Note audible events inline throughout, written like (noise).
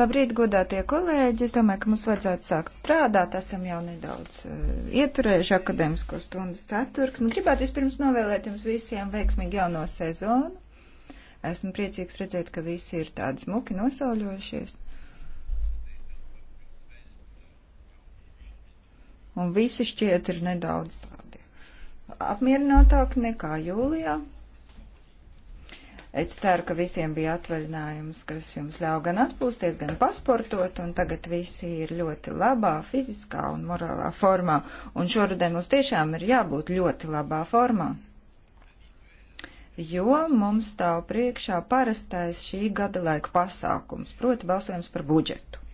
Labrīt, godātie kolēģi! Es domāju, ka mums vajadzētu sākt strādāt. Esam jau nedaudz uh, ieturējuši akadēmisko stundas ceturksni. Gribētu vispirms novēlēt jums visiem veiksmīgu jauno sezonu. Esmu priecīgs redzēt, ka visi ir tādi smuki nosauļojušies. Un visi šķiet ir nedaudz tādi apmierinātāki nekā jūlijā. Es ceru, ka visiem bija atvaļinājums, kas jums ļauj gan atpūsties, gan pasportot, un tagad visi ir ļoti labā fiziskā un morālā formā. Un šoruden mums tiešām ir jābūt ļoti labā formā, jo mums stāv priekšā parastais šī gada laika pasākums, proti balsojums par budžetu.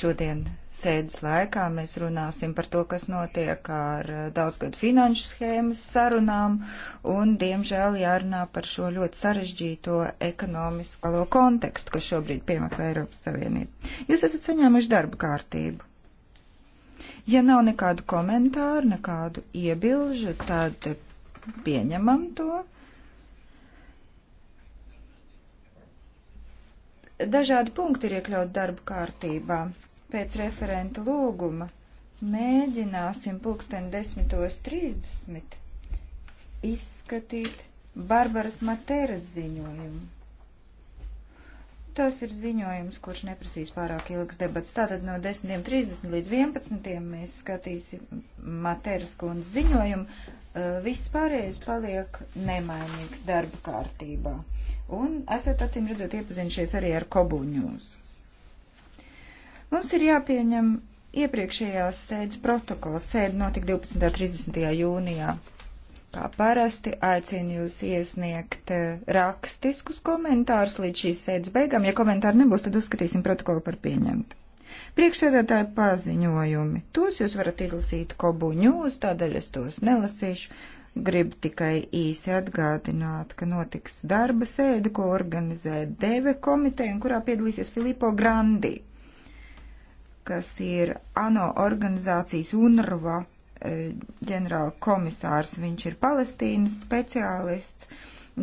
Šodien Sēdes laikā mēs runāsim par to, kas notiek ar eh, daudzgadu finanšu schēmas sarunām un, diemžēl, jārunā par šo ļoti sarežģīto ekonomisko kontekstu, kas šobrīd piemeklē Eiropas Savienību. Jūs esat saņēmuši darba kārtību. Ja nav nekādu komentāru, nekādu iebilžu, tad pieņemam to. Dažādi punkti ir iekļauti darba kārtībā pēc referenta lūguma mēģināsim pulksten 10.30 izskatīt Barbaras Materas ziņojumu. Tas ir ziņojums, kurš neprasīs pārāk ilgas debats. Tātad no 10.30 līdz 11. mēs skatīsim Materas kundzes ziņojumu. Viss pārējais paliek nemainīgs darba kārtībā. Un esat acīm redzot iepazinušies arī ar Kobuņūzu. Mums ir jāpieņem iepriekšējās sēdes protokols. Sēde notika 12. un 30. jūnijā. Kā parasti aicinu jūs iesniegt eh, rakstiskus komentārus līdz šīs sēdes beigām. Ja komentāri nebūs, tad uzskatīsim protokolu par pieņemtu. Priekšsēdētāji paziņojumi. Tos jūs varat izlasīt kobu ņūs, tādēļ es tos nelasīšu. Gribu tikai īsi atgādināt, ka notiks darba sēde, ko organizē Deve komiteja un kurā piedalīsies Filipo Grandi kas ir ANO organizācijas UNRWA e, ģenerāla komisārs. Viņš ir Palestīnas speciālists.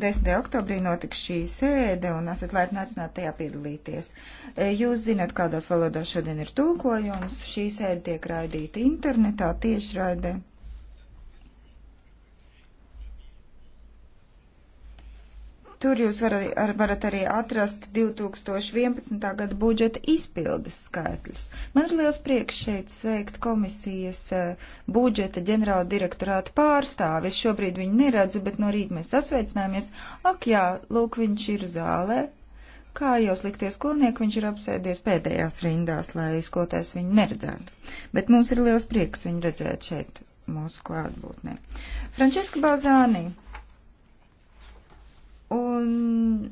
10. oktobrī notiks šī sēde un esat laipni aicināti tajā piedalīties. E, jūs zināt, kādās valodās šodien ir tulkojums. Šī sēde tiek raidīta internetā tiešraidē. Tur jūs varat, ar, varat arī atrast 2011. gada budžeta izpildes skaitļus. Man ir liels prieks šeit sveikt komisijas e, budžeta ģenerāla direktorāta pārstāvi. Es šobrīd viņu neredzu, bet no rīta mēs sasveicinājāmies. Ak jā, lūk, viņš ir zālē. Kā jau slikties skolnieki, viņš ir apsēdies pēdējās rindās, lai skolotājs viņu neredzētu. Bet mums ir liels prieks viņu redzēt šeit mūsu klātbūtnē. Frančiska Balzāni Un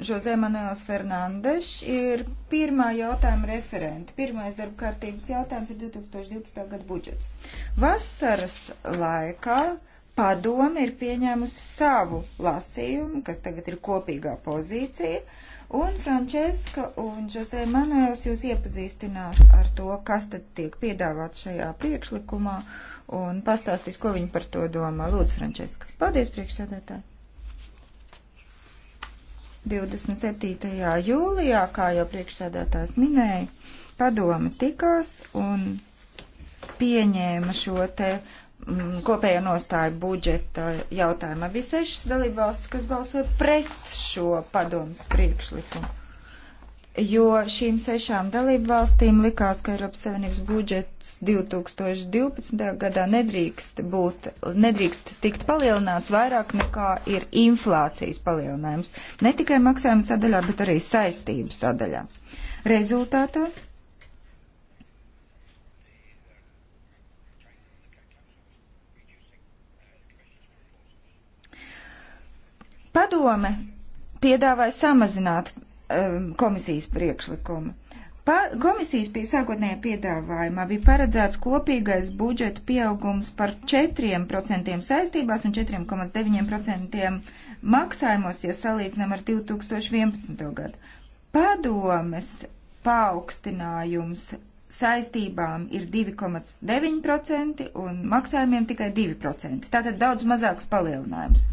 Žozē Manuels Fernandes ir pirmā jautājuma referente. Pirmais darba kārtības jautājums ir 2012. gada budžets. Vasaras laikā padome ir pieņēmusi savu lasījumu, kas tagad ir kopīgā pozīcija, un Frančeska un Žozē Manuels jūs iepazīstinās ar to, kas tad tiek piedāvāts šajā priekšlikumā, un pastāstīs, ko viņi par to domā. Lūdzu, Frančeska. Paldies, priekšsēdētāji! 27. jūlijā, kā jau priekšsēdētājs minēja, padome tikās un pieņēma šo te mm, kopējo nostāju budžeta jautājumā. Bija sešas dalībvalstis, kas balsoja pret šo padomas priekšlikumu jo šīm sešām dalību valstīm likās, ka Eiropas Savienības budžets 2012. gadā nedrīkst būt, nedrīkst tikt palielināts vairāk nekā ir inflācijas palielinājums. Ne tikai maksājuma sadaļā, bet arī saistību sadaļā. Rezultātā Padome piedāvāja samazināt um, komisijas priekšlikumu. Pa, komisijas pie sākotnējā piedāvājumā bija paredzēts kopīgais budžeta pieaugums par 4% saistībās un 4,9% maksājumos, ja salīdzinām ar 2011. gadu. Padomes paaugstinājums saistībām ir 2,9% un maksājumiem tikai 2%. Tātad daudz mazāks palielinājums.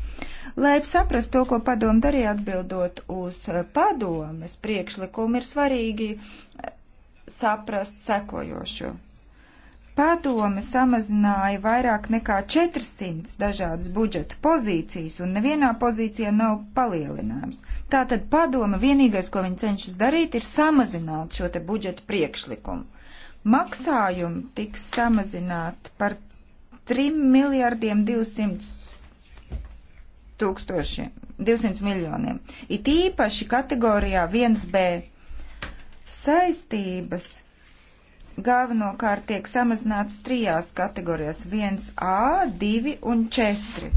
Lai saprastu to, ko padomu darīja atbildot uz eh, padomes priekšlikumu, ir svarīgi eh, saprast sekojošo. Padome samazināja vairāk nekā 400 dažādas budžeta pozīcijas, un nevienā pozīcijā nav palielinājums. Tātad padome vienīgais, ko viņi cenšas darīt, ir samazināt šo te budžeta priekšlikumu. Maksājumi tiks samazināti par 3 miljardiem 200 tūkstošiem, 200 miljoniem. It īpaši kategorijā 1B saistības galvenokārt tiek samazināts trijās kategorijās - 1A, 2 un 4.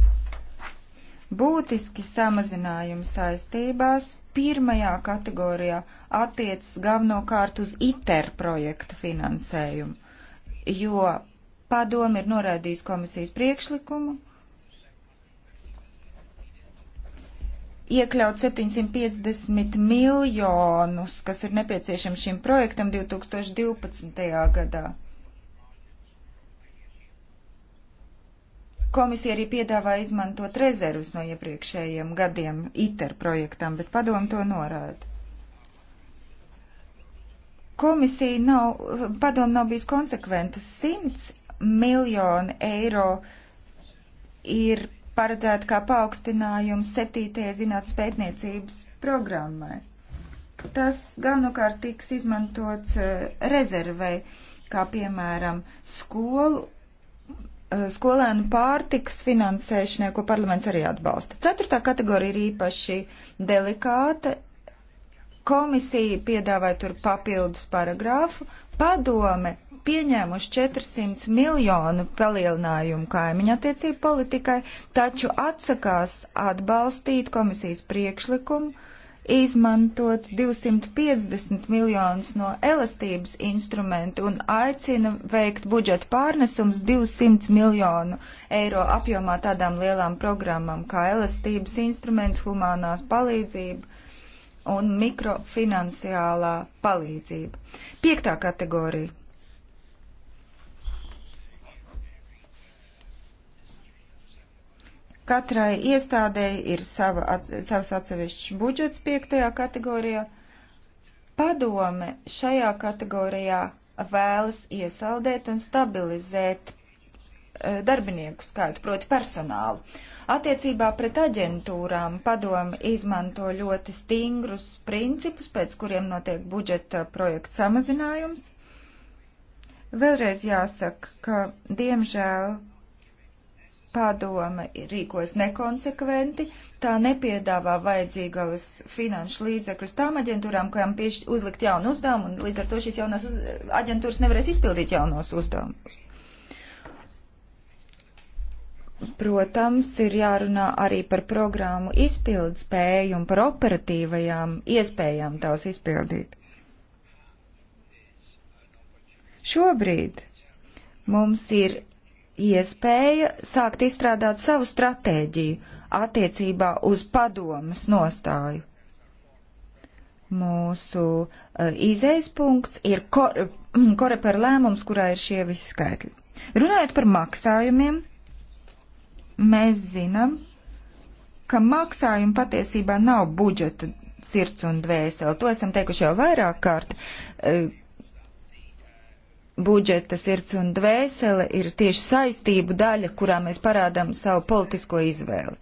Būtiski samazinājumi saistībās pirmajā kategorijā attiecas galvenokārt uz ITER projektu finansējumu, jo padomi ir noraidījis komisijas priekšlikumu iekļaut 750 miljonus, kas ir nepieciešams šim projektam 2012. gadā. Komisija arī piedāvā izmantot rezervus no iepriekšējiem gadiem ITER projektam, bet padomu to norāda. Komisija nav, padomu nav bijis konsekventa. 100 miljoni eiro ir paredzēta kā paaugstinājums 7. zinātnes pētniecības programmai. Tas galvenokārt tiks izmantots eh, rezervei, kā piemēram skolu Uh, skolēnu pārtikas finansēšanai, ko parlaments arī atbalsta. Ceturtā kategorija ir īpaši delikāta. Komisija piedāvāja tur papildus paragrāfu. Padome pieņēmuši 400 miljonu palielinājumu kaimiņa attiecību politikai, taču atsakās atbalstīt komisijas priekšlikumu izmantot 250 miljonus no elastības instrumenta un aicina veikt budžeta pārnesums 200 miljonu eiro apjomā tādām lielām programmām kā elastības instruments, humanās palīdzība un mikrofinanciālā palīdzība. Piektā kategorija Katrai iestādēji ir sava, at, savs atsevišķs budžets piektajā kategorijā. Padome šajā kategorijā vēlas iesaldēt un stabilizēt e, darbinieku skaitu, proti personālu. Attiecībā pret aģentūrām padomu izmanto ļoti stingrus principus, pēc kuriem notiek budžeta projekta samazinājums. Vēlreiz jāsaka, ka diemžēl Padome rīkojas nekonsekventi, tā nepiedāvā vajadzīgos finanšu līdzekļus tām aģentūrām, kurām uzlikt jaunu uzdevumu, un līdz ar to šīs jaunās uz... aģentūras nevarēs izpildīt jaunos uzdevumus. Protams, ir jārunā arī par programmu izpildu spēju un par operatīvajām iespējām tās izpildīt. Šobrīd mums ir iespēja sākt izstrādāt savu stratēģiju attiecībā uz padomas nostāju. Mūsu uh, izējas punkts ir kor, (clears throat) koreper lēmums, kurā ir šie visi skaitļi. Runājot par maksājumiem, mēs zinām, ka maksājumi patiesībā nav budžeta sirds un dvēseli. To esam teikuši jau vairāk kārt. Uh, budžeta sirds un dvēsele ir tieši saistību daļa, kurā mēs parādām savu politisko izvēli.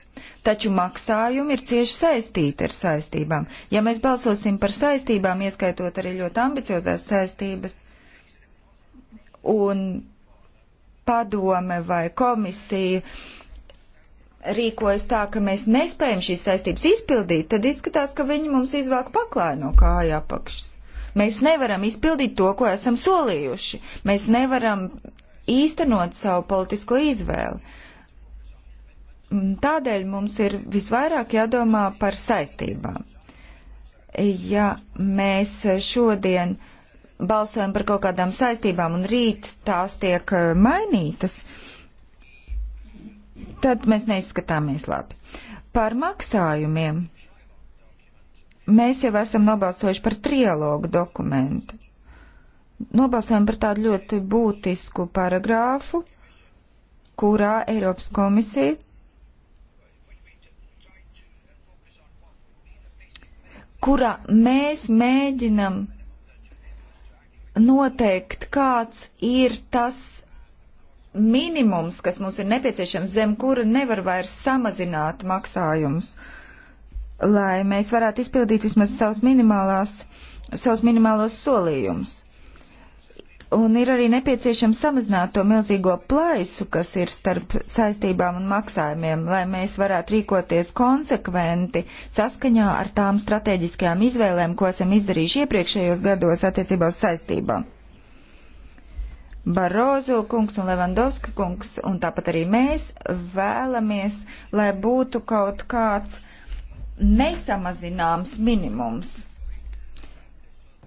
Taču maksājumi ir cieši saistīti ar saistībām. Ja mēs balsosim par saistībām, ieskaitot arī ļoti ambiciozās saistības, un padome vai komisija rīkojas tā, ka mēs nespējam šīs saistības izpildīt, tad izskatās, ka viņi mums izvāk paklāju no kāja apakšas. Mēs nevaram izpildīt to, ko esam solījuši. Mēs nevaram īstenot savu politisko izvēli. Mm, tādēļ mums ir visvairāk jādomā par saistībām. Ja mēs šodien balsojam par kaut kādām saistībām un rīt tās tiek eh, mainītas, tad mēs neizskatāmies labi. Par maksājumiem Mēs jau esam nobalsojuši par trialogu dokumentu. Nobalsojam par tādu ļoti būtisku paragrāfu, kurā Eiropas komisija kurā mēs mēģinam noteikt, kāds ir tas minimums, kas mums ir nepieciešams, zem kura nevar vairs samazināt maksājumus. Uh, lai mēs varētu izpildīt vismaz savus, savus minimālos solījumus. Un ir arī nepieciešams samazināt to milzīgo plaisu, kas ir starp saistībām un maksājumiem, lai mēs varētu rīkoties konsekventi saskaņā ar tām strateģiskajām izvēlēm, ko esam izdarījuši iepriekšējos gados attiecībā uz saistībām. Barozo kungs un Levandovska kungs, un tāpat arī mēs vēlamies, lai būtu kaut kāds uh, nesamazināms minimums.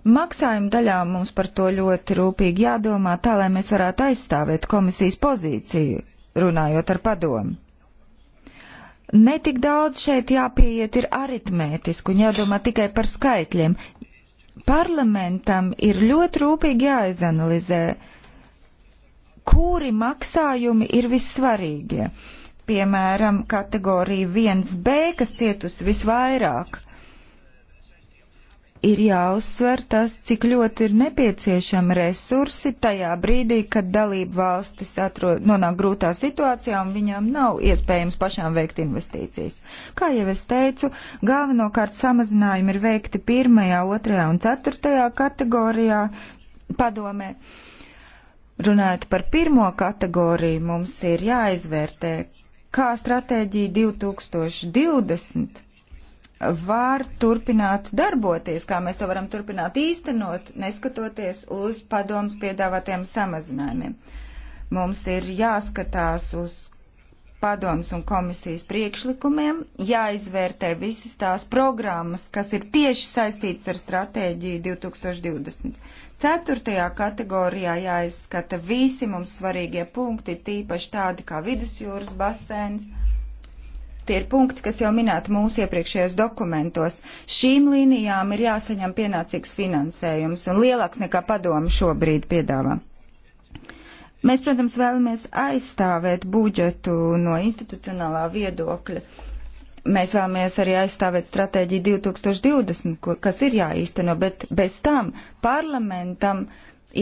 Maksājuma daļā mums par to ļoti rūpīgi jādomā, tā lai mēs varētu aizstāvēt komisijas pozīciju, runājot ar padomu. Netik daudz šeit jāpieiet ir aritmētiski un jādomā tikai par skaitļiem. Parlamentam ir ļoti rūpīgi jāizanalizē, kuri maksājumi ir vissvarīgie piemēram, kategorija 1B, kas cietusi visvairāk. Ir jāuzsver tas, cik ļoti ir nepieciešami resursi tajā brīdī, kad dalība valstis atrod, nonāk grūtā situācijā un viņām nav iespējams pašām veikt investīcijas. Kā jau es teicu, galvenokārt samazinājumi ir veikti pirmajā, otrajā un ceturtajā kategorijā padomē. Runājot par pirmo kategoriju, mums ir jāizvērtē, kā stratēģija 2020 var turpināt darboties, kā mēs to varam turpināt īstenot, neskatoties uz padomus piedāvātiem samazinājumiem. Mums ir jāskatās uz padomas un komisijas priekšlikumiem, jāizvērtē visas tās programmas, kas ir tieši saistītas ar stratēģiju 2020. Ceturtajā kategorijā jāizskata visi mums svarīgie punkti, tīpaši tādi kā vidusjūras basēns. Tie ir punkti, kas jau minēti mūsu iepriekšējos dokumentos. Šīm līnijām ir jāsaņem pienācīgs finansējums un lielāks nekā padomu šobrīd piedāvā. Mēs, protams, vēlamies aizstāvēt budžetu no institucionālā viedokļa. Mēs vēlamies arī aizstāvēt stratēģiju 2020, ko, kas ir jāīsteno, bet bez tam parlamentam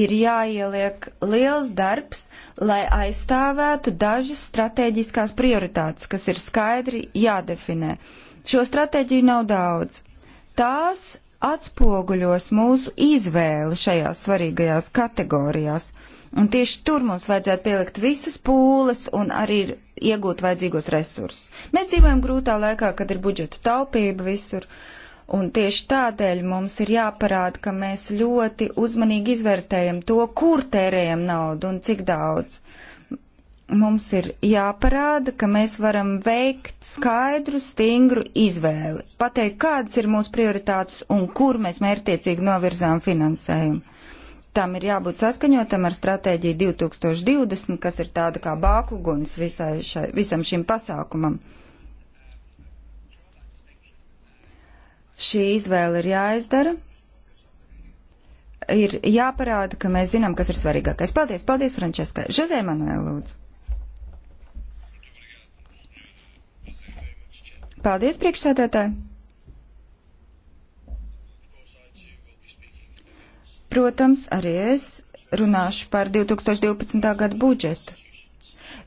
ir jāieliek liels darbs, lai aizstāvētu dažas stratēģiskās prioritātes, kas ir skaidri jādefinē. Šo stratēģiju nav daudz. Tās atspoguļos mūsu izvēli šajās svarīgajās kategorijās. Uh, Un tieši tur mums vajadzētu pielikt visas pūles un arī iegūt vajadzīgos resursus. Mēs dzīvojam grūtā laikā, kad ir budžeta taupība visur. Un tieši tādēļ mums ir jāparāda, ka mēs ļoti uzmanīgi izvērtējam to, kur tērējam naudu un cik daudz mums ir jāparāda, ka mēs varam veikt skaidru, stingru izvēli, pateikt, kādas ir mūsu prioritātes un kur mēs mērtiecīgi novirzām finansējumu tam ir jābūt saskaņotam ar stratēģiju 2020, kas ir tāda kā bākuguns šai, visam šim pasākumam. Šī izvēle ir jāizdara. Ir jāparāda, ka mēs zinām, kas ir svarīgākais. Paldies, paldies, Frančeska. Žozē Manuēl, lūdzu. Paldies, priekšsēdētāji. Protams, arī es runāšu par 2012. gadu budžetu.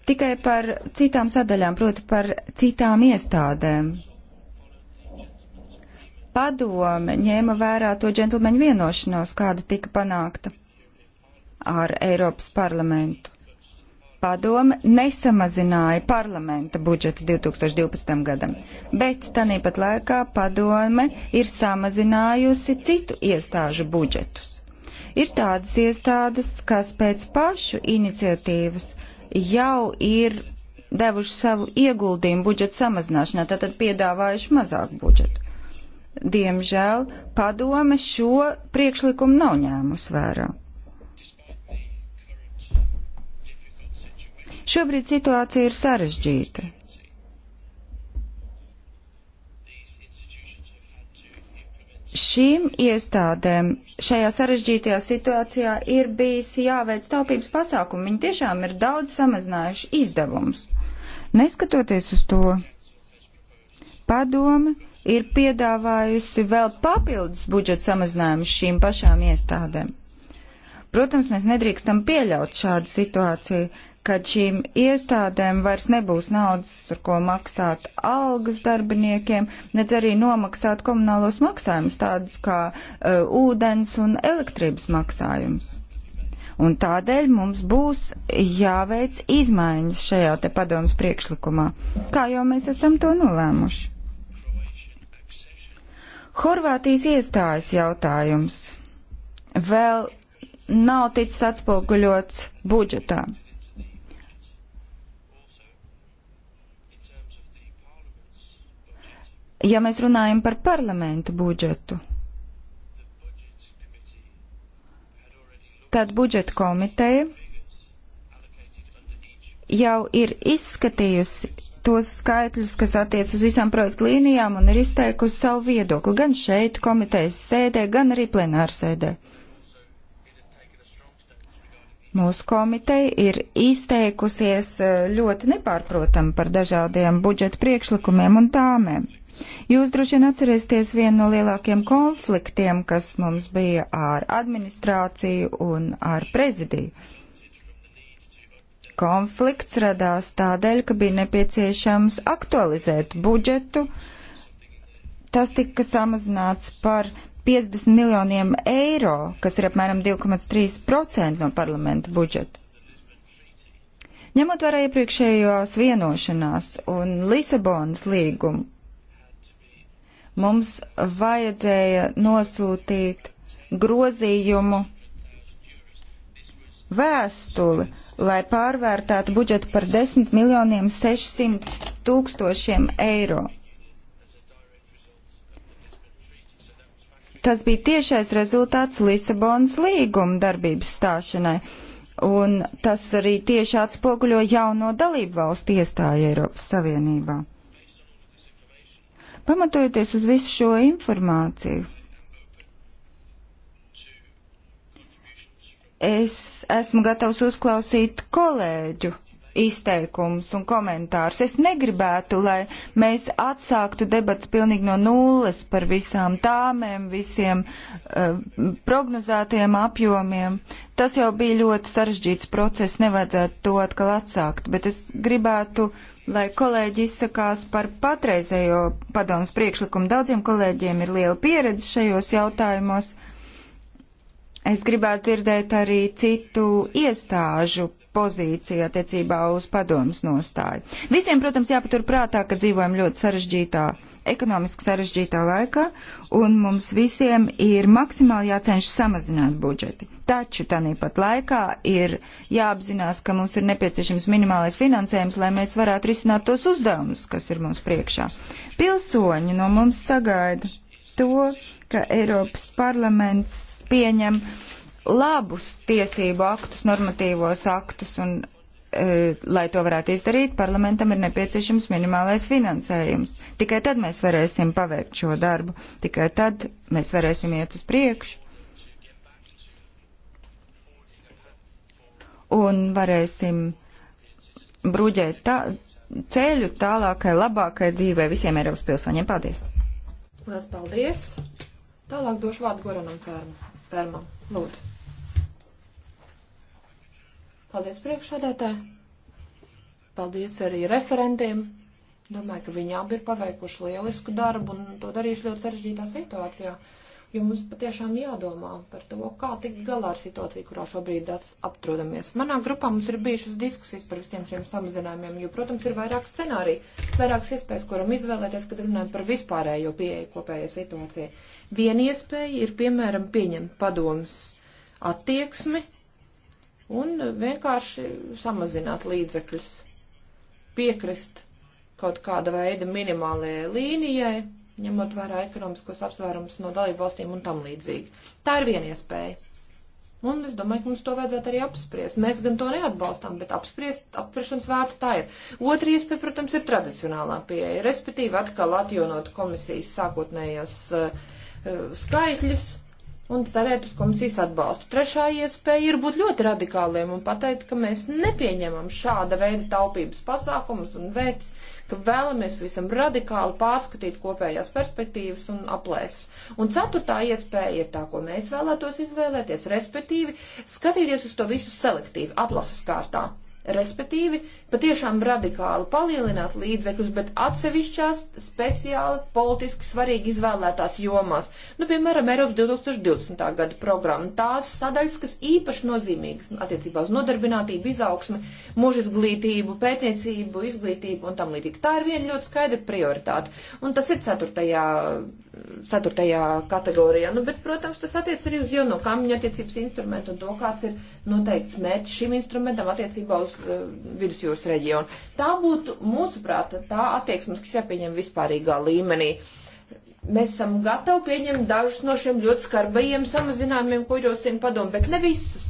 Tikai par citām sadaļām, proti par citām iestādēm. Padome ņēma vērā to džentlmeņu vienošanos, kāda tika panākta ar Eiropas parlamentu. Padome nesamazināja parlamenta budžetu 2012. gadam, bet tanīpat laikā padome ir samazinājusi citu iestāžu budžetus. Ir tādas iestādes, kas pēc pašu iniciatīvas jau ir devuši savu ieguldījumu budžeta samazināšanā, tātad piedāvājuši mazāku budžetu. Diemžēl padome šo priekšlikumu nav ņēmusi vērā. Šobrīd situācija ir sarežģīta. Šīm iestādēm šajā sarežģītajā situācijā ir bijis jāveic taupības pasākumi. Viņi tiešām ir daudz samazinājuši izdevumus. Neskatoties uz to, padome ir piedāvājusi vēl papildus budžeta samazinājumus šīm pašām iestādēm. Protams, mēs nedrīkstam pieļaut šādu situāciju kad šīm iestādēm vairs nebūs naudas, ar ko maksāt algas darbiniekiem, nedz arī nomaksāt komunālos maksājumus, tādus kā uh, ūdens un elektrības maksājumus. Un tādēļ mums būs jāveic izmaiņas šajā te padomas priekšlikumā, kā jau mēs esam to nolēmuši. Horvātijas iestājas jautājums vēl nav ticis atspoguļots budžetā. ja mēs runājam par parlamentu budžetu, tad budžeta komiteja jau ir izskatījusi tos skaitļus, kas attiec uz visām projektu līnijām un ir izteikusi savu viedokli gan šeit komitejas sēdē, gan arī plenārsēdē. Mūsu komiteja ir izteikusies eh, ļoti nepārprotam par dažādiem budžeta priekšlikumiem un tāmēm. Jūs droši vien atcerēsieties vienu no lielākiem konfliktiem, kas mums bija ar administrāciju un ar prezidiju. Konflikts radās tādēļ, ka bija nepieciešams aktualizēt budžetu. Tas tika samazināts par 50 miljoniem eiro, kas ir apmēram 2,3% no parlamenta budžeta. Ņemot vērā iepriekšējās vienošanās un Lisabonas līgumu, Mums vajadzēja nosūtīt grozījumu vēstuli, lai pārvērtētu budžetu par 10 miljoniem 600 tūkstošiem eiro. Tas bija tiešais rezultāts Lisabonas līguma darbības stāšanai, un tas arī tieši atspoguļo jauno dalību valstu iestāju Eiropas Savienībā. Pamatojoties uz visu šo informāciju, es esmu gatavs uzklausīt kolēģu izteikumus un komentārus. Es negribētu, lai mēs atsāktu debats pilnīgi no nulles par visām tāmēm, visiem uh, prognozētajiem apjomiem. Tas jau bija ļoti sarežģīts process, nevajadzētu to atkal atsākt, bet es gribētu uh, lai kolēģi izsakās par patreizējo padomus priekšlikumu. Daudziem kolēģiem ir liela pieredze šajos jautājumos. Es gribētu dzirdēt arī citu iestāžu pozīciju attiecībā uz padomus nostāju. Visiem, protams, jāpatur prātā, ka dzīvojam ļoti sarežģītā ekonomiski sarežģītā laikā, un mums visiem ir maksimāli jācenšas samazināt budžeti. Taču tāpat laikā ir jāapzinās, ka mums ir nepieciešams minimālais finansējums, lai mēs varētu risināt tos uzdevumus, kas ir mums priekšā. Pilsoņi no mums sagaida to, ka Eiropas parlaments pieņem labus tiesību aktus, normatīvos aktus un E, lai to varētu izdarīt, parlamentam ir nepieciešams minimālais finansējums. Tikai tad mēs varēsim paveikt šo darbu, tikai tad mēs varēsim iet uz priekšu. Un varēsim bruģēt tā, ceļu tālākai, labākai dzīvē visiem Eiropas pilsoņiem. Paldies! Lielas paldies! Tālāk došu vārdu Goranam Fermam. Lūdzu! Paldies priekšādātāji. Paldies arī referentiem. Domāju, ka viņi abi ir paveikuši lielisku darbu un to darījuši ļoti sarežģītā situācijā. Jo mums patiešām jādomā par to, kā tikt galā ar situāciju, kurā šobrīd atrodamies. Manā grupā mums ir bijušas diskusijas par visiem šiem samazinājumiem, jo, protams, ir vairāk scenāriju, vairākas iespējas, kuram izvēlēties, kad runājam par vispārējo pieeju kopējai situācijai. Viena iespēja ir, piemēram, pieņemt padomus attieksmi un vienkārši samazināt līdzekļus, piekrist kaut kāda veida minimālajai līnijai, ņemot vērā ekonomiskos apsvērumus no dalību valstīm un tam līdzīgi. Tā ir viena iespēja. Un es domāju, ka mums to vajadzētu arī apspriest. Mēs gan to neatbalstām, bet apspriest, apspriešanas vērta tā ir. Otra iespēja, protams, ir tradicionālā pieeja, respektīvi atkal atjaunot komisijas sākotnējos uh, skaitļus un cerēt uz komisijas atbalstu. Trešā iespēja ir būt ļoti radikāliem un pateikt, ka mēs nepieņemam šāda veida taupības pasākumus un vēstis, ka vēlamies visam radikāli pārskatīt kopējās perspektīvas un aplēses. Un ceturtā iespēja ir tā, ko mēs vēlētos izvēlēties, respektīvi skatīties uz to visu selektīvi, atlases kārtā. Respektīvi, patiešām radikāli palielināt līdzekļus, bet atsevišķās speciāli politiski svarīgi izvēlētās jomās. Nu, piemēram, Eiropas 2020. gada programma, tās sadaļas, kas īpaši nozīmīgas attiecībā uz nodarbinātību, izaugsmi, mūža izglītību, pētniecību, izglītību un tam līdzīgi. Tā ir viena ļoti skaidra prioritāte. Un tas ir ceturtajā, ceturtajā kategorijā. Nu, bet, protams, tas attiec arī uz jauno kamiņu attiecības instrumentu un to, kāds ir noteikts mērķis šim instrumentam attiecībā uz uh, vidusjūras vidusjūras reģionu. Tā būtu, mūsuprāt, tā attieksmes, kas jāpieņem vispārīgā līmenī. Mēs esam gatavi pieņemt dažus no šiem ļoti skarbajiem samazinājumiem, ko ierosina padomu, bet ne visus.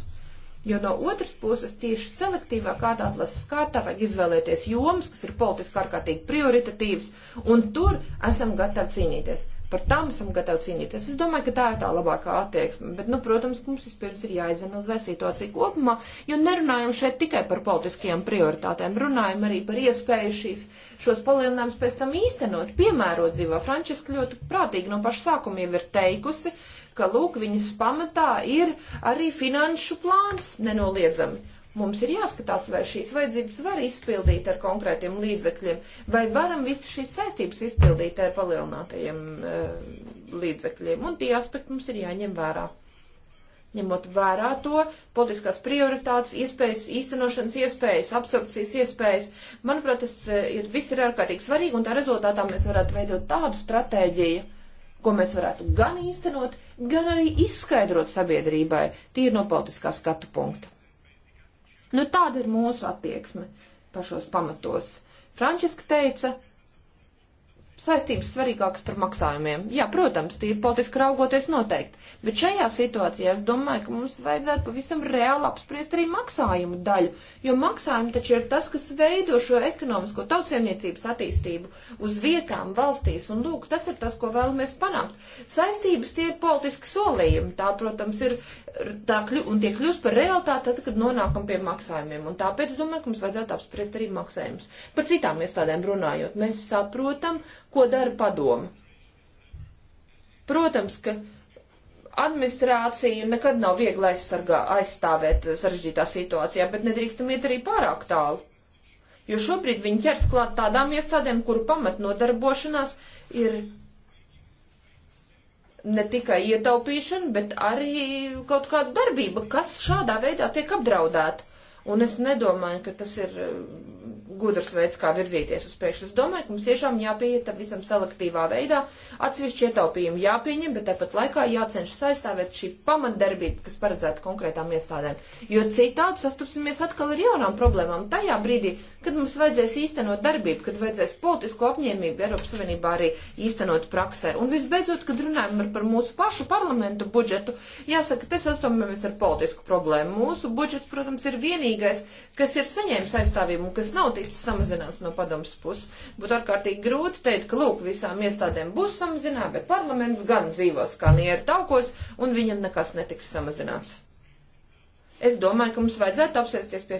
Jo no otras puses tieši selektīvā kārtā atlases kārtā vajag izvēlēties jomas, kas ir politiski ārkārtīgi prioritatīvas, un tur esam gatavi cīnīties par tām esam gatavi cīnīties. Es domāju, ka tā ir tā labākā attieksme, bet, nu, protams, mums vispirms ir jāizanalizē situācija kopumā, jo nerunājam šeit tikai par politiskajām prioritātēm, runājam arī par iespēju šīs, šos palielinājumus pēc tam īstenot, piemērot dzīvā. Frančiska ļoti prātīgi no paša sākuma jau ir teikusi, ka, lūk, viņas pamatā ir arī finanšu plāns nenoliedzami Mums ir jāskatās, vai šīs vajadzības var izpildīt ar konkrētiem līdzekļiem, vai varam visas šīs saistības izpildīt ar palielinātajiem e, līdzekļiem. Un tie aspekti mums ir jāņem vērā. Ņemot vērā to, politiskās prioritātes, iespējas, īstenošanas iespējas, absorpcijas iespējas, manuprāt, tas eh, ir, viss ir ārkārtīgi svarīgi, un tā rezultātā mēs varētu veidot tādu stratēģiju, ko mēs varētu gan īstenot, gan arī izskaidrot sabiedrībai, tīri no politiskā skatu punkta. Nu, tāda ir mūsu attieksme pašos pamatos. Frančiska teica, saistības svarīgākas par maksājumiem. Jā, protams, tīri politiski raugoties noteikti, bet šajā situācijā es domāju, ka mums vajadzētu pavisam reāli apspriest arī maksājumu daļu, jo maksājumi taču ir tas, kas veido šo ekonomisko tautsēmniecības attīstību uz vietām valstīs, un lūk, tas ir tas, ko vēlamies panākt. Saistības tie ir politiski solījumi, tā, protams, ir tā kļu, un tie kļūst par realitāti tad, kad nonākam pie maksājumiem. Un tāpēc domāju, ka mums vajadzētu apspriest arī maksājumus. Par citām iestādēm runājot, mēs saprotam, ko dara padoma. Protams, ka administrāciju nekad nav viegli aizsargā, aizstāvēt sarežģītā situācijā, bet nedrīkstam iet arī pārāk tālu. Jo šobrīd viņi ķers klāt tādām iestādēm, kuru pamatnodarbošanās ir ne tikai ietaupīšana, bet arī kaut kāda darbība, kas šādā veidā tiek apdraudēta. Un es nedomāju, ka tas ir gudrs veids, kā virzīties uz priekšu. Es domāju, ka mums tiešām jāpieiet visam selektīvā veidā, atsevišķi ietaupījumi jāpieņem, bet tāpat laikā jācenšas aizstāvēt šī pamatdarbība, kas paredzēta konkrētām iestādēm. Jo citādi sastapsimies atkal ar jaunām problēmām tajā brīdī, kad mums vajadzēs īstenot darbību, kad vajadzēs politisko apņēmību Eiropas Savienībā arī īstenot praksē. Un visbeidzot, kad runājam par mūsu pašu parlamentu budžetu, jāsaka, te sastopamies ar politisku problēmu. Mūsu budžets, protams, ir vienīgais, kas ir saņēmis aizstāvību un kas nav ticis samazināts no padomas puses. Būtu ārkārtīgi grūti teikt, ka lūk, visām iestādēm būs samazināts, bet parlaments gan dzīvos kā nieru taukos, un viņam nekas netiks samazināts. Es domāju, ka mums vajadzētu apsēsties pie,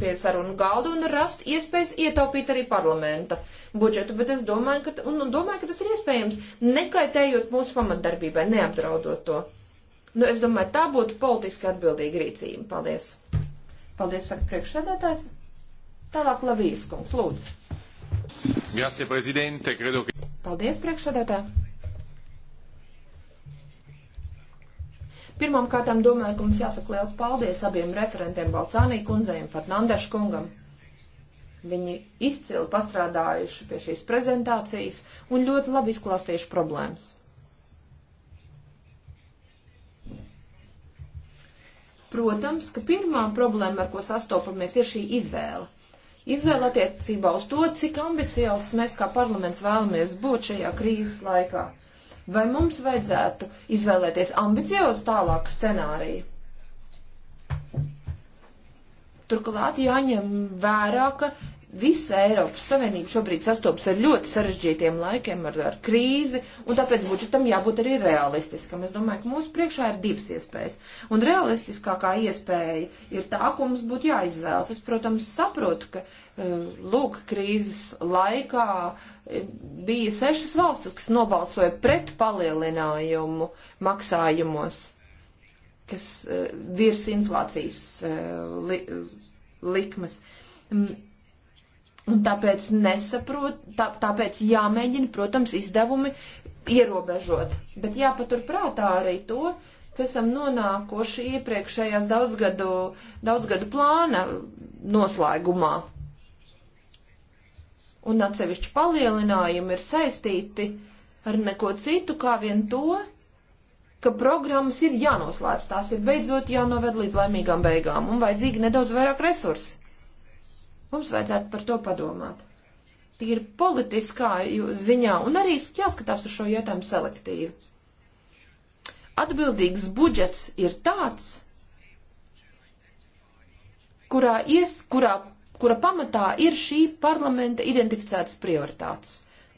pie sarunu galda un rast iespējas ietaupīt arī parlamenta budžetu, bet es domāju, ka, un, un domāju, ka tas ir iespējams, nekaitējot mūsu pamatdarbībai, neapdraudot to. Nu, es domāju, tā būtu politiski atbildīga rīcība. Paldies. Paldies, saka priekšsēdētājs. Tālāk Lavijas kungs, lūdzu. Grazie, prezidente, credo, ka... Paldies, priekšsādātā. Pirmām kārtām domāju, ka mums jāsaka liels paldies abiem referentiem Balcānī kundzei un Fernandešu kungam. Viņi izcili pastrādājuši pie šīs prezentācijas un ļoti labi izklāstījuši problēmas. Protams, ka pirmā problēma, ar ko sastopamies, ir šī izvēle izvēle attiecībā uz to, cik ambiciozs mēs kā parlaments vēlamies būt šajā krīzes laikā. Vai mums vajadzētu izvēlēties ambiciozu tālāku scenāriju? Turklāt jāņem vērā, ka visa Eiropas Savienība šobrīd sastopas ar ļoti sarežģītiem laikiem, ar, ar krīzi, un tāpēc budžetam jābūt arī realistiskam. Es domāju, ka mūsu priekšā ir divas iespējas. Un realistiskākā iespēja ir tā, ko mums būtu jāizvēlas. Es, protams, saprotu, ka, eh, lūk, krīzes laikā eh, bija sešas valstis, kas nobalsoja pret palielinājumu maksājumos, kas eh, virs inflācijas li likmes. Mm, Un tāpēc nesaprot, tā, tāpēc jāmēģina, protams, izdevumi ierobežot. Bet jāpaturprātā arī to, ka esam nonākoši iepriekšējās daudzgadu, daudzgadu plāna noslēgumā. Un atsevišķi palielinājumi ir saistīti ar neko citu, kā vien to, ka programmas ir jānoslēdz, tās ir beidzot jānoved līdz laimīgām beigām un vajadzīgi nedaudz vairāk resursi. Mums vajadzētu par to padomāt. Tīri politiskā ziņā un arī jāskatās uz šo jautājumu selektīvi. Atbildīgs budžets ir tāds, kurā, ies, kurā, kura pamatā ir šī parlamenta identificētas prioritātes,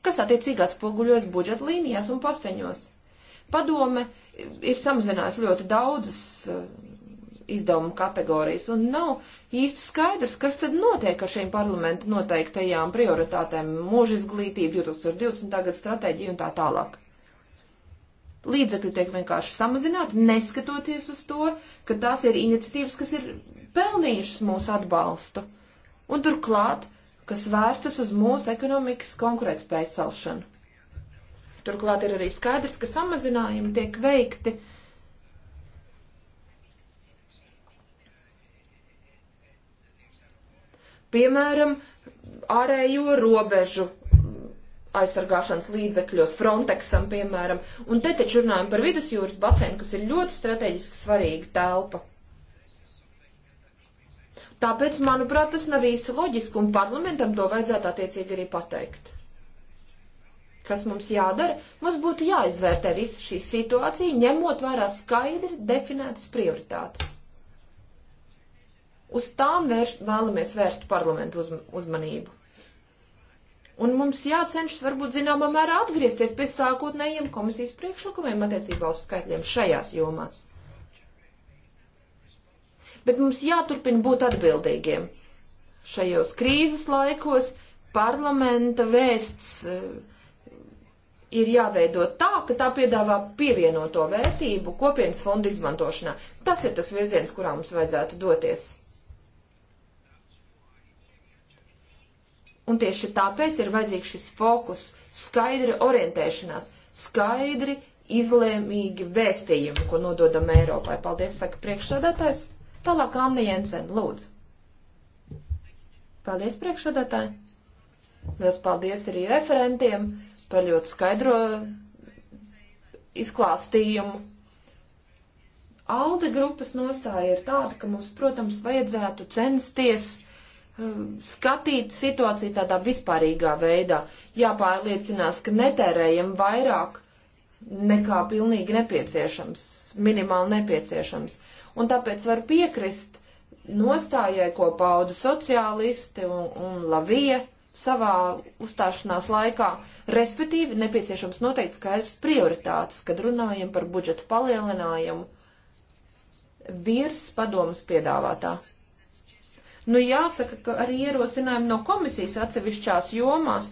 kas attiecīgi atspoguļojas budžeta līnijās un posteņos. Padome ir samazinājusi ļoti daudzas eh, izdevumu kategorijas, un nav īsti skaidrs, kas tad notiek ar šīm parlamenta noteiktajām prioritātēm - mūža izglītība, 2020. gada stratēģija un tā tālāk. Līdzekļi tiek vienkārši samazināti, neskatoties uz to, ka tās ir iniciatīvas, kas ir pelnījušas mūsu atbalstu. Un turklāt, kas vērstas uz mūsu ekonomikas konkurētspējas celšanu. Turklāt ir arī skaidrs, ka samazinājumi tiek veikti uh, Piemēram, ārējo robežu aizsargāšanas līdzekļos, Frontexam, piemēram. Un te taču runājam par vidusjūras basēnu, kas ir ļoti strateģiski svarīga telpa. Tāpēc, manuprāt, tas nav īsti loģiski, un parlamentam to vajadzētu attiecīgi arī pateikt. Kas mums jādara? Mums būtu jāizvērtē visa šī situācija, ņemot vērā skaidri definētas prioritātes. Uz tām vērš, vēlamies vērst parlamentu uz, uzmanību. Un mums jācenšas varbūt zināmā mērā atgriezties pie sākotnējiem komisijas priekšlikumiem attiecībā uz skaitļiem šajās jomās. Bet mums jāturpina būt atbildīgiem. Šajos krīzes laikos parlamenta vēsts eh, ir jāveido tā, ka tā piedāvā pievienoto vērtību kopienas fondu izmantošanā. Tas ir tas virziens, kurā mums vajadzētu doties. Un tieši tāpēc ir vajadzīgs šis fokus, skaidra orientēšanās, skaidri izlēmīgi vēstījumi, ko nododam Eiropai. Paldies, saka priekšsādātājs. Tālāk Anna Jensen, lūdzu. Paldies, priekšsādātāji. Lielas paldies arī referentiem par ļoti skaidro izklāstījumu. Alde grupas nostāja ir tāda, ka mums, protams, vajadzētu censties uh, Um, skatīt situāciju tādā vispārīgā veidā. Jāpārliecinās, ka netērējam vairāk nekā pilnīgi nepieciešams, minimāli nepieciešams. Un tāpēc var piekrist nostājai, ko pauda sociālisti un, un lavie savā uzstāšanās laikā, respektīvi nepieciešams noteikt skaidrs prioritātes, kad runājam par budžetu palielinājumu virs padomas piedāvātā. Nu, jāsaka, ka arī ierosinājumi no komisijas atsevišķās jomās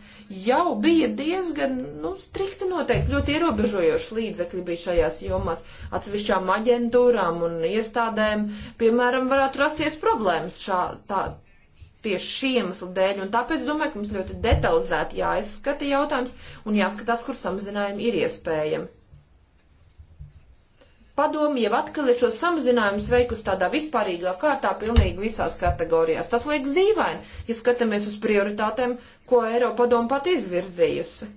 jau bija diezgan, nu, strikti noteikti, ļoti ierobežojoši līdzekļi bija šajās jomās. Atsevišķām aģentūrām un iestādēm, piemēram, varētu rasties problēmas šā, tā, tieši šī iemesla dēļ, un tāpēc domāju, ka mums ļoti detalizēti jāizskata jautājums un jāskatās, kur samazinājumi ir iespējami padomi jau atkal ir šo samazinājumus veikusi tādā vispārīgā kārtā pilnīgi visās kategorijās. Tas liekas dīvaini, ja skatāmies uz prioritātēm, ko Eiropa padomu pat izvirzījusi.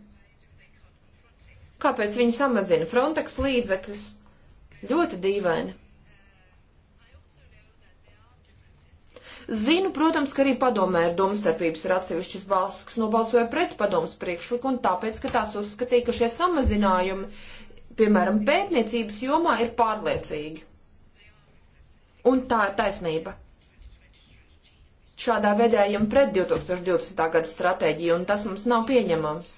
Kāpēc viņi samazina Frontex līdzekļus? Ļoti dīvaini. Zinu, protams, ka arī padomē ir domstarpības ir atsevišķas valsts, kas nobalsoja pret padomus priekšliku, un tāpēc, ka tās uzskatīja, ka šie samazinājumi piemēram, pētniecības jomā ir pārliecīgi. Un tā ir taisnība. Šādā veidā ejam pret 2020. gada stratēģiju, un tas mums nav pieņemams.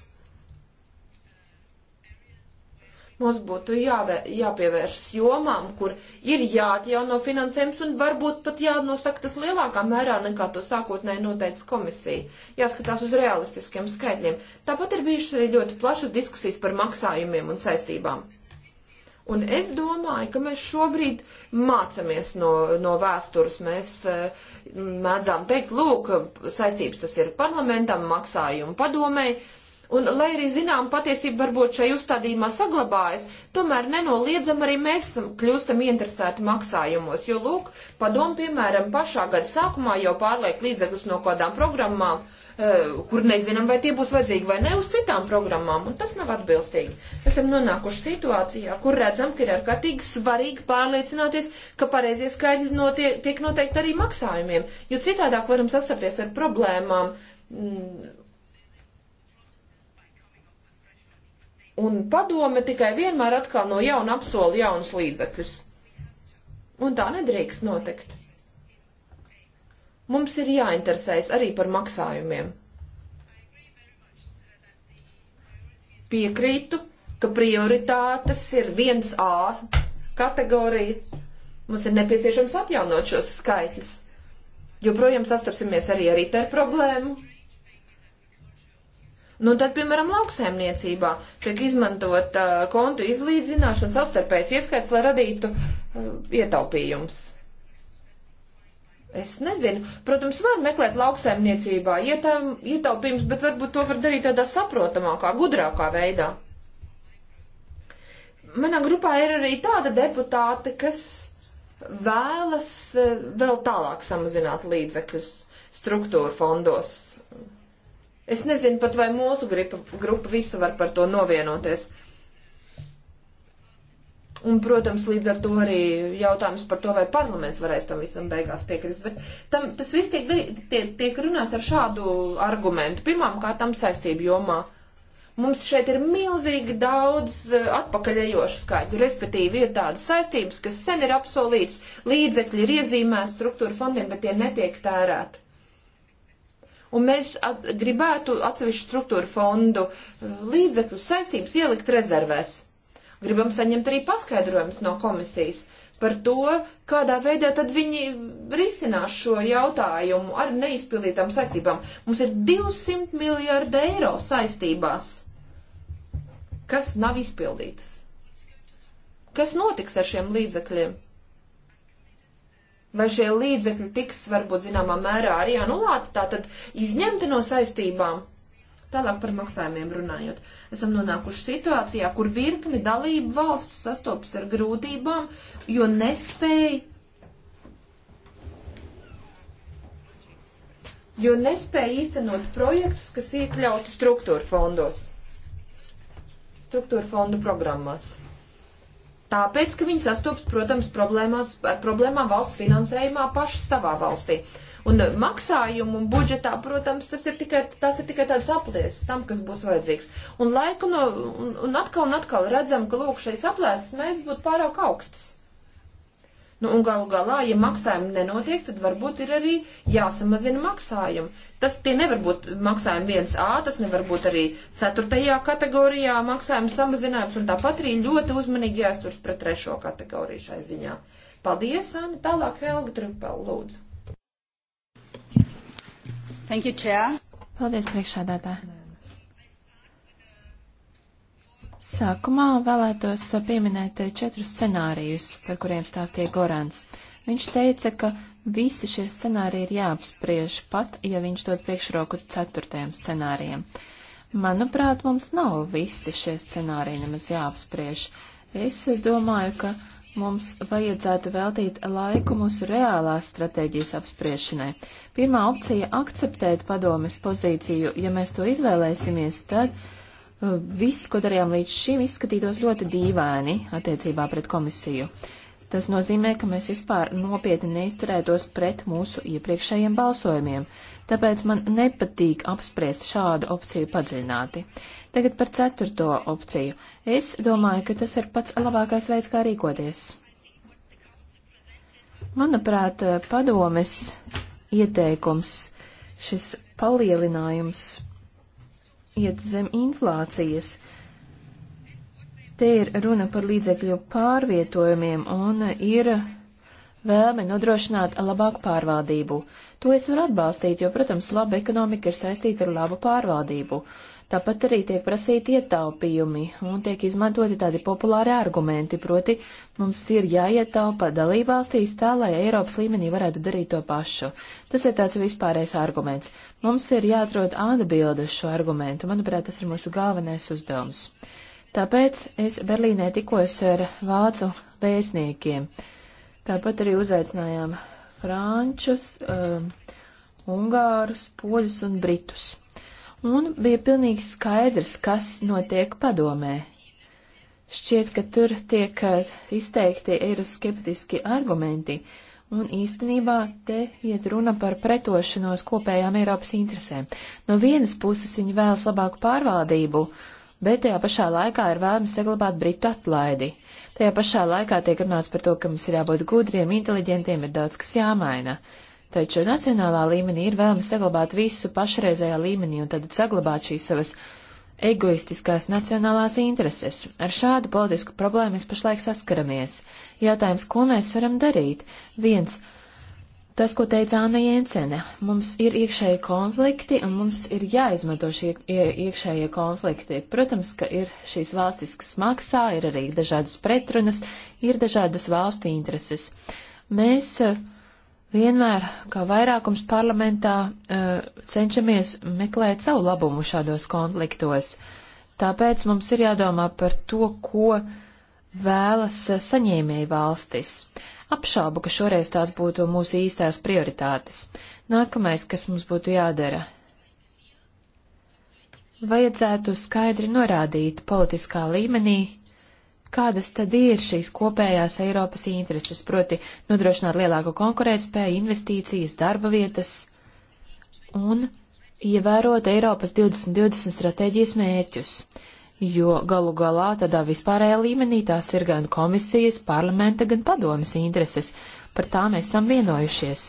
Mums būtu jāvē, jāpievēršas jomām, kur ir jāatjauno finansējums un varbūt pat jānosaka tas lielākā mērā nekā to sākotnēji noteica komisija. Jāskatās uz realistiskiem skaitļiem. Tāpat ir bijušas arī ļoti plašas diskusijas par maksājumiem un saistībām. Un es domāju, ka mēs šobrīd mācamies no, no vēstures. Mēs eh, mēdzām teikt, lūk, saistības tas ir parlamentam, maksājumu padomēji Un, lai arī zinām, patiesība varbūt šai uzstādījumā saglabājas, tomēr nenoliedzam arī mēs kļūstam interesēti maksājumos, jo, lūk, padom, piemēram, pašā gada sākumā jau pārliek līdzekļus no kādām programmām, eh, kur nezinām, vai tie būs vajadzīgi vai ne uz citām programmām, un tas nav atbilstīgi. Esam nonākuši situācijā, kur redzam, ka ir ārkārtīgi svarīgi pārliecināties, ka pareizie skaidri notiek, tiek noteikti arī maksājumiem, jo citādāk varam sastapties ar problēmām, mm, un padome tikai vienmēr atkal no jauna apsola jaunus līdzekļus. Un tā nedrīkst notikt. Mums ir jāinteresējas arī par maksājumiem. Piekrītu, ka prioritātes ir viens A kategorija. Mums ir nepieciešams atjaunot šos skaitļus. Joprojām sastapsimies arī ar ITER problēmu Nu, tad, piemēram, lauksaimniecībā tiek izmantot uh, kontu izlīdzināšana savstarpējas ieskaits, lai radītu uh, ietaupījums. Es nezinu. Protams, var meklēt lauksaimniecībā ietaupījums, bet varbūt to var darīt tādā saprotamākā, gudrākā veidā. Manā grupā ir arī tāda deputāte, kas vēlas uh, vēl tālāk samazināt līdzekļus struktūra fondos Es nezinu pat, vai mūsu gripa, grupa visa var par to novienoties. Un, protams, līdz ar to arī jautājums par to, vai parlaments varēs tam visam beigās piekrist. Bet tam, tas viss tiek, tiek, tiek runāts ar šādu argumentu. Pirmām kārtām saistību jomā. Mums šeit ir milzīgi daudz e, atpakaļejošu skaitļu, respektīvi ir tādas saistības, kas sen ir apsolīts, līdzekļi ir iezīmēti struktūra fondiem, bet tie netiek tērēti un mēs at gribētu atsevišķu struktūru fondu eh, līdzekļus saistības ielikt rezervēs. Gribam saņemt arī paskaidrojumus no komisijas par to, kādā veidā tad viņi risinās šo jautājumu ar neizpildītām saistībām. Mums ir 200 miljārdi eiro saistībās, kas nav izpildītas. Kas notiks ar šiem līdzekļiem? Vai šie līdzekļi tiks varbūt zināmā mērā arī anulēti, tātad izņemti no saistībām? Tālāk par maksājumiem runājot. Esam nonākuši situācijā, kur virkni dalību valstu sastopas ar grūtībām, jo nespēja. Jo nespēja īstenot projektus, kas iekļauti struktūra fondos, struktūra fondu programmās. Tāpēc, ka viņi sastopas, protams, problēmās, ar problēmām valsts finansējumā paši savā valstī. Un maksājumu un budžetā, protams, tas ir tikai, tas ir tikai tāds apliesis tam, kas būs vajadzīgs. Un laiku no, un, un atkal un atkal redzam, ka lūk, šais aplēses mēdz būt pārāk augstas. Nu, un galu galā, ja maksājumi nenotiek, tad varbūt ir arī jāsamazina maksājumi. Tas tie nevar būt maksājumi 1A, tas nevar būt arī 4. kategorijā maksājumu samazinājums, un tāpat arī ļoti uzmanīgi jāsturs pret 3. kategoriju šai ziņā. Paldies, Anna. Tālāk Helga Trupel, lūdzu. Thank you, Chair. Paldies, priekšādātāji. Sākumā vēlētos pieminēt četrus scenārijus, par kuriem stāstīja Gorans. Viņš teica, ka visi šie scenāriji ir jāapspriež, pat ja viņš dod priekšroku ceturtajam scenārijam. Manuprāt, mums nav visi šie scenāriji nemaz jāapspriež. Es domāju, ka mums vajadzētu veltīt laiku mūsu reālās stratēģijas apspriešanai. Pirmā opcija - akceptēt padomes pozīciju. Ja mēs to izvēlēsimies, tad viss, ko darījām līdz šim, izskatītos ļoti dīvaini attiecībā pret komisiju. Tas nozīmē, ka mēs vispār nopietni neizturētos pret mūsu iepriekšējiem balsojumiem, tāpēc man nepatīk apspriest šādu opciju padziļināti. Tagad par ceturto opciju. Es domāju, ka tas ir pats labākais veids, kā rīkoties. Manuprāt, padomes ieteikums, šis palielinājums iet zem inflācijas. Te ir runa par līdzekļu pārvietojumiem un ir vēlme nodrošināt labāku pārvaldību. To es varu atbalstīt, jo, protams, laba ekonomika ir saistīta ar labu pārvaldību. Tāpat arī tiek prasīti ietaupījumi un tiek izmantoti tādi populāri argumenti, proti mums ir jāietaupa dalībvalstīs tā, lai Eiropas līmenī varētu darīt to pašu. Tas ir tāds vispārējais arguments. Mums ir jāatrod atbildi uz šo argumentu. Manuprāt, tas ir mūsu galvenais uzdevums. Tāpēc es Berlīnē tikos ar vācu vēstniekiem. Tāpat arī uzaicinājām frančus, um, ungārus, poļus un britus un bija pilnīgi skaidrs, kas notiek padomē. Šķiet, ka tur tiek eh, izteikti eiroskeptiski argumenti, un īstenībā te iet runa par pretošanos kopējām Eiropas interesēm. No vienas puses viņi vēlas labāku pārvaldību, bet tajā pašā laikā ir vēlams saglabāt britu atlaidi. Tajā pašā laikā tiek runāts par to, ka mums ir jābūt gudriem, inteliģentiem, ir daudz kas jāmaina. Uh, Taču nacionālā līmenī ir vēlme saglabāt visu pašreizējā līmenī un tad saglabāt šīs savas egoistiskās nacionālās intereses. Ar šādu politisku problēmu mēs pašlaik saskaramies. Jātājums, ko mēs varam darīt? Viens. Tas, ko teica Anna Jensene, mums ir iekšēji konflikti un mums ir jāizmanto šie iekšējie konflikti. Protams, ka ir šīs valstis, kas maksā, ir arī dažādas pretrunas, ir dažādas valstu intereses. Mēs uh, Vienmēr, kā vairākums parlamentā, eh, cenšamies meklēt savu labumu šādos konfliktos. Tāpēc mums ir jādomā par to, ko vēlas eh, saņēmēji valstis. Apšaubu, ka šoreiz tās būtu mūsu īstās prioritātes. Nākamais, kas mums būtu jādara. Vajadzētu skaidri norādīt politiskā līmenī, kādas tad ir šīs kopējās Eiropas intereses, proti nodrošināt lielāku konkurētspēju, investīcijas, darba vietas un ievērot Eiropas 2020 stratēģijas mērķus, jo galu galā tādā vispārējā līmenī tās ir gan komisijas, parlamenta, gan padomas intereses. Par tām mēs esam vienojušies.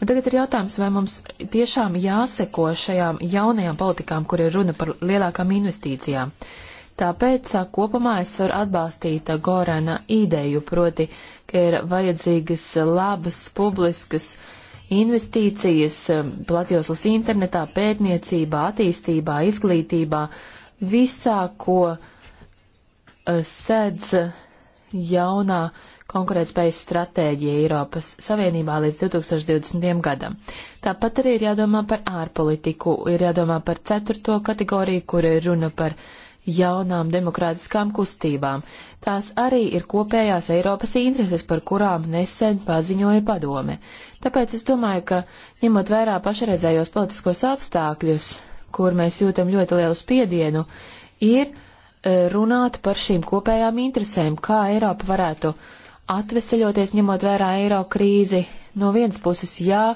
Un tagad ir jautājums, vai mums tiešām jāseko šajām jaunajām politikām, kur ir runa par lielākām investīcijām. Uh, Tāpēc kopumā es varu atbalstīt Gorana ideju, proti, ka ir vajadzīgas labas publiskas investīcijas um, platjoslas internetā, pētniecībā, attīstībā, izglītībā, visā, ko uh, sedz jaunā konkurētspējas stratēģija Eiropas Savienībā līdz 2020. gadam. Tāpat arī ir jādomā par ārpolitiku, ir jādomā par ceturto kategoriju, kur ir runa par jaunām demokrātiskām kustībām. Tās arī ir kopējās Eiropas intereses, par kurām nesen paziņoja padome. Tāpēc es domāju, ka ņemot vērā pašreizējos politiskos apstākļus, kur mēs jūtam ļoti lielu spiedienu, ir e, runāt par šīm kopējām interesēm, kā Eiropa varētu atveseļoties, ņemot vērā eiro krīzi. No vienas puses, jā,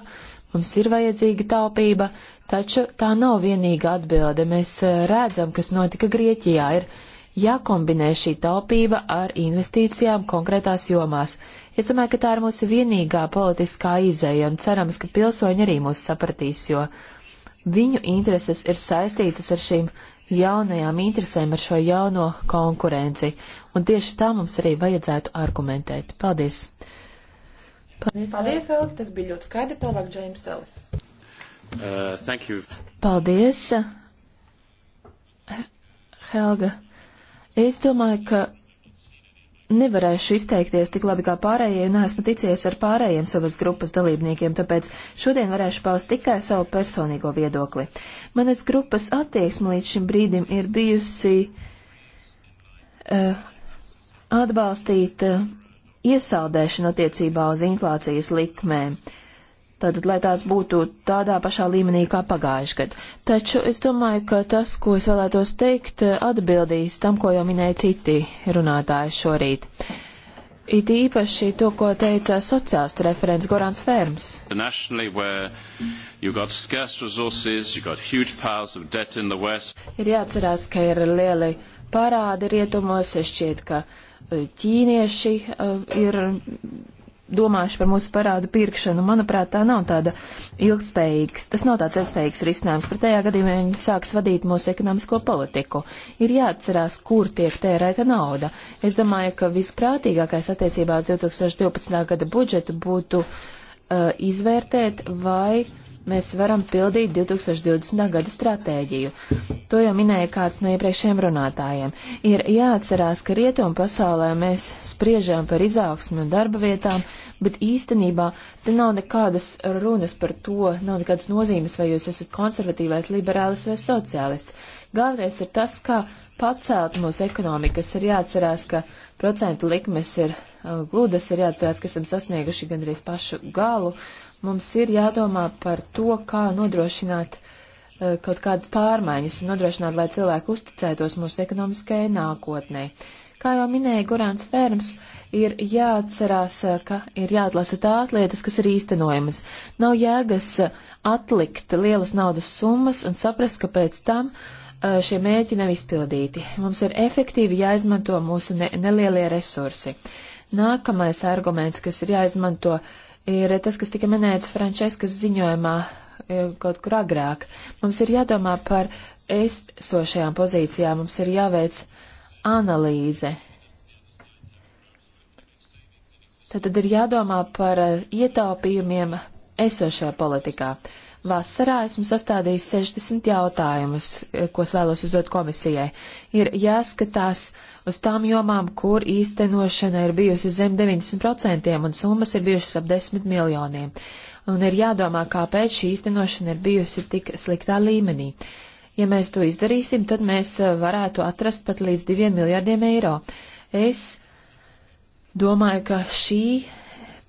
mums ir vajadzīga taupība, Taču tā nav vienīga atbilde. Mēs eh, redzam, kas notika Grieķijā. Ir jākombinē šī taupība ar investīcijām konkrētās jomās. Es domāju, ka tā ir mūsu vienīgā politiskā izēja un cerams, ka pilsoņi arī mūs sapratīs, jo viņu intereses ir saistītas ar šīm jaunajām interesēm, ar šo jauno konkurenci. Un tieši tā mums arī vajadzētu argumentēt. Paldies! Paldies, Paldies Elke, tas bija ļoti skaidri. Tālāk, Džeims Ellis. Uh, thank you. Paldies, Helga. Es domāju, ka nevarēšu izteikties tik labi kā pārējie, neesmu ticies ar pārējiem savas grupas dalībniekiem, tāpēc šodien varēšu paust tikai savu personīgo viedokli. Manas grupas attieksme līdz šim brīdim ir bijusi uh, atbalstīt uh, iesaldēšanu attiecībā uz inflācijas likmēm. Uh, tātad, lai tās būtu tādā pašā līmenī kā pagājuši gadu. Taču es domāju, ka tas, ko es vēlētos teikt, atbildīs tam, ko jau minēja citi runātāji šorīt. It īpaši to, ko teica sociālistu referents Gorans Ferms. Resources, ir jāatcerās, ka ir lieli parādi rietumos, es šķiet, ka uh, ķīnieši uh, ir domājuši par mūsu parādu pirkšanu. Manuprāt, tā nav tāda ilgspējīgs, tas nav tāds ilgspējīgs risinājums. Pretējā gadījumā viņi sāks vadīt mūsu ekonomisko politiku. Ir jāatcerās, kur tiek tērēta nauda. Es domāju, ka visprātīgākais attiecībā uz 2012. gada budžetu būtu uh, izvērtēt, vai uh, mēs varam pildīt 2020. gada stratēģiju. To jau minēja kāds no iepriekšējiem runātājiem. Ir jāatcerās, ka rietumu pasaulē mēs spriežam par izaugsmu un darba vietām, bet īstenībā te nav nekādas runas par to, nav nekādas nozīmes, vai jūs esat konservatīvais, liberālis vai sociālists. Galvenais ir tas, kā pacelt mūsu ekonomikas. Ir jāatcerās, ka procentu likmes ir uh, gludas, ir jāatcerās, ka esam sasnieguši gandrīz pašu galu Mums ir jādomā par to, kā nodrošināt uh, kaut kādas pārmaiņas un nodrošināt, lai cilvēki uzticētos mūsu ekonomiskajai nākotnē. Kā jau minēja Gorāns Ferms, ir jāatcerās, eh, ka ir jāatlasa tās lietas, kas ir īstenojamas. Nav jēgas eh, atlikt lielas naudas summas un saprast, ka pēc tam uh, šie mēķi nav izpildīti. Mums ir efektīvi jāizmanto mūsu ne nelielie resursi. Nākamais arguments, kas ir jāizmanto uh, ir tas, kas tika minēts Frančeskas ziņojumā eh, kaut kur agrāk. Mums ir jādomā par esošajām pozīcijām, mums ir jāveic analīze. Tad ir jādomā par eh, ietaupījumiem esošajā politikā. Vasarā esmu sastādījis 60 jautājumus, eh, ko vēlos uzdot komisijai. Ir jāskatās, uh, uz tām jomām, kur īstenošana ir bijusi zem 90% un summas ir bijušas ap 10 miljoniem. Un ir jādomā, kāpēc šī īstenošana ir bijusi tik sliktā līmenī. Ja mēs to izdarīsim, tad mēs eh, varētu atrast pat līdz 2 miljardiem eiro. Es domāju, ka šī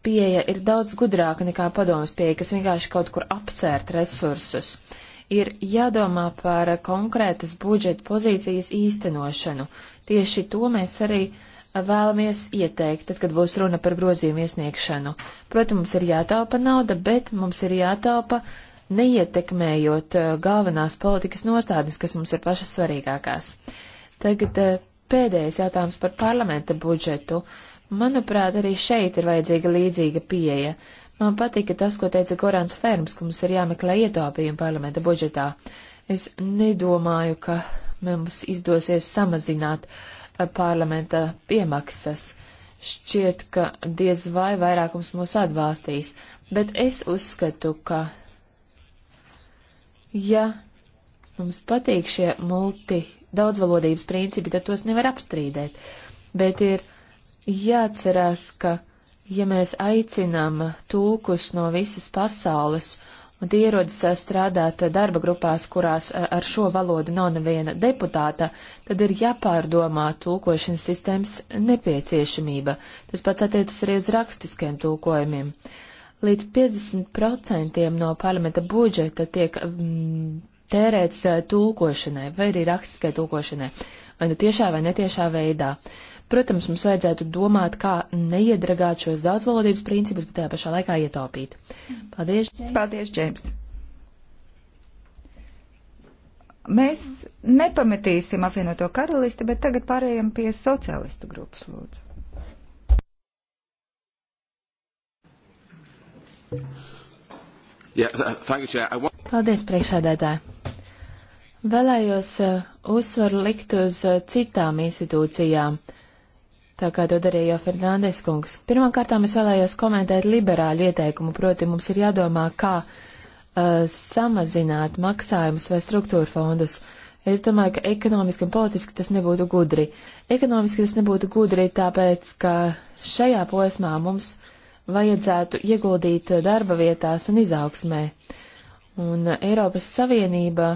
pieeja ir daudz gudrāka nekā padomas pieeja, kas vienkārši kaut kur apcērt resursus. Uh, ir jādomā par konkrētas budžeta pozīcijas īstenošanu. Tieši to mēs arī vēlamies ieteikt, tad, kad būs runa par grozījumu iesniegšanu. Protams, mums ir jātaupa nauda, bet mums ir jātaupa neietekmējot uh, galvenās politikas nostādnes, kas mums ir pašas svarīgākās. Tagad uh, pēdējais jautājums par parlamenta budžetu. Manuprāt, arī šeit ir vajadzīga līdzīga pieeja. Man patika tas, ko teica Korāns Ferms, ka mums ir jāmeklē ietaupījumi parlamenta budžetā. Es nedomāju, ka mums izdosies samazināt eh, parlamenta piemaksas. Šķiet, ka diez vai vairākums mūs atbalstīs, bet es uzskatu, ka ja mums patīk šie multi daudzvalodības principi, tad tos nevar apstrīdēt. Bet ir jāatcerās, ka ja mēs aicinām tulkus no visas pasaules, un tie ierodas strādāt darba grupās, kurās ar šo valodu nav neviena deputāta, tad ir jāpārdomā tulkošanas sistēmas nepieciešamība. Tas pats attiecas arī uz rakstiskiem tulkojumiem. Līdz 50% no parlamenta budžeta tiek mm, tērēts tulkošanai vai arī rakstiskai tulkošanai, vai nu tiešā vai netiešā veidā. Uh, Protams, mums vajadzētu domāt, kā neiedragāt šos daudzvalodības principus, bet tajā pašā laikā ietaupīt. Paldies, Džeims. Paldies, Džeims. Mēs nepametīsim apvienoto karalisti, bet tagad pārējiem pie sociālistu grupas lūdzu. Yeah, thank you, Chair. I want... Paldies, priekšādētāji. Vēlējos uh, uzsvaru likt uz uh, citām institūcijām. Uh, tā kā to darīja jau Fernandes kungs. Pirmkārtām es vēlējos komentēt liberāļu ieteikumu, proti mums ir jādomā, kā uh, samazināt maksājumus vai struktūra fondus. Es domāju, ka ekonomiski un politiski tas nebūtu gudri. Ekonomiski tas nebūtu gudri, tāpēc, ka šajā posmā mums vajadzētu ieguldīt darba vietās un izaugsmē. Un Eiropas Savienība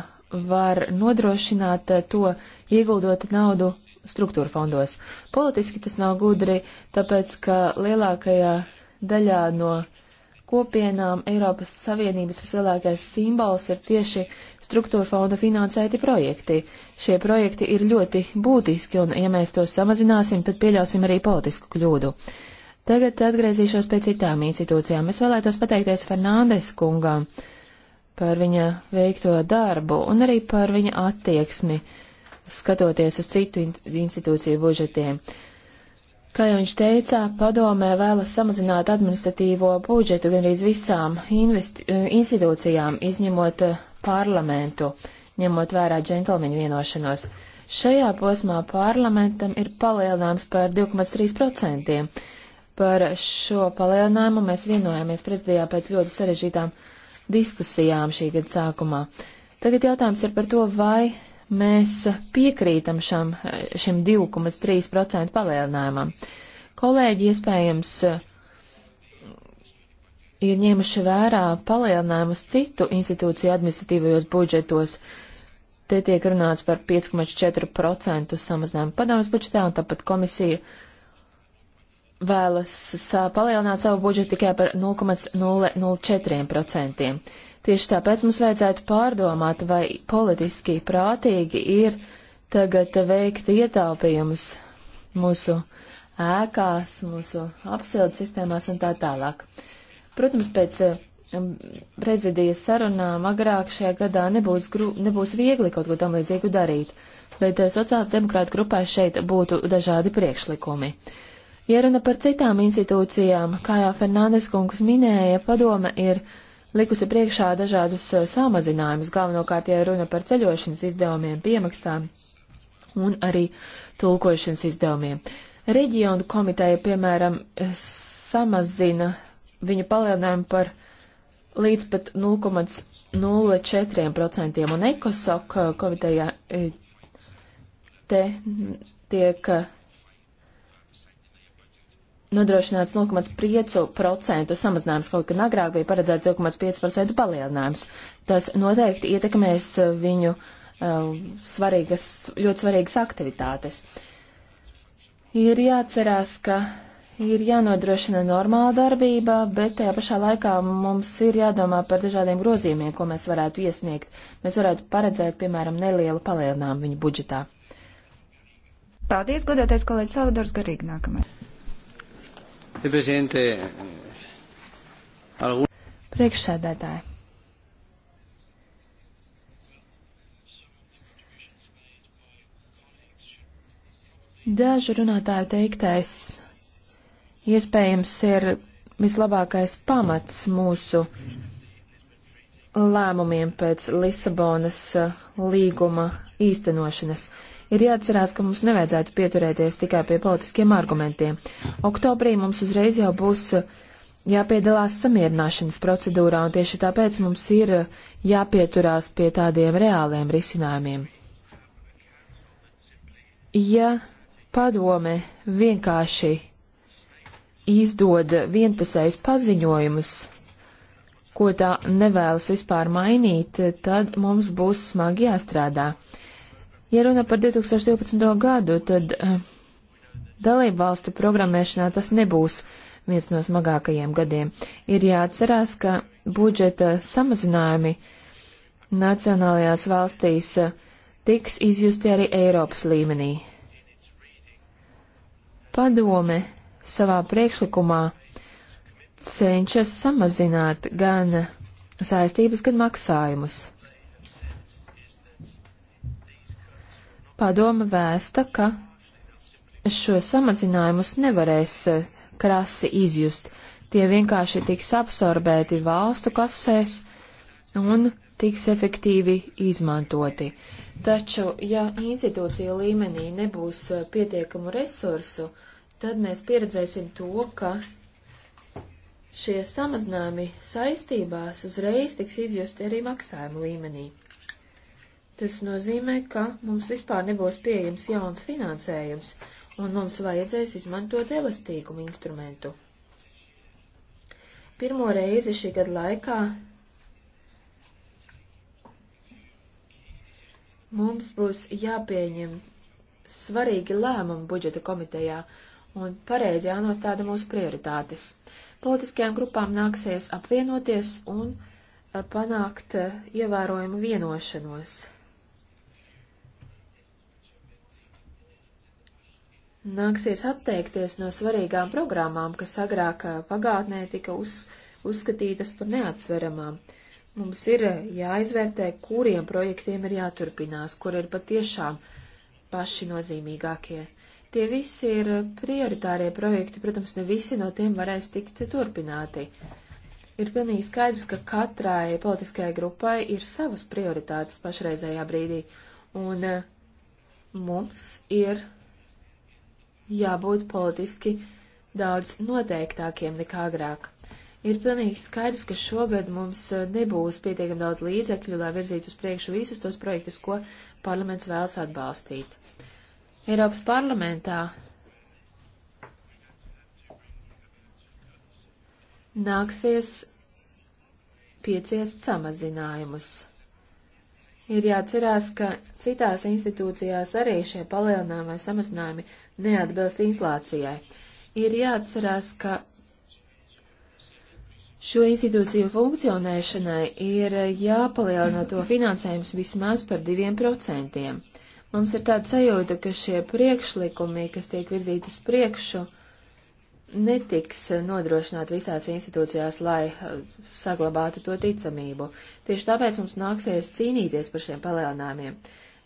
var nodrošināt to, ieguldot naudu struktūra fondos. Politiski tas nav gudri, tāpēc, ka lielākajā daļā no kopienām Eiropas Savienības vislielākais simbols ir tieši struktūra fonda finansēti projekti. Šie projekti ir ļoti būtiski, un ja mēs tos samazināsim, tad pieļausim arī politisku kļūdu. Tagad atgriezīšos pie citām institūcijām. Es vēlētos pateikties Fernandes kungam par viņa veikto darbu un arī par viņa attieksmi skatoties uz citu institūciju budžetiem. Kā jau viņš teica, padomē vēlas samazināt administratīvo budžetu gan arī visām institūcijām, izņemot eh, parlamentu, ņemot vērā džentlmeņu vienošanos. Šajā posmā parlamentam ir palielinājums par 2,3%. Par šo palielinājumu mēs vienojāmies prezidijā pēc ļoti sarežģītām diskusijām šī gada sākumā. Tagad jautājums ir par to, vai Mēs piekrītam šam, šim 2,3% palielinājumam. Kolēģi iespējams eh, ir ņēmuši vērā palielinājumus citu institūciju administratīvajos budžetos. Te tiek runāts par 5,4% samazinājumu padomus budžetā, un tāpat komisija vēlas palielināt savu budžetu tikai par 0,004%. Tieši tāpēc mums vajadzētu pārdomāt, vai politiski prātīgi ir tagad veikt ietaupījumus mūsu ēkās, mūsu apsildes sistēmās un tā tālāk. Protams, pēc um, prezidijas sarunām agrāk šajā gadā nebūs, gru, nebūs viegli kaut ko tam līdzīgu darīt, bet eh, sociāla demokrāta grupā šeit būtu dažādi priekšlikumi. Ja runa par citām institūcijām, kā jau Fernandes kungs minēja, padome ir likusi priekšā dažādus eh, samazinājumus, galvenokārt, ja runa par ceļošanas izdevumiem, piemaksām un arī tulkošanas izdevumiem. Reģionu komiteja, piemēram, samazina viņu palielinājumu par līdz pat 0,04%, un ECOSOC eh, komiteja eh, te tiek nodrošināts 0,5% samazinājums, kaut gan agrāk bija paredzēts 2,5% palielinājums. Tas noteikti ietekmēs uh, viņu uh, svarīgas, ļoti svarīgas aktivitātes. Ir jāatcerās, ka ir jānodrošina normāla darbība, bet tajā pašā laikā mums ir jādomā par dažādiem grozījumiem, ko mēs varētu iesniegt. Mēs varētu paredzēt, piemēram, nelielu palielinājumu viņu budžetā. Paldies, godoties kolēģis Salvadors Garīgi nākamais. Eh, eh, Priekšsēdētāji. Dažu runātāju teiktais iespējams ir vislabākais pamats mūsu lēmumiem pēc Lisabonas eh, līguma īstenošanas. Ir jāatcerās, ka mums nevajadzētu pieturēties tikai pie politiskiem argumentiem. Oktobrī mums uzreiz jau būs uh, jāpiedalās samierināšanas procedūrā, un tieši tāpēc mums ir uh, jāpieturās pie tādiem reāliem risinājumiem. Ja padome vienkārši izdod vienpusējus paziņojumus, ko tā nevēlas vispār mainīt, tad mums būs smagi jāstrādā. Ja runa par 2012. gadu, tad eh, dalību valstu programmēšanā tas nebūs viens no smagākajiem gadiem. Ir jāatcerās, ka budžeta samazinājumi nacionālajās valstīs eh, tiks izjusti arī Eiropas līmenī. Padome savā priekšlikumā cenšas samazināt gan saistības, gan maksājumus. Padoma vēsta, ka šo samazinājumus nevarēs e, krasi izjust. Tie vienkārši tiks absorbēti valstu kasēs un tiks efektīvi izmantoti. Taču, ja institūcija līmenī nebūs e, pietiekamu resursu, tad mēs pieredzēsim to, ka šie samazinājumi saistībās uzreiz tiks izjusti arī maksājuma līmenī. Tas nozīmē, ka mums vispār nebūs pieejams jauns finansējums, un mums vajadzēs izmantot elastīgumu instrumentu. Pirmo reizi šī gada laikā mums būs jāpieņem svarīgi lēmumi budžeta komitejā un pareizi jānostāda mūsu prioritātes. Politiskajām grupām nāksies apvienoties un eh, panākt eh, ievērojumu vienošanos. nāksies atteikties no svarīgām programmām, kas agrāk pagātnē tika uz, uzskatītas par neatsveramām. Mums ir jāizvērtē, kuriem projektiem ir jāturpinās, kur ir patiešām paši nozīmīgākie. Tie visi ir prioritārie projekti, protams, ne visi no tiem varēs tikt turpināti. Ir pilnīgi skaidrs, ka katrai politiskajai grupai ir savas prioritātes pašreizējā brīdī, un mums ir jābūt politiski daudz noteiktākiem nekā agrāk. Ir pilnīgi skaidrs, ka šogad mums eh, nebūs pietiekami daudz līdzekļu, lai virzītu uz priekšu visus tos projektus, ko parlaments vēlas atbalstīt. Eiropas parlamentā nāksies pieciest samazinājumus. Ir jāatcerās, ka citās institūcijās arī šie palielinājumi vai samazinājumi neatbilst inflācijai. Ir jāatcerās, ka šo institūciju funkcionēšanai ir jāpalielina to finansējums vismaz par diviem procentiem. Mums ir tāda sajūta, ka šie priekšlikumi, kas tiek virzīti uz priekšu, netiks nodrošināt visās institūcijās, lai uh, saglabātu to ticamību. Tieši tāpēc mums nāksies cīnīties par šiem palielinājumiem.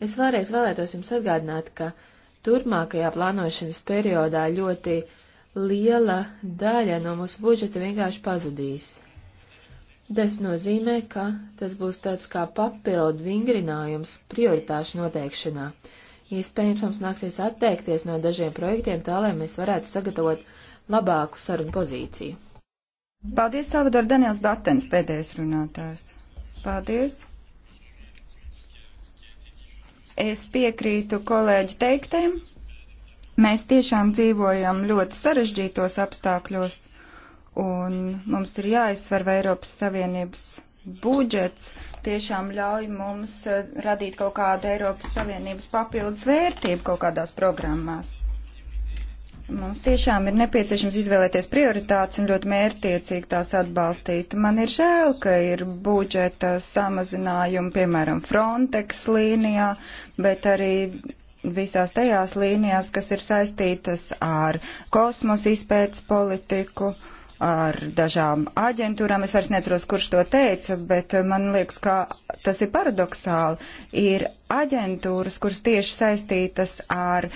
Es vēlreiz vēlētos jums atgādināt, ka turpmākajā plānošanas periodā ļoti liela daļa no mūsu budžeta vienkārši pazudīs. Tas nozīmē, ka tas būs tāds kā papildu vingrinājums prioritāšu noteikšanā. Iespējams, mums nāksies atteikties no dažiem projektiem tā, lai mēs varētu sagatavot labāku sarunu pozīciju. Paldies, Salvador Daniels Batens, pēdējais runātājs. Paldies! Es piekrītu kolēģu teiktēm. Mēs tiešām dzīvojam ļoti sarežģītos apstākļos, un mums ir jāizsver, vai Eiropas Savienības budžets tiešām ļauj mums eh, radīt kaut kādu Eiropas Savienības papildus vērtību kaut kādās programmās. Mums tiešām ir nepieciešams izvēlēties prioritātes un ļoti mērtiecīgi tās atbalstīt. Man ir žēl, ka ir budžeta samazinājumi, piemēram, Frontex līnijā, bet arī visās tajās līnijās, kas ir saistītas ar kosmosa izpētes politiku, ar dažām aģentūrām. Es vairs neatceros, kurš to teica, bet man liekas, ka tas ir paradoxāli. Ir aģentūras, kuras tieši saistītas ar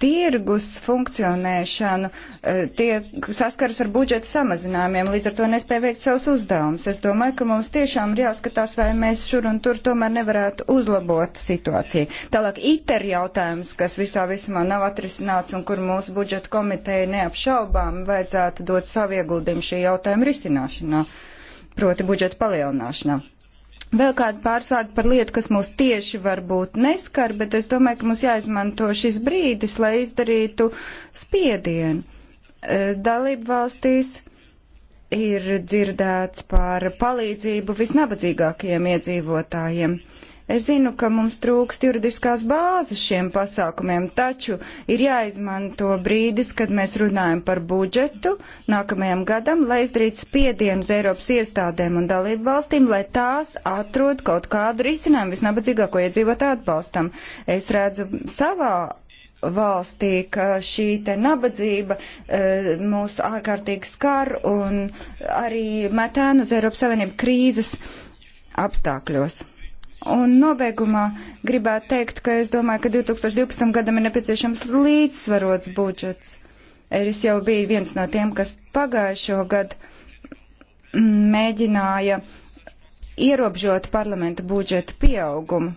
tirgus funkcionēšanu, e, tie saskaras ar budžeta samazinājumiem, līdz ar to nespēja veikt savus uzdevumus. Es domāju, ka mums tiešām ir jāskatās, vai mēs šur un tur tomēr nevarētu uzlabot situāciju. Tālāk ITER jautājums, kas visā visumā nav atrisināts un kur mūsu budžeta komiteja neapšaubām vajadzētu dot savu ieguldījumu šī jautājuma risināšanā, proti budžeta palielināšanā. Vēl kādu pārsvārdu par lietu, kas mūs tieši varbūt neskar, bet es domāju, ka mums jāizmanto šis brīdis, lai izdarītu spiedienu. E, dalību valstīs ir dzirdēts par palīdzību visnabadzīgākajiem iedzīvotājiem. Uh, Es zinu, ka mums trūkst juridiskās bāzes šiem pasākumiem, taču ir jāizmanto brīdis, kad mēs runājam par budžetu nākamajam gadam, lai izdarītu spiedienus Eiropas iestādēm un dalību valstīm, lai tās atrod kaut kādu risinājumu visnabadzīgāko iedzīvotāju atbalstam. Es redzu savā valstī, ka šī te nabadzība e, mūs ārkārtīgi skar un arī metēnu uz Eiropas Savienību krīzes apstākļos. Un nobeigumā gribētu teikt, ka es domāju, ka 2012. gadam ir nepieciešams līdzsvarots budžets. Es jau biju viens no tiem, kas pagājušo gadu mēģināja ierobežot parlamenta budžeta pieaugumu.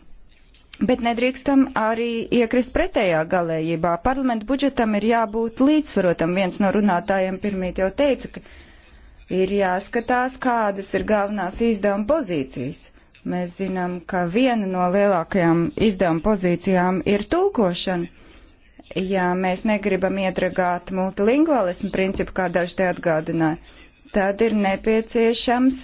Bet nedrīkstam arī iekrist pretējā galējībā. Parlamenta budžetam ir jābūt līdzsvarotam. Viens no runātājiem pirmīt jau teica, ka ir jāskatās, kādas ir galvenās izdevuma pozīcijas Mēs zinām, ka viena no lielākajām izdevuma pozīcijām ir tulkošana. Ja mēs negribam iedragāt multilingvālismu principu, kā daži te atgādināja, tad ir nepieciešams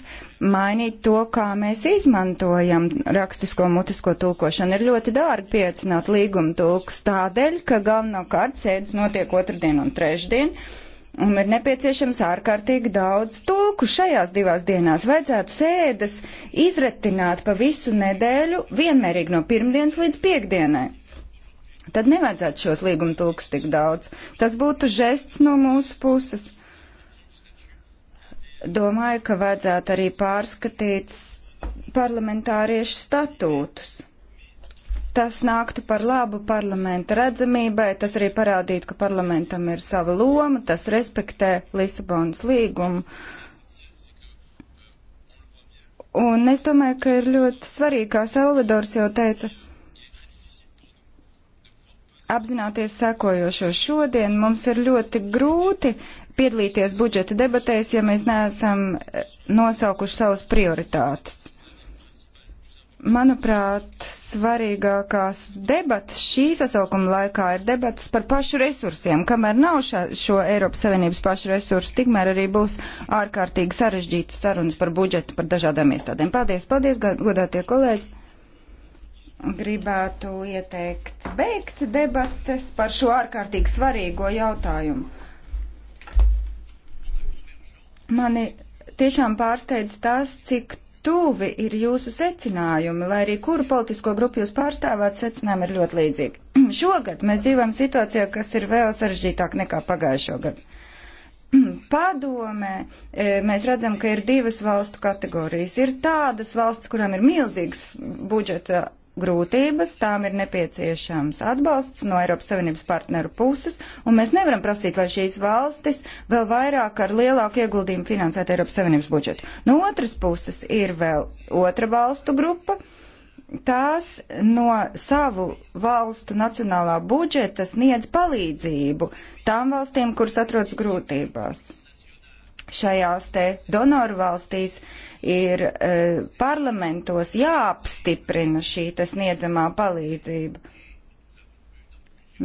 mainīt to, kā mēs izmantojam rakstisko mutisko tulkošanu. Ir ļoti dārgi piecināt līguma tulkus tādēļ, ka galvenokārt sēdes notiek otrdien un trešdien. Uh, un ir nepieciešams ārkārtīgi daudz tulku šajās divās dienās. Vajadzētu sēdes izretināt pa visu nedēļu, vienmērīgi no pirmdienas līdz piekdienai. Tad nevajadzētu šos līguma tulkus tik daudz. Tas būtu žests no mūsu puses. Domāju, ka vajadzētu arī pārskatīt parlamentāriešu statūtus. Tas nāktu par labu parlamenta redzamībai, tas arī parādītu, ka parlamentam ir sava loma, tas respektē Lisabonas līgumu. Un es domāju, ka ir ļoti svarīgi, kā Salvadors jau teica, apzināties sekojošo. Šodien mums ir ļoti grūti piedalīties budžeta debatēs, ja mēs neesam nosaukuši savus prioritātes. Manuprāt, svarīgākās debatas šī sasaukuma laikā ir debatas par pašu resursiem. Kamēr nav šā, šo Eiropas Savienības pašu resursu, tikmēr arī būs ārkārtīgi sarežģītas sarunas par budžetu, par dažādām iestādēm. Paldies, paldies, godātie kolēģi! Gribētu ieteikt beigt debates par šo ārkārtīgi svarīgo jautājumu. Mani tiešām pārsteidz tas, cik tuvi ir jūsu secinājumi, lai arī kuru politisko grupu jūs pārstāvāt, secinājumi ir ļoti līdzīgi. (clears throat) Šogad mēs dzīvojam situācijā, kas ir vēl sarežģītāk nekā pagājušo gadu. (clears throat) Padomē e, mēs redzam, ka ir divas valstu kategorijas. Ir tādas valsts, kurām ir milzīgs budžeta grūtības, tām ir nepieciešams atbalsts no Eiropas Savienības partneru puses, un mēs nevaram prasīt, lai šīs valstis vēl vairāk ar lielāku ieguldījumu finansētu Eiropas Savienības budžetu. No otras puses ir vēl otra valstu grupa. Tās no savu valstu nacionālā budžeta sniedz palīdzību tām valstīm, kuras atrodas grūtībās šajās te donoru valstīs ir e, parlamentos jāapstiprina šī sniedzamā palīdzība.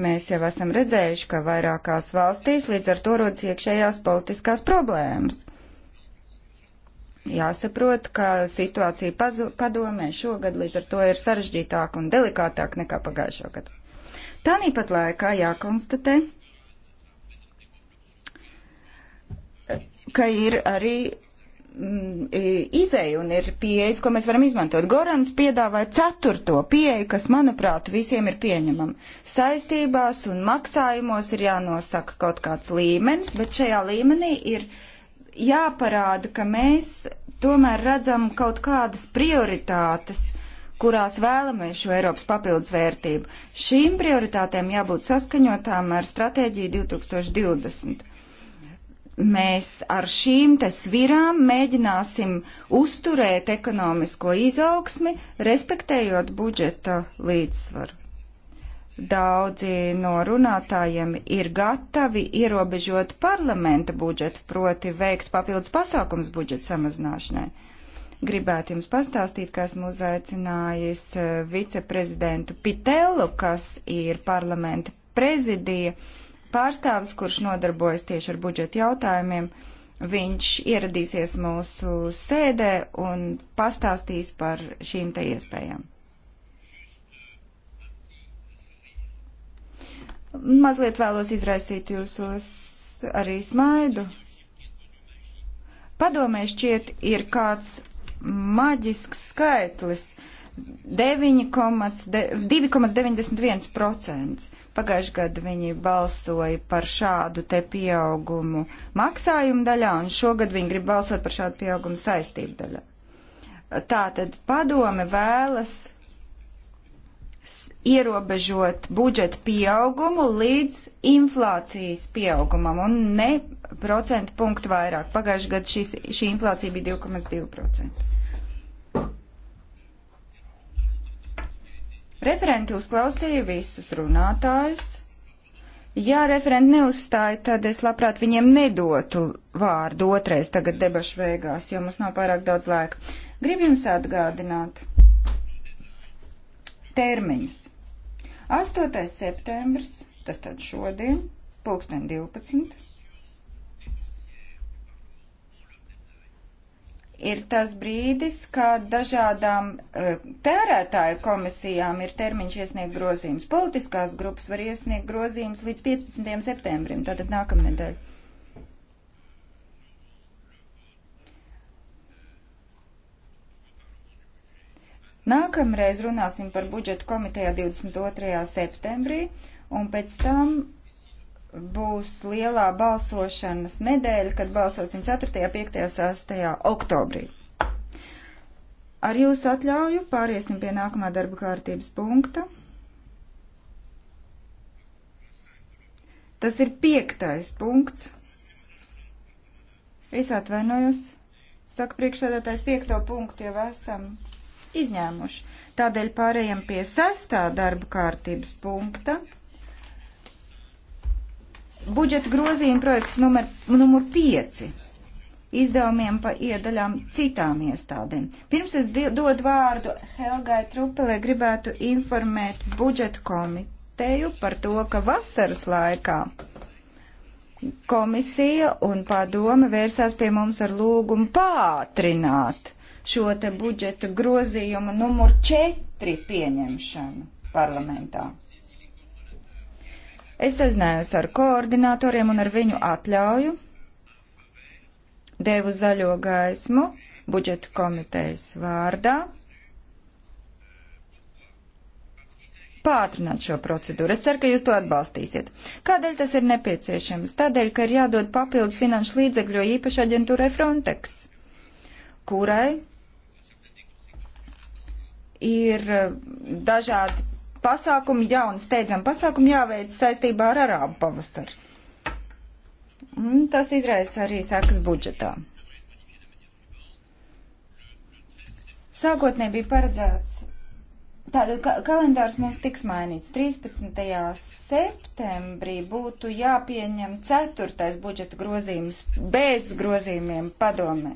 Mēs jau esam redzējuši, ka vairākās valstīs līdz ar to rodas iekšējās politiskās problēmas. Jāsaprot, ka situācija pazu, padomē šogad līdz ar to ir sarežģītāka un delikātāka nekā pagājušā gada. Tāpat laikā jākonstatē, ka ir arī mm, izēja un ir pieejas, ko mēs varam izmantot. Gorans piedāvāja ceturto pieeju, kas, manuprāt, visiem ir pieņemama. Saistībās un maksājumos ir jānosaka kaut kāds līmenis, bet šajā līmenī ir jāparāda, ka mēs tomēr redzam kaut kādas prioritātes, kurās vēlamies šo Eiropas papildus vērtību. Šīm prioritātēm jābūt saskaņotām ar stratēģiju 2020 mēs ar šīm te svirām mēģināsim uzturēt ekonomisko izaugsmi, respektējot budžeta līdzsvaru. Daudzi no runātājiem ir gatavi ierobežot parlamenta budžetu, proti veikt papildus pasākums budžeta samazināšanai. Gribētu jums pastāstīt, ka esmu uzaicinājis eh, viceprezidentu Pitellu, kas ir parlamenta prezidija. Uh, pārstāvis, kurš nodarbojas tieši ar budžeta jautājumiem. Viņš ieradīsies mūsu sēdē un pastāstīs par šīm te iespējām. Mazliet vēlos izraisīt jūsos arī smaidu. Padomē šķiet ir kāds maģisks skaitlis 2,91%. Pagājuši gadu viņi balsoja par šādu te pieaugumu maksājumu daļā, un šogad viņi grib balsot par šādu pieaugumu saistību daļā. Tātad padome vēlas ierobežot budžeta pieaugumu līdz inflācijas pieaugumam un ne procentu punktu vairāk. Pagājuši gadu šis, šī inflācija bija 2,2%. Referenti uzklausīja visus runātājus. Ja referenti neuzstāja, tad es labprāt viņiem nedotu vārdu otrais tagad debašu beigās, jo mums nav pārāk daudz laika. Gribu jums atgādināt termiņus. 8. septembris, tas tad šodien, pulksten 12. ir tas brīdis, kad dažādām uh, tērētāju komisijām ir termiņš iesniegt grozījums. Politiskās grupas var iesniegt grozījums līdz 15. septembrim, tātad nākamnedēļ. Nākamreiz runāsim par budžetu komitejā 22. septembrī, un pēc tam būs lielā balsošanas nedēļa, kad balsosim 4., 5., 6. oktobrī. Ar jūsu atļauju pāriesim pie nākamā darba kārtības punkta. Tas ir piektais punkts. Es atvainojos. Saka, priekšsēdētājs piekto punktu jau esam izņēmuši. Tādēļ pārējām pie sestā darba kārtības punkta budžeta grozījuma projekts numur, numur 5 izdevumiem pa iedaļām citām iestādēm. Pirms es dodu vārdu Helgai Trupelē, gribētu informēt budžeta komiteju par to, ka vasaras laikā komisija un padome vērsās pie mums ar lūgumu pātrināt šo te budžeta grozījumu numur 4 pieņemšanu parlamentā. Es sazinājos ar koordinatoriem un ar viņu atļauju devu zaļo gaismu budžeta komitejas vārdā pātrināt šo procedūru. Es ceru, ka jūs to atbalstīsiet. Kādēļ tas ir nepieciešams? Tādēļ, ka ir jādod papildus finanšu līdzekļu īpaši aģentūrai Frontex, kurai ir eh, dažādi pasākumi, jauni steidzami pasākumi jāveic saistībā ar arābu pavasaru. Un tas izraisa arī sekas budžetā. Sākotnēji bija paredzēts, tātad ka kalendārs mums tiks mainīts. 13. septembrī būtu jāpieņem ceturtais budžeta grozījums bez grozījumiem padome.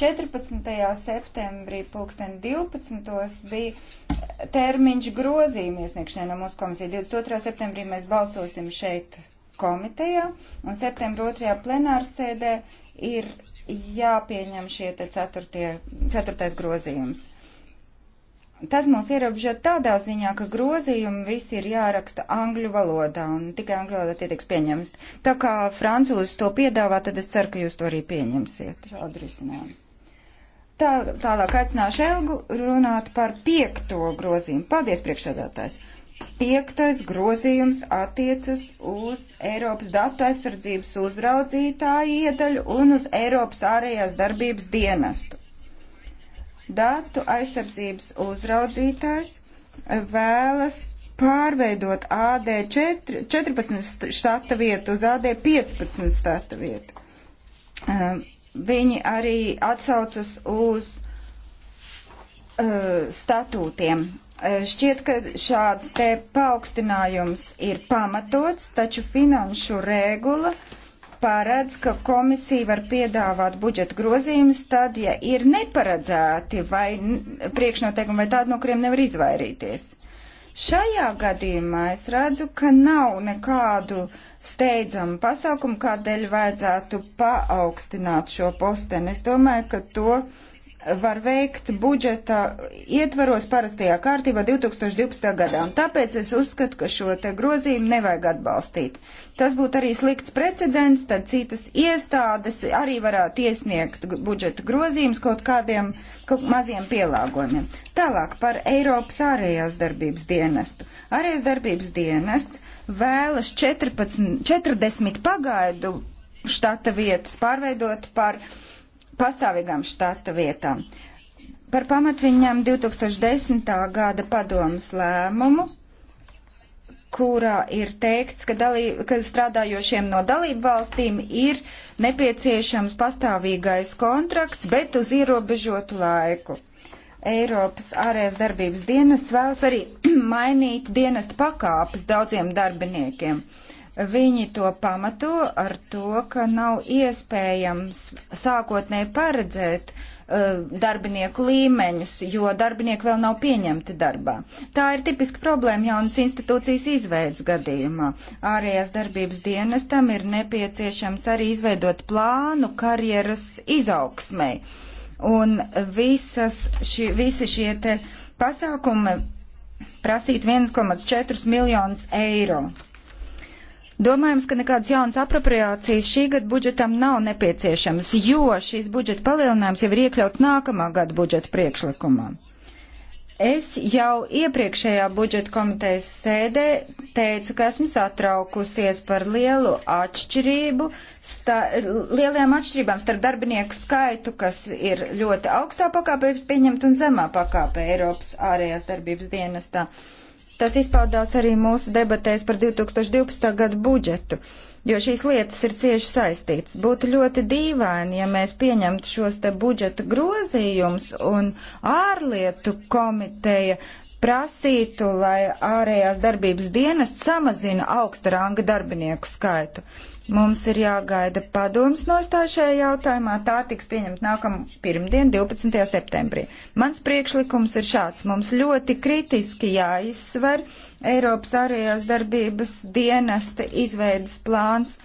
14. septembrī pulksten 12. bija termiņš grozījuma iesniegšanai no mūsu komisija. 22. septembrī mēs balsosim šeit komitejā un septembra 2. plenārsēdē ir jāpieņem šie te ceturtie, ceturtais grozījums. Tas mums ierobežo tādā ziņā, ka grozījumi visi ir jāraksta angļu valodā, un tikai angļu valodā tie tiks pieņemts. Tā kā francūzis to piedāvā, tad es ceru, ka jūs to arī pieņemsiet šādu risinājumu. Tā, tālāk aicināšu Elgu runāt par piekto grozījumu. Paldies, priekšsēdētājs! Piektais grozījums attiecas uz Eiropas datu aizsardzības uzraudzītāju iedaļu un uz Eiropas ārējās darbības dienestu. Datu aizsardzības uzraudzītājs vēlas pārveidot AD 4, 14 štata vietu uz AD 15 štata vietu. Um, viņi arī atsaucas uz uh, statūtiem. Uh, šķiet, ka šāds te paaugstinājums ir pamatots, taču finanšu regula paredz, ka komisija var piedāvāt budžeta grozījumus tad, ja ir neparedzēti vai priekšnoteikumi vai tādi, no kuriem nevar izvairīties. Šajā gadījumā es redzu, ka nav nekādu uh, steidzamu pasākumu, kādēļ vajadzētu paaugstināt šo posteni. Es domāju, ka to var veikt budžeta ietvaros parastajā kārtībā 2012. gadā. Un tāpēc es uzskatu, ka šo te grozījumu nevajag atbalstīt. Tas būtu arī slikts precedents, tad citas iestādes arī varētu iesniegt budžeta grozījumus kaut kādiem kaut maziem pielāgojumiem. Tālāk par Eiropas ārējās darbības dienestu. Ārējās darbības dienests vēlas 14, 40 pagaidu štata vietas pārveidot par uh, pastāvīgām štata vietām. Par pamatu viņam 2010. gada padomas lēmumu, kurā ir teikts, ka, dalī, ka strādājošiem no dalību valstīm ir nepieciešams pastāvīgais kontrakts, bet uz ierobežotu laiku. Eiropas ārējās darbības dienests vēlas arī (clears throat) mainīt dienestu pakāpes daudziem darbiniekiem. Viņi to pamato ar to, ka nav iespējams sākotnēji paredzēt uh, darbinieku līmeņus, jo darbinieki vēl nav pieņemti darbā. Tā ir tipiska problēma jaunas institūcijas izveidas gadījumā. Ārējās darbības dienestam ir nepieciešams arī izveidot plānu karjeras izaugsmei. Un visas, ši, visi šie te pasākumi prasīt 1,4 miljonus eiro. Domājams, ka nekādas jaunas apropriācijas šī gada budžetam nav nepieciešams, jo šīs budžeta palielinājums jau ir iekļauts nākamā gada budžeta priekšlikumā. Es jau iepriekšējā budžeta komitejas sēdē teicu, ka esmu satraukusies par lielu atšķirību, sta, lielajām atšķirībām starp darbinieku skaitu, kas ir ļoti augstā pakāpē pieņemt un zemā pakāpē Eiropas ārējās darbības dienestā. Uh, Tas izpaudās arī mūsu debatēs par 2012. gadu budžetu, jo šīs lietas ir cieši saistītas. Būtu ļoti dīvaini, ja mēs pieņemtu šos te budžeta grozījumus un ārlietu komiteja prasītu, lai ārējās darbības dienas samazina augsta ranga darbinieku skaitu. Mums ir jāgaida padomas nostāja šajā jautājumā. Tā tiks pieņemta nākamā pirmdien, 12. septembrī. Mans priekšlikums ir šāds. Mums ļoti kritiski jāizsver Eiropas ārējās darbības dienesta izveidas plāns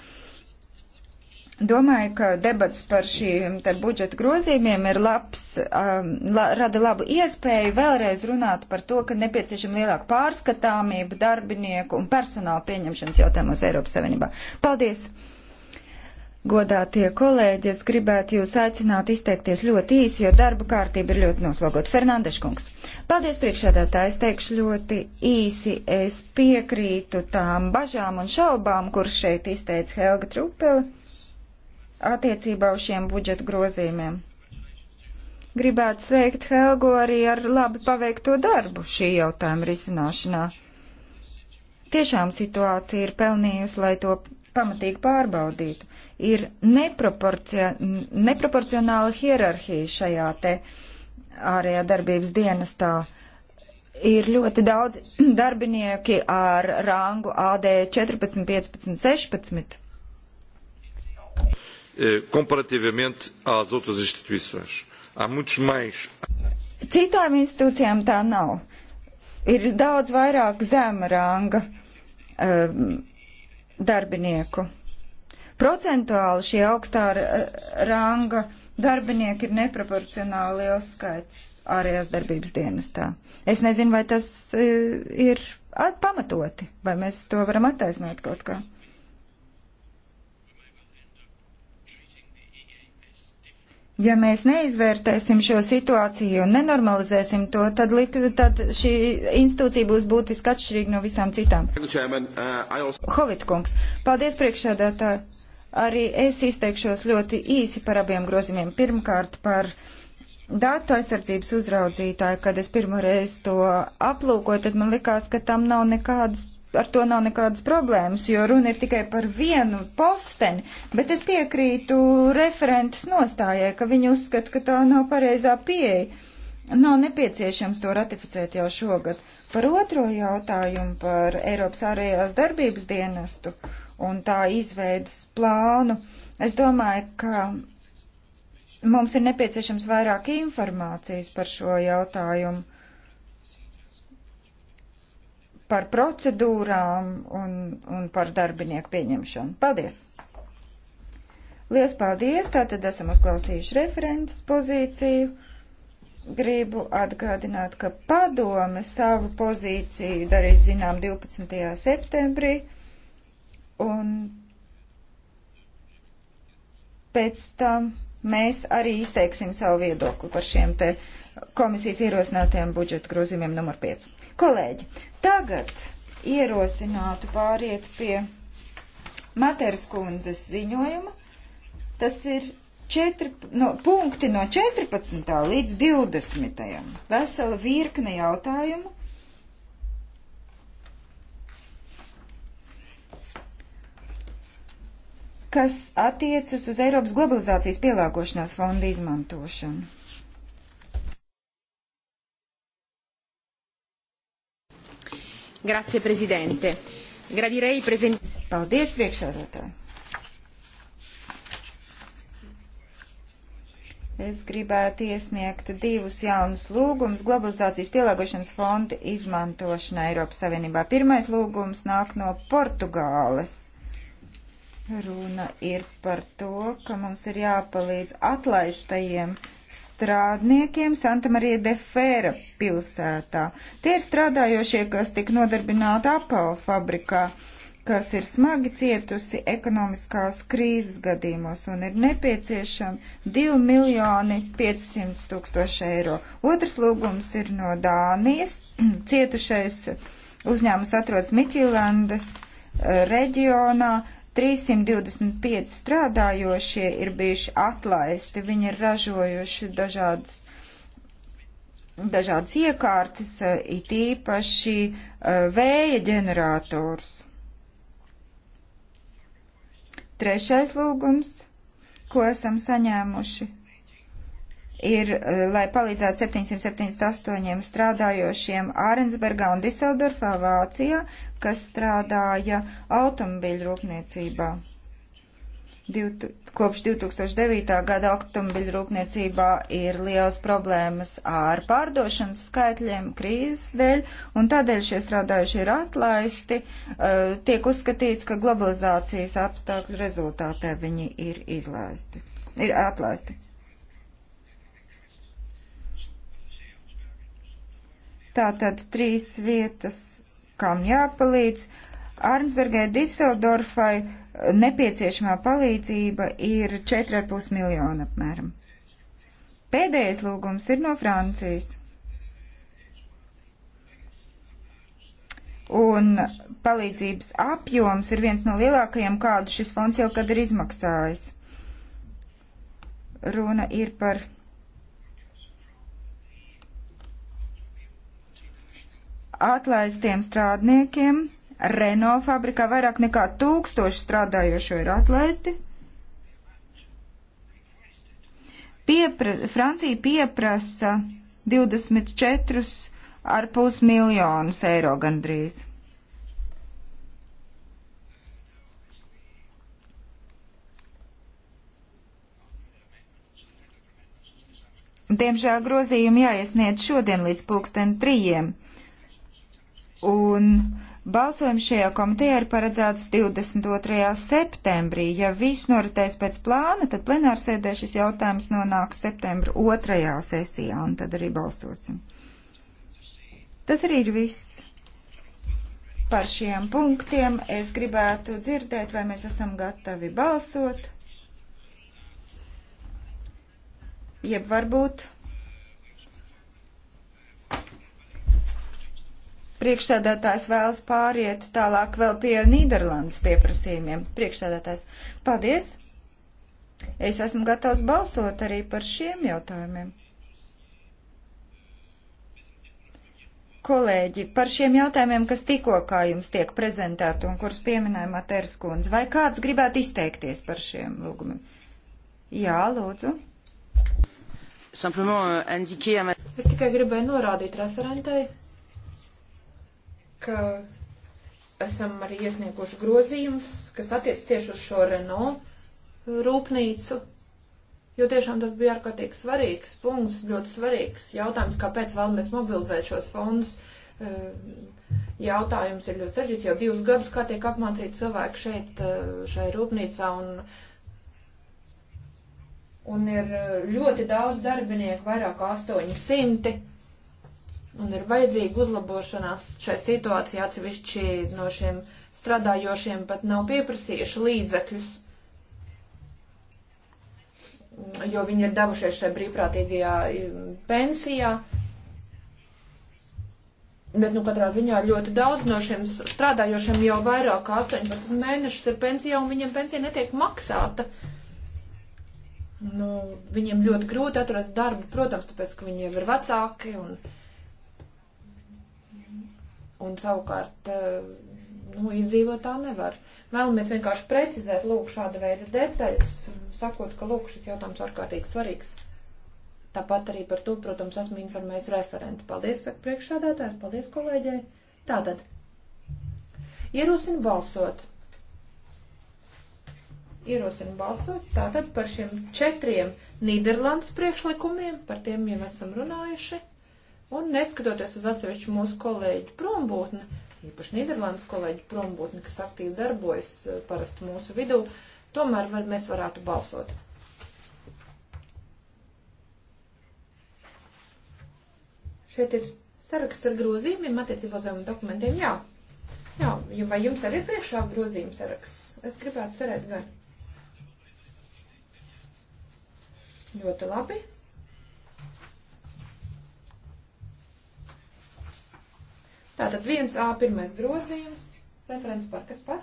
Domāju, ka debats par šiem budžeta grozījumiem ir labs, um, la, rada labu iespēju vēlreiz runāt par to, ka nepieciešama lielāka pārskatāmība darbinieku un personāla pieņemšanas jautājumos Eiropas Savienībā. Paldies! Godātie kolēģi, es gribētu jūs aicināt izteikties ļoti īsi, jo darba kārtība ir ļoti noslogota. Fernandeškungs. Paldies priekšādātāji, es teikšu ļoti īsi. Es piekrītu tām bažām un šaubām, kuras šeit izteica Helga Trupela attiecībā uz šiem budžeta grozījumiem. Gribētu sveikt Helgu arī ar labi paveikto darbu šī jautājuma risināšanā. Tiešām situācija ir pelnījusi, lai to pamatīgi pārbaudītu. Ir neproporcionāla hierarhija šajā te ārējā darbības dienestā. Ir ļoti daudz (clears throat) darbinieki ar rangu AD 14, 15, 16. Eh, comparativamente às outras instituições. Há muitos mais. Citām institūcijām tā nav. Ir daudz vairāk zema ranga um, darbinieku. Procentuāli šie augstā ranga darbinieki ir neproporcionāli liels skaits ārējās darbības dienestā. Es nezinu, vai tas eh, ir pamatoti, vai mēs to varam attaisnot kaut kā. Ja mēs neizvērtēsim šo situāciju un nenormalizēsim to, tad, li, tad šī institūcija būs būtiski atšķirīga no visām citām. Uh, Hovitkungs, paldies priekšādātāji. Arī es izteikšos ļoti īsi par abiem grozījumiem. Pirmkārt par datu aizsardzības uzraudzītāju, kad es pirmoreiz to aplūkoju, tad man likās, ka tam nav nekādas ar to nav nekādas problēmas, jo runa ir tikai par vienu posteni, bet es piekrītu referentes nostājai, ka viņi uzskata, ka tā nav pareizā pieeja. Nav nepieciešams to ratificēt jau šogad. Par otro jautājumu par Eiropas ārējās darbības dienestu un tā izveidas plānu, es domāju, ka mums ir nepieciešams vairāk informācijas par šo jautājumu par procedūrām un, un par darbinieku pieņemšanu. Paldies! Lielas paldies! Tātad esam uzklausījuši referents pozīciju. Gribu atgādināt, ka padome savu pozīciju darīs zinām 12. septembrī un pēc tam mēs arī izteiksim savu viedokli par šiem te uh, komisijas ierosinātajiem budžeta grozījumiem numur 5. Kolēģi, tagad ierosinātu pāriet pie Materas kundzes ziņojuma. Tas ir četri, no, punkti no 14. līdz 20. Vesela virkne jautājumu. kas attiecas uz Eiropas globalizācijas pielāgošanās fonda izmantošanu. Grazie, prezidente. Gradirei prezentēt. Paldies, priekšsēdētāji. Es gribētu iesniegt divus jaunus lūgumus globalizācijas pielāgošanas fonda izmantošanai Eiropas Savienībā. Pirmais lūgums nāk no Portugāles. Runa ir par to, ka mums ir jāpalīdz atlaistajiem strādniekiem Santa Marija de Fēra pilsētā. Tie ir strādājošie, kas tika nodarbināti apava fabrikā, kas ir smagi cietusi ekonomiskās krīzes gadījumos un ir nepieciešami 2 miljoni 500 tūkstoši eiro. Otrs lūgums ir no Dānijas. (clears throat) Cietušais uzņēmums atrodas Miķilandes eh, reģionā. 325 strādājošie ir bijuši atlaisti, viņi ir ražojuši dažādas, dažādas iekārtas, eh, it īpaši eh, vēja ģenerators. Trešais lūgums, ko esam saņēmuši ir, eh, lai palīdzētu 778 strādājošiem Ārensbergā un Diseldorfā, Vācijā, kas strādāja automobiļu rūpniecībā. Div, kopš 2009. gada automobiļu rūpniecībā ir liels problēmas ar pārdošanas skaitļiem krīzes dēļ, un tādēļ šie strādājušie ir atlaisti. Uh, tiek uzskatīts, ka globalizācijas apstākļu rezultātē viņi ir izlaisti, ir atlaisti. Tātad trīs vietas, kam jāpalīdz. Arnsbergai Diseldorfai nepieciešamā palīdzība ir 4,5 miljona apmēram. Pēdējais lūgums ir no Francijas. Un palīdzības apjoms ir viens no lielākajiem, kādu šis fonds jau kad ir izmaksājis. Runa ir par atlaistiem strādniekiem. Renault fabrikā vairāk nekā tūkstoši strādājošo ir atlaisti. Piepra Francija pieprasa 24,5 miljonus eiro gandrīz. Diemžēl grozījumi jāiesniedz šodien līdz pulksten trijiem. Un balsojums šajā komitejā ir paredzēts 22. septembrī. Ja viss noritēs pēc plāna, tad plenārsēdē šis jautājums nonāks septembra otrajā sesijā, un tad arī balsosim. Tas arī ir viss. Par šiem punktiem es gribētu dzirdēt, vai mēs esam gatavi balsot. Jeb varbūt Priekšsēdētājs vēlas pāriet tālāk vēl pie Nīderlandes pieprasījumiem. Priekšsēdētājs, paldies! Es esmu gatavs balsot arī par šiem jautājumiem. Kolēģi, par šiem jautājumiem, kas tikko kā jums tiek prezentēti un kurus pieminēja Materas kundze, vai kāds gribētu izteikties par šiem lūgumiem? Jā, lūdzu. Euh, es tikai gribēju norādīt referentei, ka esam arī iesnieguši grozījumus, kas attiec tieši uz šo Renault rūpnīcu, jo tiešām tas bija ārkārtīgi svarīgs punkts, ļoti svarīgs jautājums, kāpēc vēlamies mobilizēt šos fondus. Ehm, jautājums ir ļoti sarežģīts, jau divus gadus, kā tiek apmācīti cilvēki šeit, eh, šai rūpnīcā, un un ir eh, ļoti daudz darbinieku, vairāk kā 800 un ir vajadzīga uzlabošanās šai situācijai. Atsevišķi no šiem strādājošiem pat nav pieprasījuši līdzekļus, jo viņi ir devušies šai brīvprātīgajā mm, pensijā. Bet, nu, katrā ziņā ļoti daudz no šiem strādājošiem jau vairāk kā 18 mēnešus ir pensijā, un viņiem pensija netiek maksāta. Nu, viņiem ļoti grūti atrast darbu, protams, tāpēc, ka viņiem ir vecāki un Un savukārt, eh, nu, izdzīvot tā nevar. Vēlamies vienkārši precizēt, lūk, šāda veida detaļas, sakot, ka, lūk, šis jautājums ārkārtīgi svarīgs. Tāpat arī par to, protams, esmu informējis referentu. Paldies, saka priekšsādātājs, paldies kolēģei. Tātad, ierosinu balsot. Ierosinu balsot tātad par šiem četriem Nīderlandes priekšlikumiem, par tiem jau esam runājuši. Un neskatoties uz atsevišķu mūsu kolēģu prombūtni, īpaši Nīderlandes kolēģu prombūtni, kas aktīvi darbojas eh, parasti mūsu vidū, tomēr var, mēs varētu balsot. Šeit ir saraksts ar grozījumiem, attiecībā uz dokumentiem, jā. Jā, vai jums arī ir priekšā grozījuma saraksts? Es gribētu cerēt gan. Ļoti labi. Tātad 1A pirmais grozījums, referents par kas par?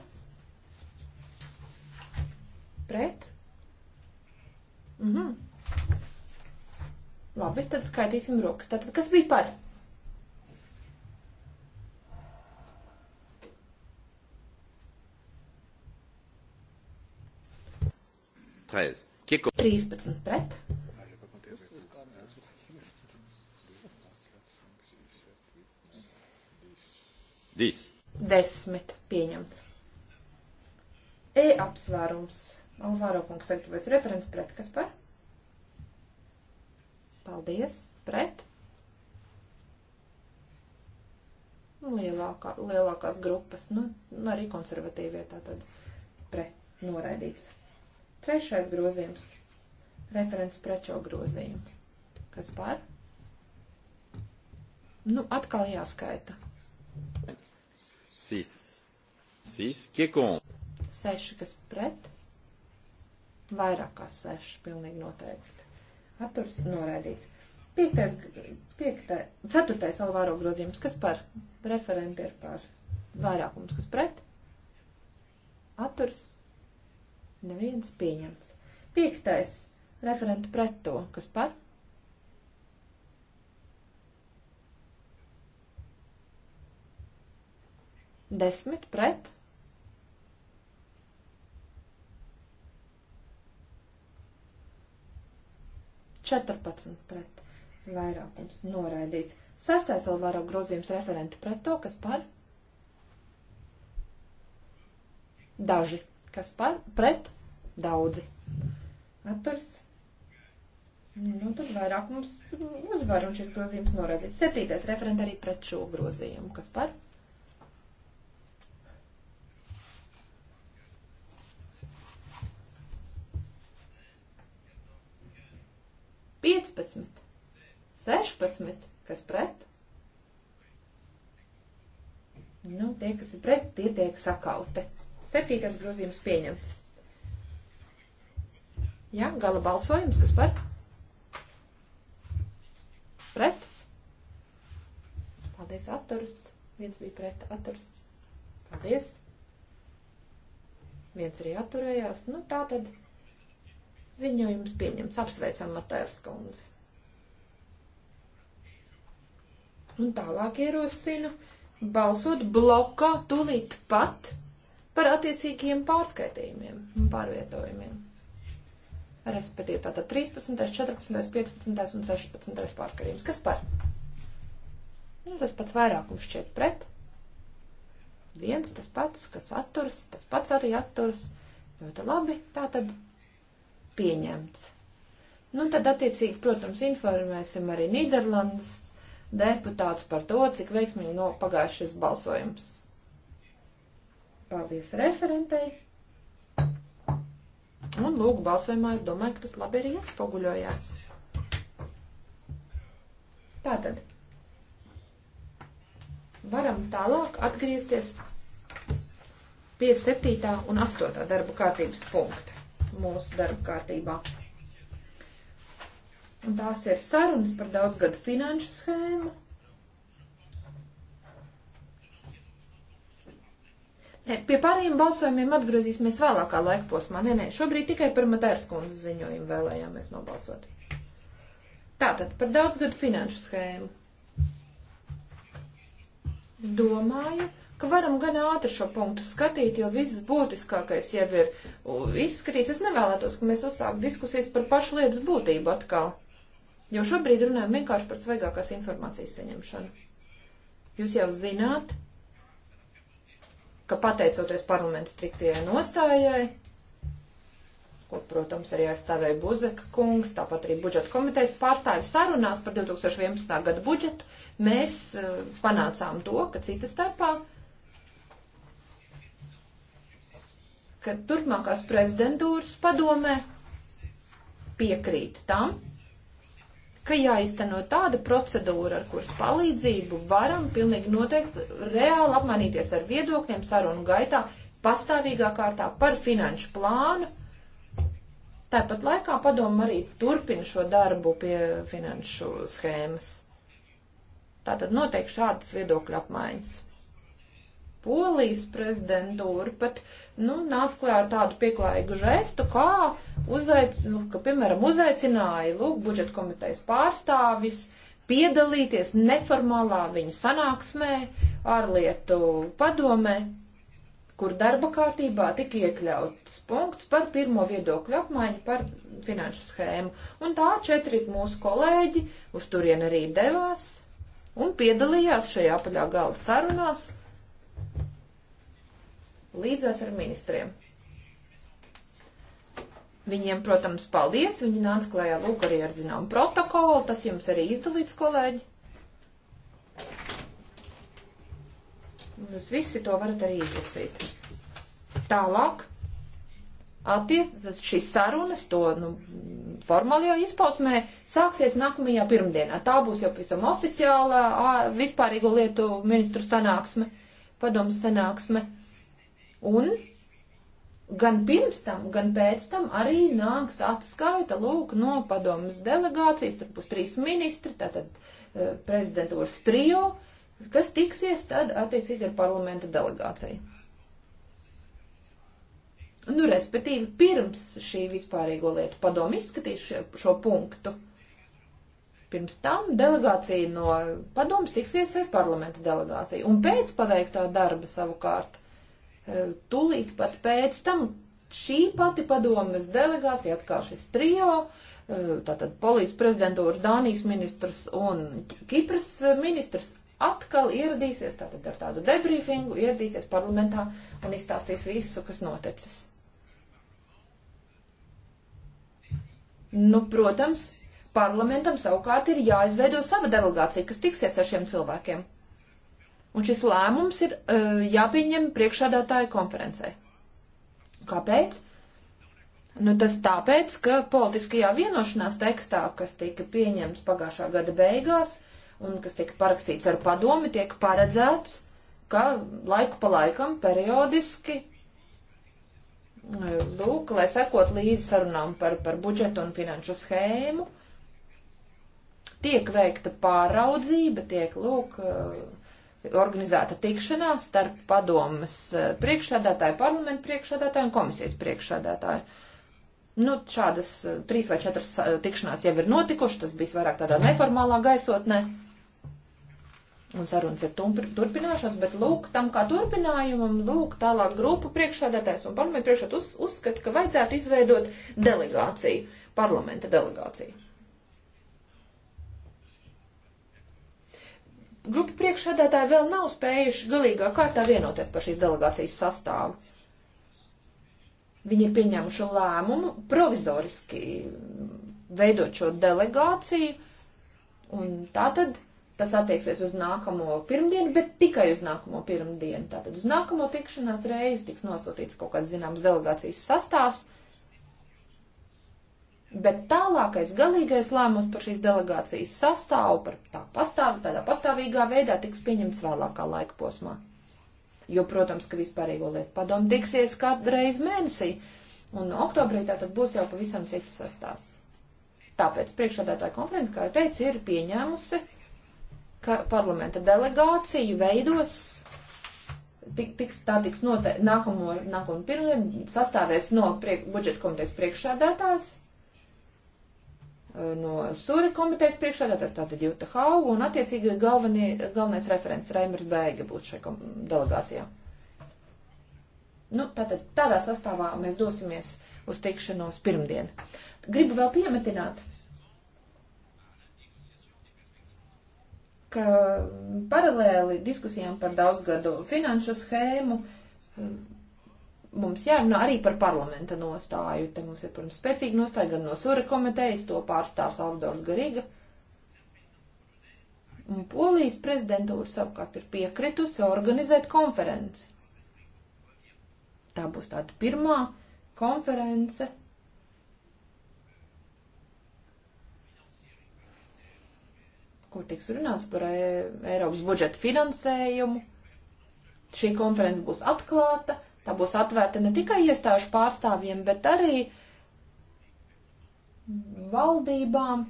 Pret? Mhm. Labi, tad skaitīsim rokas. Tātad kas bija par? Trīspadsmit pret. Dīs. Desmit pieņemts. E apsvērums. Alvāro kungs sagatavojas referents pret kas par? Paldies. Pret. Nu, lielākā, lielākās grupas, nu, nu arī konservatīvie tātad pret noraidīts. Trešais grozījums. Referents prečo grozījumu. Kas par? Nu, atkal jāskaita. Thank you. 6. 6. Qui est contre? 6, kas pret? Vairāk kā 6, pilnīgi noteikti. Atturs noraidīts. 5. 5. 4. Alvāro grozījums, kas par referenti ir par vairākums, kas pret? Atturs neviens pieņemts. 5. referenti pret to, kas par? Desmit pret. Četrpadsmit pret. Vairākums noraidīts. Sastais vēl vairāk grozījums referenti pret to, kas par. Daži. Kas par? Pret. Daudzi. Atturs. Nu, tad vairāk mums uzvar un šis grozījums noraidīts. Septītais referenti arī pret šo grozījumu. Kas par? 15. 16. Kas pret? Nu, tie, kas ir pret, tie tiek sakauti. Septītais grozījums pieņemts. Jā, gala balsojums, kas par? Pret? Paldies, atturs. Viens bija pret, atturs. Paldies. Viens arī atturējās. Nu, tā tad Ziņojums pieņems. Apsveicam Matērs kundzi. Un tālāk ierosinu balsot blokā tulīt pat par attiecīgiem pārskaitījumiem un pārvietojumiem. Respektīvi tātad 13, 14, 15 un 16 pārskatījums. Kas par? Nu, tas pats vairākums šķiet pret. Viens tas pats, kas atturas, tas pats arī atturas. Ļoti labi, tātad pieņemts. Nu, tad, attiecīgi, protams, informēsim arī Nīderlandes deputātus par to, cik veiksmīgi no pagājušais balsojums. Paldies referentei. Un, lūk, balsojumā es domāju, ka tas labi arī atspoguļojās. Tātad. Varam tālāk atgriezties pie 7. un 8. darba kārtības punkta mūsu darba kārtībā. Un tās ir sarunas par daudzgadu finanšu schēmu. Ne, pie pārējiem balsojumiem atgriezīsimies vēlākā laika posmā. Nē, nē, šobrīd tikai par Matēras kundzes ziņojumu vēlējāmies nobalsot. Tātad par daudzgadu finanšu schēmu. Domāju, ka varam gan ātri šo punktu skatīt, jo viss būtiskākais jau ir izskatīts. Es nevēlētos, ka mēs uzsāktu diskusijas par pašu lietas būtību atkal, jo šobrīd runājam vienkārši par svaigākās informācijas saņemšanu. Jūs jau zināt, ka pateicoties parlamentu striktajai nostājai, ko, protams, arī aizstāvēja Buzeka kungs, tāpat arī budžeta komitejas pārstāvis sarunās par 2011. gada budžetu, mēs uh, panācām to, ka citas starpā uh, ka turpmākās prezidentūras padomē piekrīt tam, ka jāizteno tāda procedūra, ar kuras palīdzību varam pilnīgi noteikti reāli apmainīties ar viedokļiem sarunu gaitā pastāvīgā kārtā par finanšu plānu. Tāpat laikā padomu arī turpina šo darbu pie finanšu schēmas. Tātad notiek šādas viedokļu apmaiņas. Polijas prezidentūra pat uh, nu, nāca klajā ar tādu pieklājīgu žestu, kā, uzveic, nu, ka, piemēram, uzaicināja, lūk, budžeta komitejas pārstāvis piedalīties neformālā viņu sanāksmē, ārlietu padomē, kur darba kārtībā tika iekļauts punkts par pirmo viedokļu apmaiņu par finanšu schēmu. Un tā četri mūsu kolēģi uz turien arī devās un piedalījās šajā apaļā galda sarunās līdzās ar ministriem. Viņiem, protams, paldies, viņi nāca klējā lūk arī ar zinām protokolu, tas jums arī izdalīts, kolēģi. Jūs visi to varat arī izlasīt. Tālāk, attiecas šīs sarunas, to nu, formālajā izpausmē, sāksies nākamajā pirmdienā. Tā būs jau pavisam oficiāla vispārīgo lietu ministru sanāksme, padomas sanāksme. Un gan pirms tam, gan pēc tam arī nāks atskaita, lūk, no padomas delegācijas, tur būs trīs ministri, tātad uh, prezidentūras trio, kas tiksies tad attiecīgi ar parlamenta delegāciju. Nu, respektīvi, pirms šī vispārīgo lietu padomu izskatīs šo, šo punktu, pirms tam delegācija no padomas tiksies ar parlamenta delegāciju. Un pēc paveiktā darba savukārt Eh, tūlīt pat pēc tam šī pati padomas delegācija, atkal šis trio, eh, tātad polijas prezidentūras Dānijas ministrs un Kipras ministrs atkal ieradīsies, tātad ar tādu debriefingu ieradīsies parlamentā un izstāstīs visu, kas noticis. Nu, protams, parlamentam savukārt ir jāizveido sava delegācija, kas tiksies ar šiem cilvēkiem. Un šis lēmums ir uh, jāpieņem priekšādātāja konferencē. Kāpēc? Nu, tas tāpēc, ka politiskajā vienošanās tekstā, kas tika pieņemts pagājušā gada beigās un kas tika parakstīts ar padomi, tiek paredzēts, ka laiku pa laikam periodiski, eh, lūk, lai sekot līdz sarunām par, par budžetu un finanšu schēmu, tiek veikta pāraudzība, tiek, lūk, uh, organizēta tikšanās starp padomas eh, priekšsēdētāju, parlamentu priekšsēdētāju un komisijas priekšsēdētāju. Nu, šādas eh, trīs vai četras eh, tikšanās jau ir notikušas, tas bija vairāk tādā neformālā gaisotnē. Un sarunas ir turpinājušās, bet lūk, tam kā turpinājumam, lūk, tālāk grupu priekšsēdētājs un parlamentu priekšsēdētājs uz, uzskata, ka vajadzētu izveidot delegāciju, parlamenta delegāciju. grupu priekšsēdētāji vēl nav spējuši galīgā kārtā vienoties par šīs delegācijas sastāvu. Viņi ir pieņēmuši lēmumu provizoriski veidot šo delegāciju, un tātad tas attieksies uz nākamo pirmdienu, bet tikai uz nākamo pirmdienu. Tātad uz nākamo tikšanās reizi tiks nosūtīts kaut kāds zināms delegācijas sastāvs Bet tālākais galīgais lēmums par šīs delegācijas sastāvu, par tā pastāv, tādā pastāvīgā veidā tiks pieņemts vēlākā laika posmā. Jo, protams, ka vispārīgo lietu padomu tiksies katru reizi mēnesī, un oktobrī tātad būs jau pavisam cits sastāvs. Tāpēc priekšādātāja konferences, kā jau teicu, ir pieņēmusi, ka parlamenta delegāciju veidos tik, tiks, tā tiks noteikti nākamo, nākamo pirmdien sastāvēs no priek, budžeta komitejas priekšādātājs no Sura komitejas priekšsēdētājs, tātad Jūta Hauga, un attiecīgi galvenie, galvenais referents Reimers Bēga būtu šai delegācijā. Nu, tātad tādā sastāvā mēs dosimies uz tikšanos pirmdien. Gribu vēl piemetināt, ka paralēli diskusijām par daudzgadu finanšu schēmu mums jārunā arī par parlamenta nostāju. Te mums ir, protams, spēcīga nostāja gan no Sura komitejas, to pārstāv Salvadors Garīga. Un Polijas prezidentūra savukārt ir piekritusi organizēt konferenci. Tā būs tāda pirmā konference. Kur tiks runāts par Eiropas budžeta finansējumu? Šī konference būs atklāta Tā būs atvērta ne tikai iestāžu pārstāvjiem, bet arī valdībām,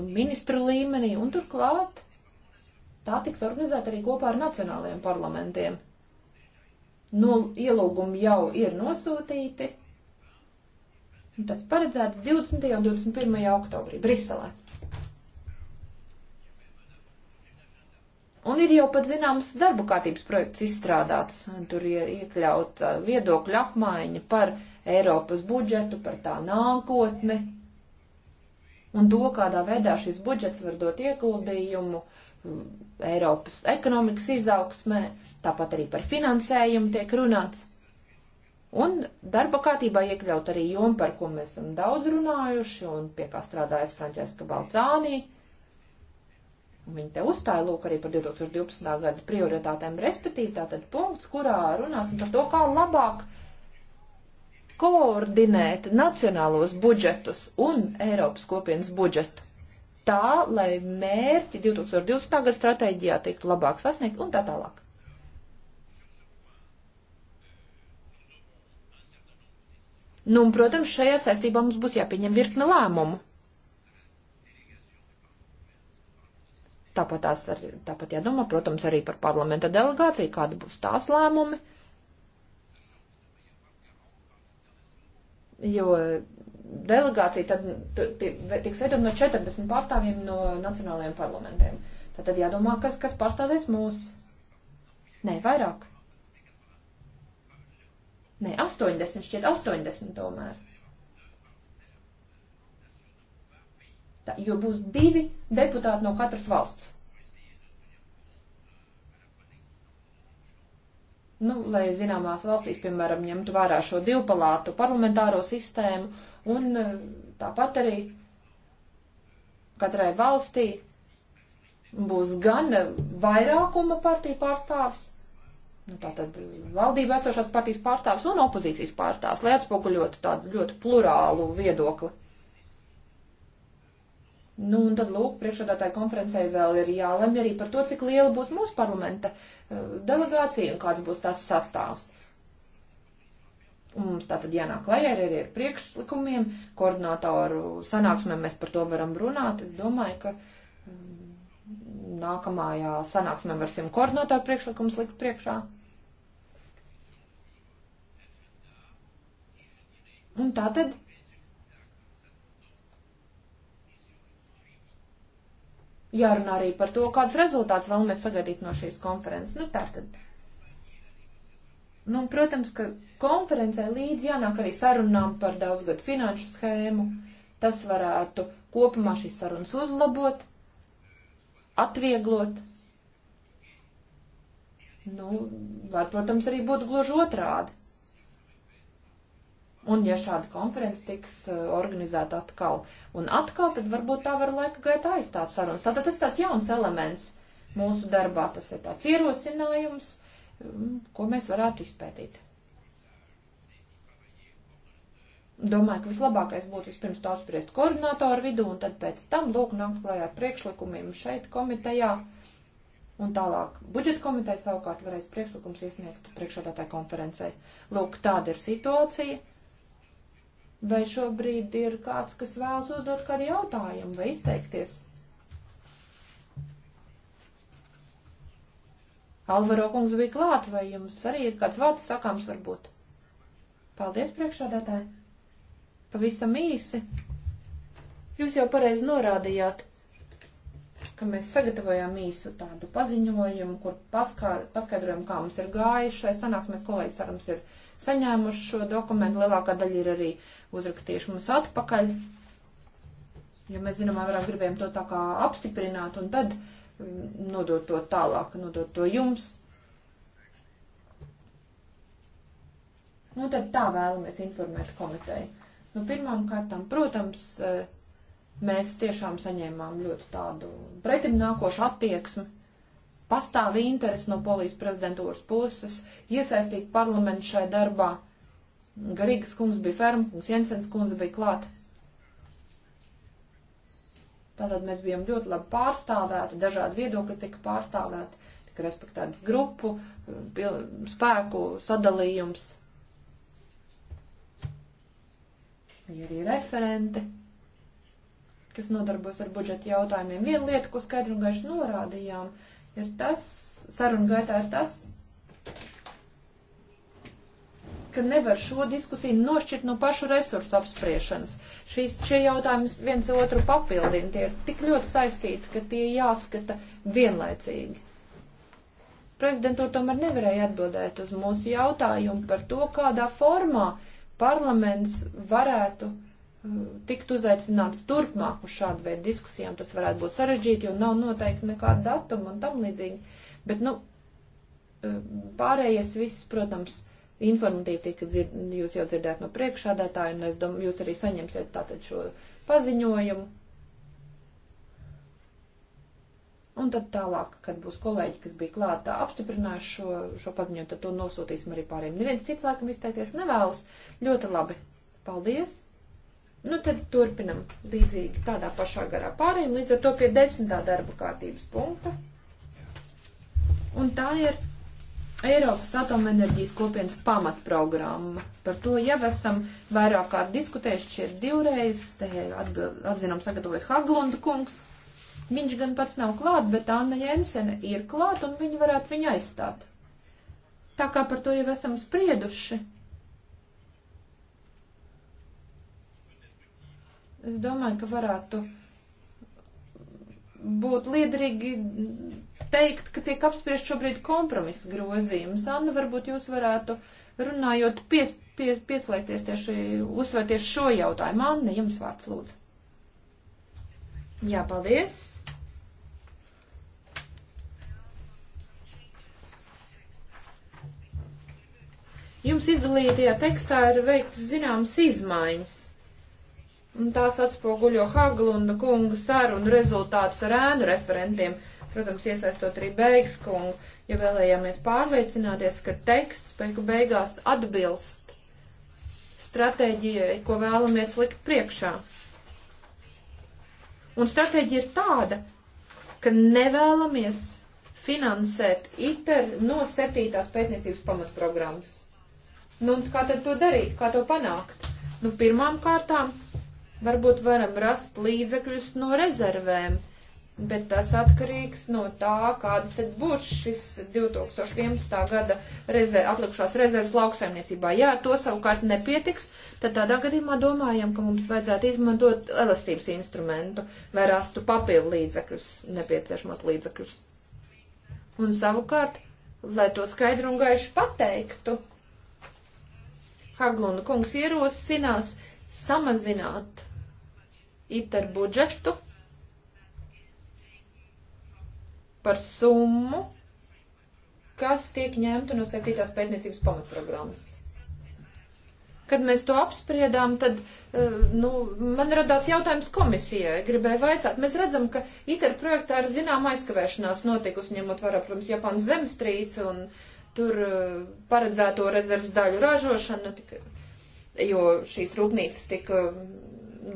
nu, ministru līmenī un turklāt tā tiks organizēta arī kopā ar nacionālajiem parlamentiem. No, nu, ielūgumi jau ir nosūtīti. Tas paredzēts 20. un 21. oktobrī Briselē. Un ir jau pat zināms darba kārtības projekts izstrādāts. Tur ir iekļauta uh, viedokļa apmaiņa par Eiropas budžetu, par tā nākotni un to, kādā veidā šis budžets var dot ieguldījumu mm, Eiropas ekonomikas izaugsmē, tāpat arī par finansējumu tiek runāts. Un darba kārtībā iekļaut arī jomu, par ko mēs esam daudz runājuši un pie kā strādājas Frančeska Balcānija Viņi te uzstāja lūk arī par 2012. gada prioritātēm, respektīvi tātad punkts, kurā runāsim par to, kā labāk koordinēt nacionālos budžetus un Eiropas kopienas budžetu. Tā, lai mērķi 2020. gada stratēģijā tiktu labāk sasniegt un tā tālāk. Nu, un, protams, šajā saistībā mums būs jāpieņem virkne lēmumu. Tāpat, ar, tāpat jādomā, protams, arī par parlamenta delegāciju, kāda būs tās lēmumi. Jo delegācija tad tiks veidot no 40 pārstāvjiem no nacionālajiem parlamentiem. Tātad jādomā, kas, kas pārstāvēs mūs. Nē, vairāk. Nē, 80 šķiet, 80 tomēr. Tā, jo būs divi deputāti no katras valsts. Nu, lai zināmās valstīs, piemēram, ņemtu vērā šo divpalātu parlamentāro sistēmu un eh, tāpat arī katrai valstī būs gan vairākuma partiju pārstāvs, nu, tātad valdība esošās partijas pārstāvs un opozīcijas pārstāvs, lai atspoguļotu tādu ļoti plurālu viedokli. Nu, un tad, lūk, priekšādātāja konferencei vēl ir jālemj arī par to, cik liela būs mūsu parlamenta eh, delegācija un kāds būs tās sastāvs. Un mums tā tad jānāk klajā arī ar priekšlikumiem, koordinātoru sanāksmēm mēs par to varam runāt. Es domāju, ka mm, nākamajā sanāksmē varsim koordinātoru priekšlikumus likt priekšā. Un tā tad jārunā arī par to, kādus rezultātus vēlamies sagaidīt no šīs konferences. Nu, tātad. Nu, protams, ka konferencē līdz jānāk arī sarunām par daudzgadu finanšu schēmu. Tas varētu kopumā šīs sarunas uzlabot, atvieglot. Nu, var, protams, arī būt gluži otrādi. Un ja šāda konference tiks uh, organizēta atkal un atkal, tad varbūt tā var laika gaitā aizstāt sarunas. Tātad tas tāds jauns elements mūsu darbā, tas ir tāds ierosinājums, um, ko mēs varētu izpētīt. Domāju, ka vislabākais būtu vispirms to apspriest koordinātoru vidū un tad pēc tam lūk nākt klājā ar priekšlikumiem šeit komitejā. Un tālāk budžeta komiteja savukārt varēs priekšlikums iesniegt priekšādātāju konferencei. Lūk, tāda ir situācija. Vai šobrīd ir kāds, kas vēlas uzdot kādu jautājumu vai izteikties? Alvaro kungs bija klāt, vai jums arī ir kāds vārds sakāms varbūt? Paldies, priekšādātāji! Pavisam īsi! Jūs jau pareizi norādījāt, ka mēs sagatavojām īsu tādu paziņojumu, kur paskā, paskaidrojam, kā mums ir gājuši. Šai sanāksmēs kolēģis Arams ir saņēmuši šo dokumentu, lielākā daļa ir arī uzrakstījuši mums atpakaļ, jo mēs zināmā vairāk gribējām to tā kā apstiprināt un tad mm, nodot to tālāk, nodot to jums. Nu, tad tā vēlamies informēt komiteju. Nu, pirmām kārtām, protams, eh, mēs tiešām saņēmām ļoti tādu pretim nākošu attieksmi pastāv interesi no polijas prezidentūras puses iesaistīt parlamentu šai darbā. Garīgas kungs bija ferma, kungs Jensens kungs bija klāt. Tātad mēs bijām ļoti labi pārstāvēti, dažādi viedokļi tika pārstāvēti, tika respektētas grupu, spēku sadalījums. Bija arī referenti, kas nodarbojas ar budžeta jautājumiem. Viena lieta, ko skaidru un gaiši norādījām, uh, ir tas, sarunu gaitā ir tas, ka nevar šo diskusiju nošķirt no pašu resursu apspriešanas. Šīs, šie jautājumi viens otru papildina, tie ir tik ļoti saistīti, ka tie jāskata vienlaicīgi. Prezidentūra tomēr nevarēja atbildēt uz mūsu jautājumu par to, kādā formā parlaments varētu uh, tiktu uzaicināts turpmāk uz šādu veidu diskusijām. Tas varētu būt sarežģīti, jo nav noteikti nekāda datuma un tam līdzīgi. Bet, nu, pārējais viss, protams, informatīvi tika dzird, jūs jau dzirdēt no priekšādātāja, un es domāju, jūs arī saņemsiet tātad šo paziņojumu. Un tad tālāk, kad būs kolēģi, kas bija klāta, apstiprinājuši šo, šo paziņojumu, tad to nosūtīsim arī pāriem. Neviens cits laikam izteikties nevēlas. Ļoti labi. Paldies! Nu, tad turpinam līdzīgi tādā pašā garā pārējiem, līdz ar to pie desmitā darba kārtības punkta. Un tā ir Eiropas atomenerģijas kopienas pamatprogramma. Par to jau esam vairāk kārt diskutējuši šeit divreiz, te atbild, atzinām sagatavojas Haglunda kungs. Viņš gan pats nav klāt, bet Anna Jensena ir klāt un viņi varētu viņu aizstāt. Tā kā par to jau esam sprieduši Es domāju, ka varētu būt liederīgi teikt, ka tiek apspriest šobrīd kompromisa grozījums. Anna, varbūt jūs varētu, runājot, pies, pies, pieslēgties tieši, uzsvērties šo jautājumu. Anna, jums vārds lūdzu. Jā, paldies. Jums izdalītajā tekstā ir veikts zināmas izmaiņas un tās atspoguļo Haglunda kunga sarunu rezultātus ar ēnu referentiem, protams, iesaistot arī Beigas kungu, ja vēlējāmies pārliecināties, ka teksts beigu beigās atbilst stratēģijai, ko vēlamies likt priekšā. Un stratēģija ir tāda, ka nevēlamies finansēt ITER no septītās pētniecības pamatprogrammas. Nu, kā tad to darīt, kā to panākt? Nu, pirmām kārtām Varbūt varam rast līdzekļus no rezervēm, bet tas atkarīgs no tā, kādas tad būs šis 2011. gada rezerv, atlikušās rezerves lauksaimniecībā. Jā, to savukārt nepietiks, tad tādā gadījumā domājam, ka mums vajadzētu izmantot elastības instrumentu, lai rastu papildu līdzekļus, nepieciešamos līdzekļus. Un savukārt lai to skaidru un gaišu pateiktu, Haglunda kungs ierosinās samazināt ITER budžetu par summu, kas tiek ņemta no 7. pētniecības pamatprogrammas. Kad mēs to apspriedām, tad eh, nu, man radās jautājums komisijai. Gribēju vaicāt, mēs redzam, ka ITER projektā ir zinām aizkavēšanās notikusi, ņemot vērā, protams, Japānas zemstrīce un tur eh, paredzēto rezerves daļu ražošanu, tika, jo šīs rūpnīcas tika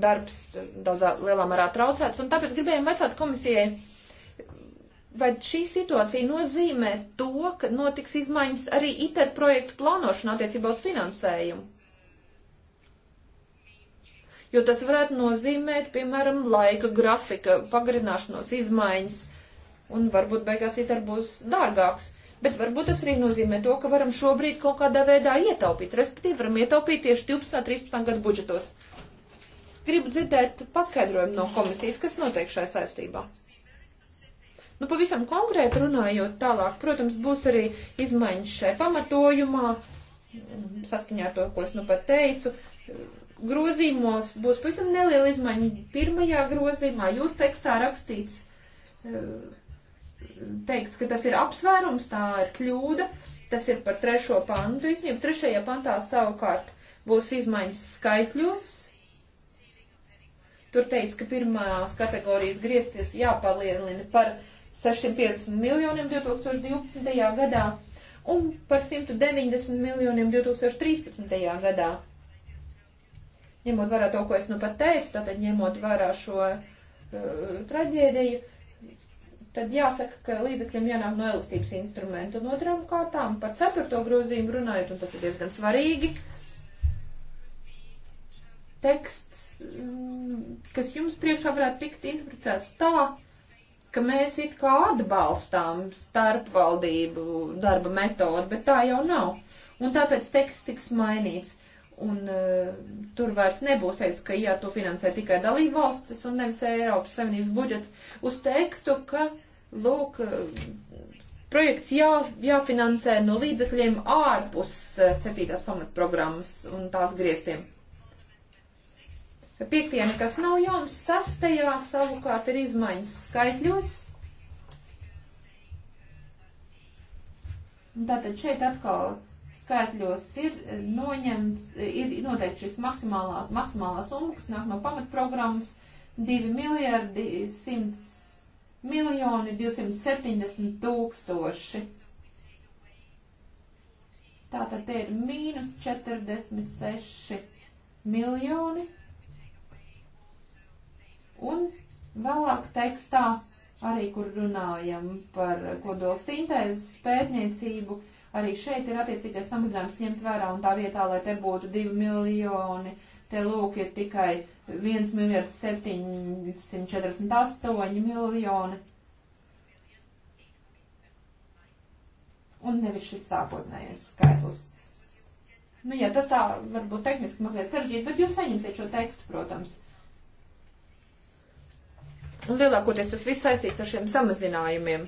darbs daudzā lielā mērā traucēts, un tāpēc gribējām vecāt komisijai, vai šī situācija nozīmē to, ka notiks izmaiņas arī ITER projektu plānošanā attiecībā uz finansējumu. Jo tas varētu nozīmēt, piemēram, laika grafika, pagarināšanos, izmaiņas, un varbūt beigās ITER būs dārgāks. Bet varbūt tas arī nozīmē to, ka varam šobrīd kaut kādā veidā ietaupīt, respektīvi varam ietaupīt tieši 12. un 13. gadu budžetos. Gribu dzirdēt paskaidrojumu no komisijas, kas notiek šai saistībā. Nu, pavisam konkrēti runājot tālāk, protams, būs arī izmaiņas šai pamatojumā, saskaņā ar to, ko es nu pat teicu. Grozījumos būs pavisam neliela izmaiņa. Pirmajā grozījumā jūs tekstā rakstīts, eh, teiks, ka tas ir apsvērums, tā ir kļūda, tas ir par trešo pantu. Īstenībā trešajā pantā savukārt būs izmaiņas skaitļos, Tur teica, ka pirmās kategorijas griezties jāpalielina par 650 miljoniem 2012. gadā un par 190 miljoniem 2013. gadā. Ņemot vērā to, ko es nu pat teicu, tātad ņemot vērā šo uh, traģēdiju, tad jāsaka, ka līdzekļiem jānāk no elastības instrumentu. Un otrām kārtām par ceturto grozījumu runājot, un tas ir diezgan svarīgi, teksts mm, kas jums priekšā varētu tikt interpretēts tā, ka mēs it kā atbalstām starpvaldību darba metodu, bet tā jau nav. Un tāpēc teksts tiks mainīts. Un uh, tur vairs nebūs teiks, ka jā, to finansē tikai dalību valstis un nevis Eiropas Savienības budžets uz tekstu, ka, lūk, eh, projekts jā, jāfinansē no līdzekļiem ārpus eh, septītās pamatprogrammas un tās griestiem. Piektie nekas nav jauns, sastajā savukārt ir izmaiņas skaitļos. Tātad šeit atkal skaitļos ir eh, noņemts, eh, ir noteikti šis maksimālās, maksimālā summa, kas nāk no pamatprogrammas 2 miljardi 100 miljoni 270 tūkstoši. Tātad te ir mīnus 46 miljoni Un vēlāk tekstā arī, kur runājam par kodola sintēzes pētniecību, arī šeit ir attiecīgais samazinājums ņemt vērā un tā vietā, lai te būtu divi miljoni, te lūk ir tikai 1 miljards 748 miljoni. Un nevis šis sākotnējais skaitlis. Nu jā, tas tā varbūt tehniski mazliet saržģīt, bet jūs saņemsiet šo tekstu, protams. Un lielākoties tas viss saistīts ar šiem samazinājumiem,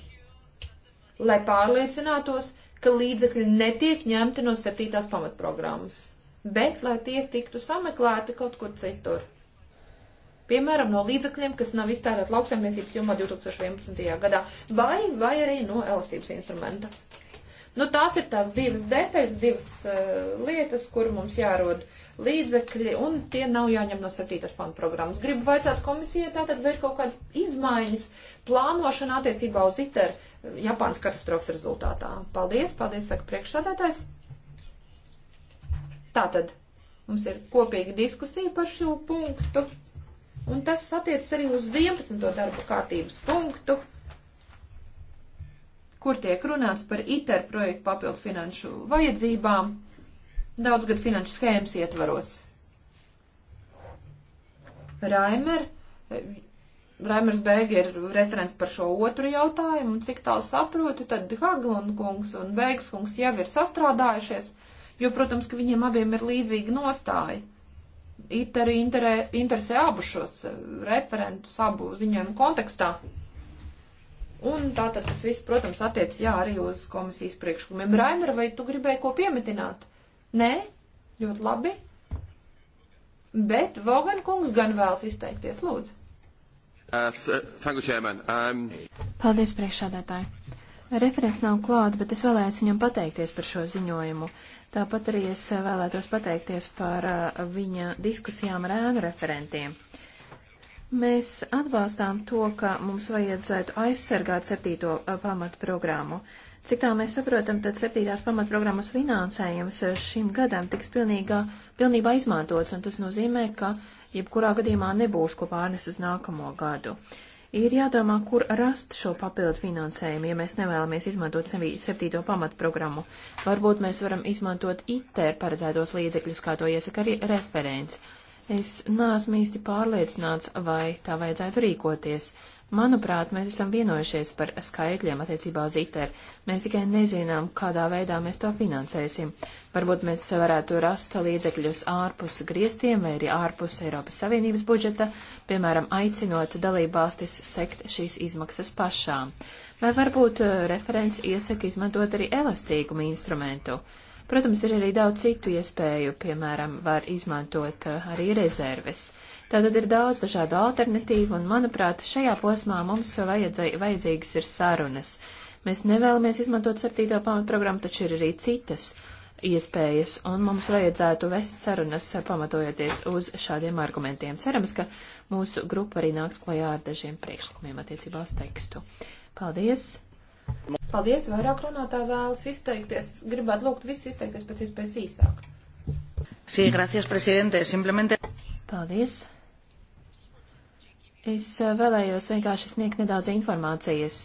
lai pārliecinātos, ka līdzekļi netiek ņemti no septītās pamatprogrammas, bet lai tie tiktu sameklēti kaut kur citur. Piemēram, no līdzekļiem, kas nav iztērēt lauksaimniecības jomā 2011. gadā, vai, vai arī no elastības instrumenta. Nu, tās ir tās divas detaļas, divas uh, lietas, kur mums jārod uh, līdzekļi, un tie nav jāņem no 7. pantu programmas. Gribu vaicāt komisijai, tātad vai ir kaut kādas izmaiņas plānošana attiecībā uz ITER Japānas katastrofas rezultātā. Paldies, paldies, saka priekšsādātājs. Tātad mums ir kopīga diskusija par šo punktu, un tas attiecas arī uz 11. darba kārtības punktu kur tiek runāts par ITER projektu papildus finanšu vajadzībām daudzgad finanšu schēmas ietvaros. Raimer, Raimers Bēgi ir referents par šo otru jautājumu, un cik tālu saprotu, tad Haglund kungs un Bēgas kungs jau ir sastrādājušies, jo, protams, ka viņiem abiem ir līdzīga nostāja. It arī interē, interesē abu šos eh, referentus, abu ziņojumu kontekstā. Un tātad tas viss, protams, attiec, jā, arī uz komisijas priekšlikumiem. Raimer, vai tu gribēji ko piemetināt? Uh, Nē, ļoti labi. Bet Vogan kungs gan vēlas izteikties, lūdzu. Uh, thank you, Chairman. Um... Paldies, priekšādētāji. Referents nav klāt, bet es vēlējos viņam pateikties par šo ziņojumu. Tāpat arī es vēlētos pateikties par uh, viņa diskusijām ar ēnu referentiem. Mēs atbalstām to, ka mums vajadzētu aizsargāt septīto uh, pamatu programmu. Uh, Cik tā mēs saprotam, tad septītās pamatprogrammas finansējums eh, šim gadam tiks pilnīgā, pilnībā izmantots, un tas nozīmē, ka jebkurā gadījumā nebūs ko pārnes uz nākamo gadu. Ir jādomā, kur rast šo papildu finansējumu, ja mēs nevēlamies izmantot septīto pamatprogrammu. Varbūt mēs varam izmantot ITER paredzētos līdzekļus, kā to iesaka arī referents. Es neesmu īsti pārliecināts, vai tā vajadzētu rīkoties. Manuprāt, mēs esam vienojušies par skaitļiem attiecībā uz ITER. Mēs tikai nezinām, kādā veidā mēs to finansēsim. Varbūt mēs varētu rast līdzekļus ārpus griestiem vai arī ārpus Eiropas Savienības budžeta, piemēram, aicinot dalībvalstis sekt šīs izmaksas pašām. Vai varbūt eh, referents iesaka izmantot arī elastīgumu instrumentu. Protams, ir arī daudz citu iespēju, piemēram, var izmantot eh, arī rezerves. Tātad ir daudz dažādu alternatīvu, un, manuprāt, šajā posmā mums vajadzīgas ir sarunas. Mēs nevēlamies izmantot septīto pamatprogrammu, taču ir arī citas iespējas, un mums vajadzētu vest sarunas eh, pamatojoties uz šādiem argumentiem. Cerams, ka mūsu grupa arī nāks klajā ar dažiem priekšlikumiem attiecībā uz tekstu. Paldies! Paldies, vairāk runātāji vēlas izteikties. Gribētu lūgt visus izteikties pēc iespējas īsāk. Sí, gracias, presidente. Simplemente. Paldies. Es eh, vēlējos vienkārši sniegt nedaudz informācijas.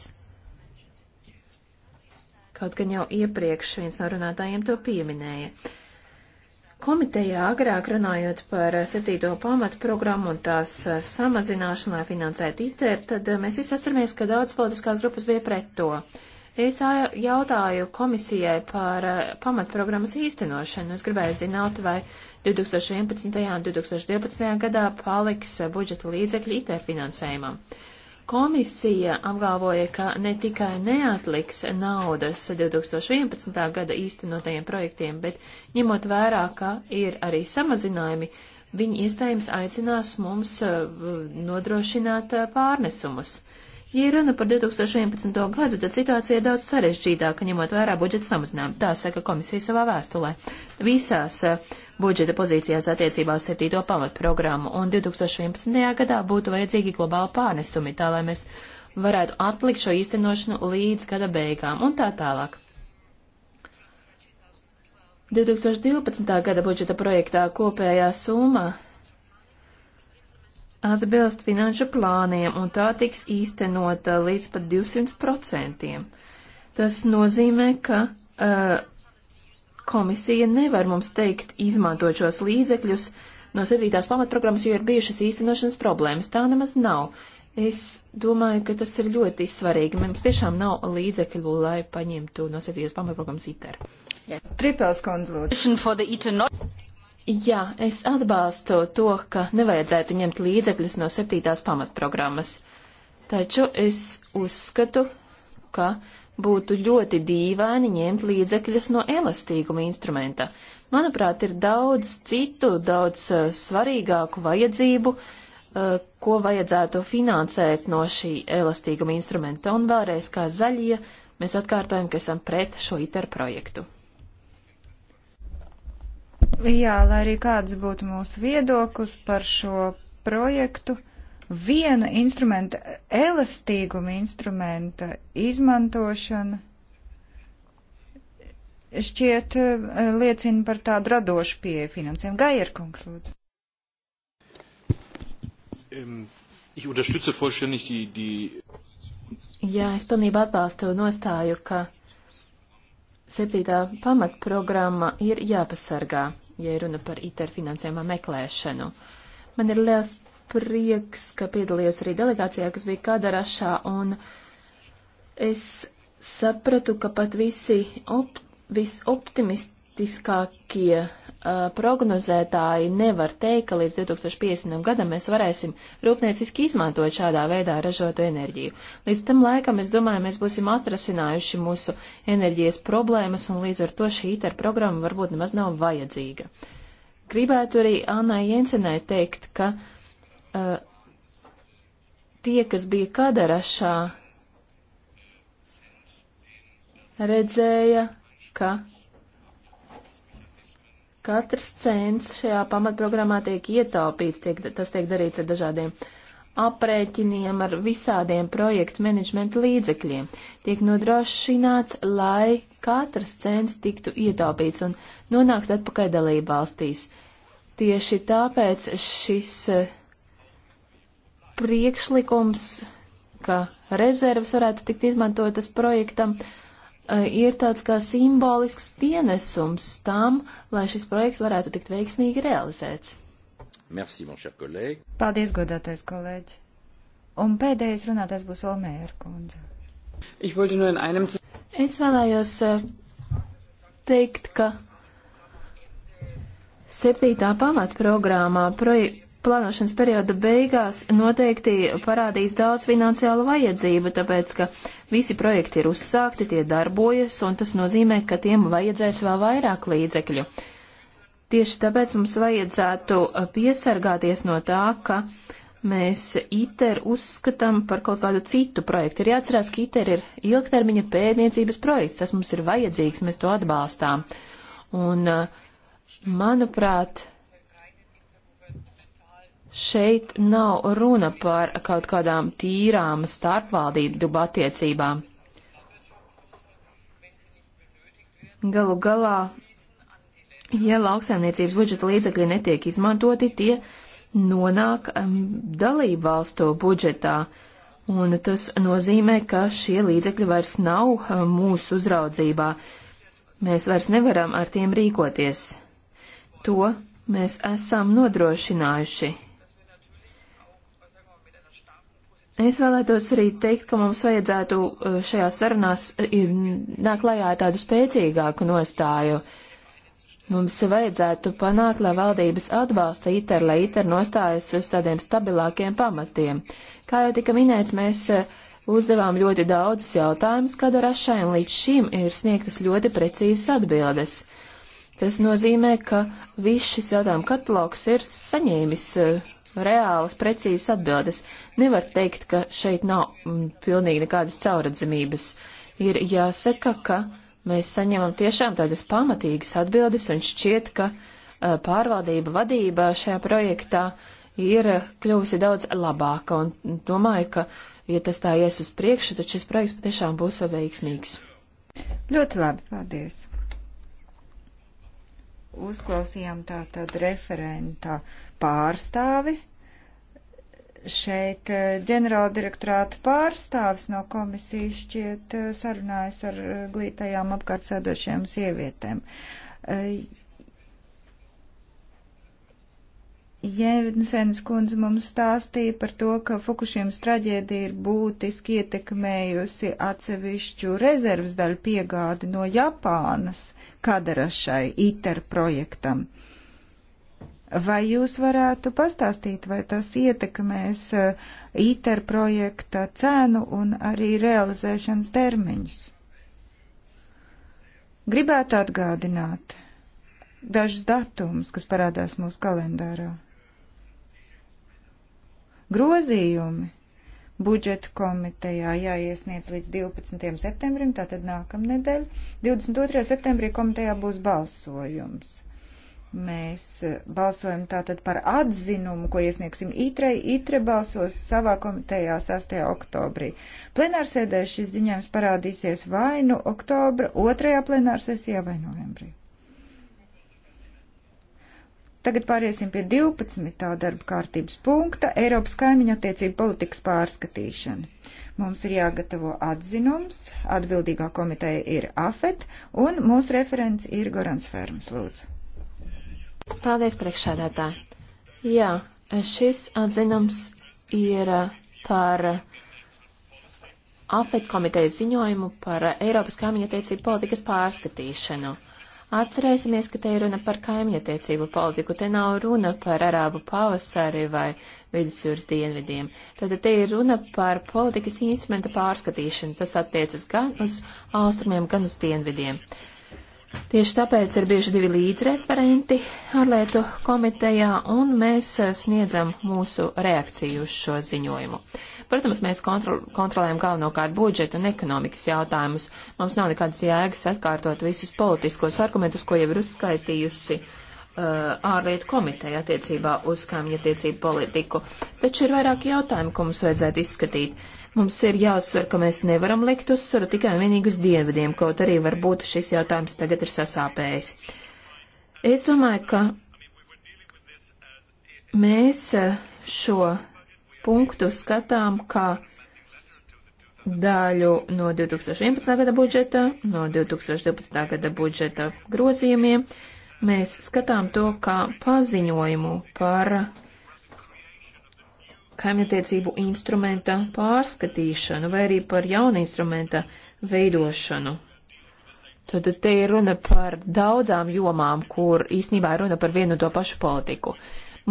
Kaut gan jau iepriekš viens no runātājiem to pieminēja. Komitejā agrāk runājot par eh, septīto pamatu programmu un tās eh, samazināšanu, lai finansētu ITER, tad mēs visi atceramies, ka daudz politiskās grupas bija pret to. Uh, Es jautāju komisijai par eh, pamatprogrammas īstenošanu. Es gribēju zināt, vai 2011. un 2012. gadā paliks eh, budžeta līdzekļi IT finansējumam. Komisija apgalvoja, ka ne tikai neatliks naudas 2011. gada īstenotajiem projektiem, bet ņemot vērā, ka ir arī samazinājumi, viņi iespējams aicinās mums eh, nodrošināt pārnesumus. Uh, Ja runa par 2011. gadu, tad situācija ir daudz sarežģītāka, ņemot vērā budžeta samazinājumu. Tā saka komisija savā vēstulē. Visās eh, budžeta pozīcijās attiecībā uz 7. pamatprogrammu un 2011. gadā būtu vajadzīgi globāli pārnesumi, tā lai mēs varētu atlikt šo īstenošanu līdz gada beigām un tā tālāk. 2012. gada budžeta projektā kopējā summa atbilst finanšu plāniem, un tā tiks īstenota līdz pat 200%. Tas nozīmē, ka uh, komisija nevar mums teikt izmantot šos līdzekļus no 7. pamatprogrammas, jo ir bijušas īstenošanas problēmas. Tā nemaz nav. Es domāju, ka tas ir ļoti svarīgi. Mums tiešām nav līdzekļu, lai paņemtu no 7. pamatprogrammas ITER. Yes. Tripels konsultācija. Jā, es atbalstu to, ka nevajadzētu ņemt līdzekļus no septītās pamatprogrammas. Taču es uzskatu, ka būtu ļoti dīvaini ņemt līdzekļus no elastīguma instrumenta. Manuprāt, ir daudz citu, daudz uh, svarīgāku vajadzību, uh, ko vajadzētu finansēt no šī elastīguma instrumenta. Un vēlreiz, kā zaļie, mēs atkārtojam, ka esam pret šo ITER projektu. Jā, lai arī kāds būtu mūsu viedoklis par šo projektu, viena instrumenta, elastīguma instrumenta izmantošana šķiet eh, liecina par tādu radošu pieeju finansēm. Gairkungs, lūdzu. Ich unterstütze vollständig die, die Jā, es pilnībā atbalstu nostāju, ka septītā pamatprogramma ir jāpasargā ja runa par ITER finansējumā meklēšanu. Man ir liels prieks, ka piedalījos arī delegācijā, kas bija Kadarašā, un es sapratu, ka pat visi op, visoptimistiskākie prognozētāji nevar teikt, ka līdz 2050. gadam mēs varēsim rūpnieciski izmantot šādā veidā ražotu enerģiju. Līdz tam laikam, es domāju, mēs būsim atrasinājuši mūsu enerģijas problēmas, un līdz ar to šī ITER programma varbūt nemaz nav vajadzīga. Gribētu arī Annai Jensenai teikt, ka uh, tie, kas bija Kadarašā, redzēja, ka Katrs cents šajā pamatprogrammā tiek ietaupīts, tiek, tas tiek darīts ar dažādiem aprēķiniem, ar visādiem projektu menedžmenta līdzekļiem. Tiek nodrošināts, lai katrs cents tiktu ietaupīts un nonākt atpakaļ dalību valstīs. Tieši tāpēc šis eh, priekšlikums, ka rezervas varētu tikt izmantotas projektam, uh, ir tāds kā simbolisks pienesums tam, lai šis projekts varētu tikt veiksmīgi realizēts. Merci, mon cher collègue. Paldies, godātais kolēģi. Un pēdējais runātājs būs Olmēra kundze. Einem... Es vēlējos teikt, ka septītā pamatprogrammā proje plānošanas perioda beigās noteikti parādīs daudz finansiālu vajadzību, tāpēc, ka visi projekti ir uzsākti, tie darbojas, un tas nozīmē, ka tiem vajadzēs vēl vairāk līdzekļu. Tieši tāpēc mums vajadzētu piesargāties no tā, ka mēs ITER uzskatām par kaut kādu citu projektu. Ir jāatcerās, ka ITER ir ilgtermiņa pētniecības projekts, tas mums ir vajadzīgs, mēs to atbalstām. Un, manuprāt, Šeit nav runa par kaut kādām tīrām starpvaldību attiecībām. Galu galā, ja lauksaimniecības budžeta līdzekļi netiek izmantoti, tie nonāk um, dalību valstu budžetā. Un tas nozīmē, ka šie līdzekļi vairs nav um, mūsu uzraudzībā. Mēs vairs nevaram ar tiem rīkoties. To mēs esam nodrošinājuši. Es vēlētos arī teikt, ka mums vajadzētu eh, šajās sarunās eh, nāk lajā tādu spēcīgāku nostāju. Mums vajadzētu panākt, lai valdības atbalsta ITER, lai ITER nostājas uz tādiem stabilākiem pamatiem. Kā jau tika minēts, mēs eh, uzdevām ļoti daudzus jautājumus, kad rašai un līdz šim ir sniegtas ļoti precīzas atbildes. Tas nozīmē, ka viss šis jautājumu katalogs ir saņēmis reālas, precīzas atbildes. Nevar teikt, ka šeit nav m, mm, pilnīgi nekādas cauradzamības. Ir jāsaka, ka mēs saņemam tiešām tādas pamatīgas atbildes un šķiet, ka uh, pārvaldība, vadība šajā projektā ir kļuvusi daudz labāka un domāju, ka, ja tas tā ies uz priekšu, tad šis projekts patiešām būs veiksmīgs. Ļoti labi, paldies! uzklausījām tātad referenta pārstāvi. Šeit eh, ģenerāla direktorāta pārstāvis no komisijas šķiet eh, sarunājas ar eh, glītajām apkārt sēdošajām sievietēm. Jensens kundze mums stāstīja par to, ka Fukušiems traģēdija ir būtiski ietekmējusi atsevišķu rezervas daļu piegādi no Japānas. Kadara šai ITER projektam. Vai jūs varētu pastāstīt, vai tas ietekmēs eh, ITER projekta cēnu un arī realizēšanas termiņus? Gribētu atgādināt dažus datumus, kas parādās mūsu kalendārā. Grozījumi budžetu komitejā jāiesniedz līdz 12. septembrim, tātad nākamnedēļ. 22. septembrī komitejā būs balsojums. Mēs eh, balsojam tātad par atzinumu, ko iesniegsim ITRE. ITRE balsos savā komitejā 6. oktobrī. Plenārsēdē šis ziņojums parādīsies vai nu oktobra otrajā plenārsēsijā vai novembrī. Tagad pāriesim pie 12. darba kārtības punkta - Eiropas kaimiņa attiecību politikas pārskatīšana. Mums ir jāgatavo atzinums, atbildīgā komiteja ir AFET, un mūsu referents ir Gorans Fermas, lūdzu. Paldies, priekšsēdētāji. Jā, šis atzinums ir uh, par uh, AFET komitejas ziņojumu par uh, Eiropas kaimiņa attiecību politikas pārskatīšanu. Uh, Atcerēsimies, ka te ir runa par kaimiņatiecību politiku, te nav runa par arābu pavasari vai vidusjūras dienvidiem. Tad te ir runa par politikas instrumenta pārskatīšanu, tas attiecas gan uz austrumiem, gan uz dienvidiem. Tieši tāpēc ir bieži divi līdzreferenti ārlietu komitejā, un mēs sniedzam mūsu reakciju uz šo ziņojumu. Protams, mēs kontrol, kontrolējam galvenokārt budžeta un ekonomikas jautājumus. Mums nav nekādas jēgas atkārtot visus politiskos argumentus, ko jau ir uzskaitījusi uh, ārlietu komiteja attiecībā uz kaimiņattiecību politiku. Taču ir vairāki jautājumi, ko mums vajadzētu izskatīt. Mums ir jāuzsver, ka mēs nevaram likt uzsvaru tikai un vienīgi uz dievidiem, kaut arī varbūt šis jautājums tagad ir sasāpējis. Es domāju, ka mēs uh, šo punktu skatām kā daļu no 2011. gada budžeta, no 2012. gada budžeta grozījumiem. Mēs skatām to kā paziņojumu par kaimiņtiecību instrumenta pārskatīšanu vai arī par jaunu instrumenta veidošanu. Tad te ir runa par daudzām jomām, kur īsnībā ir runa par vienu un to pašu politiku.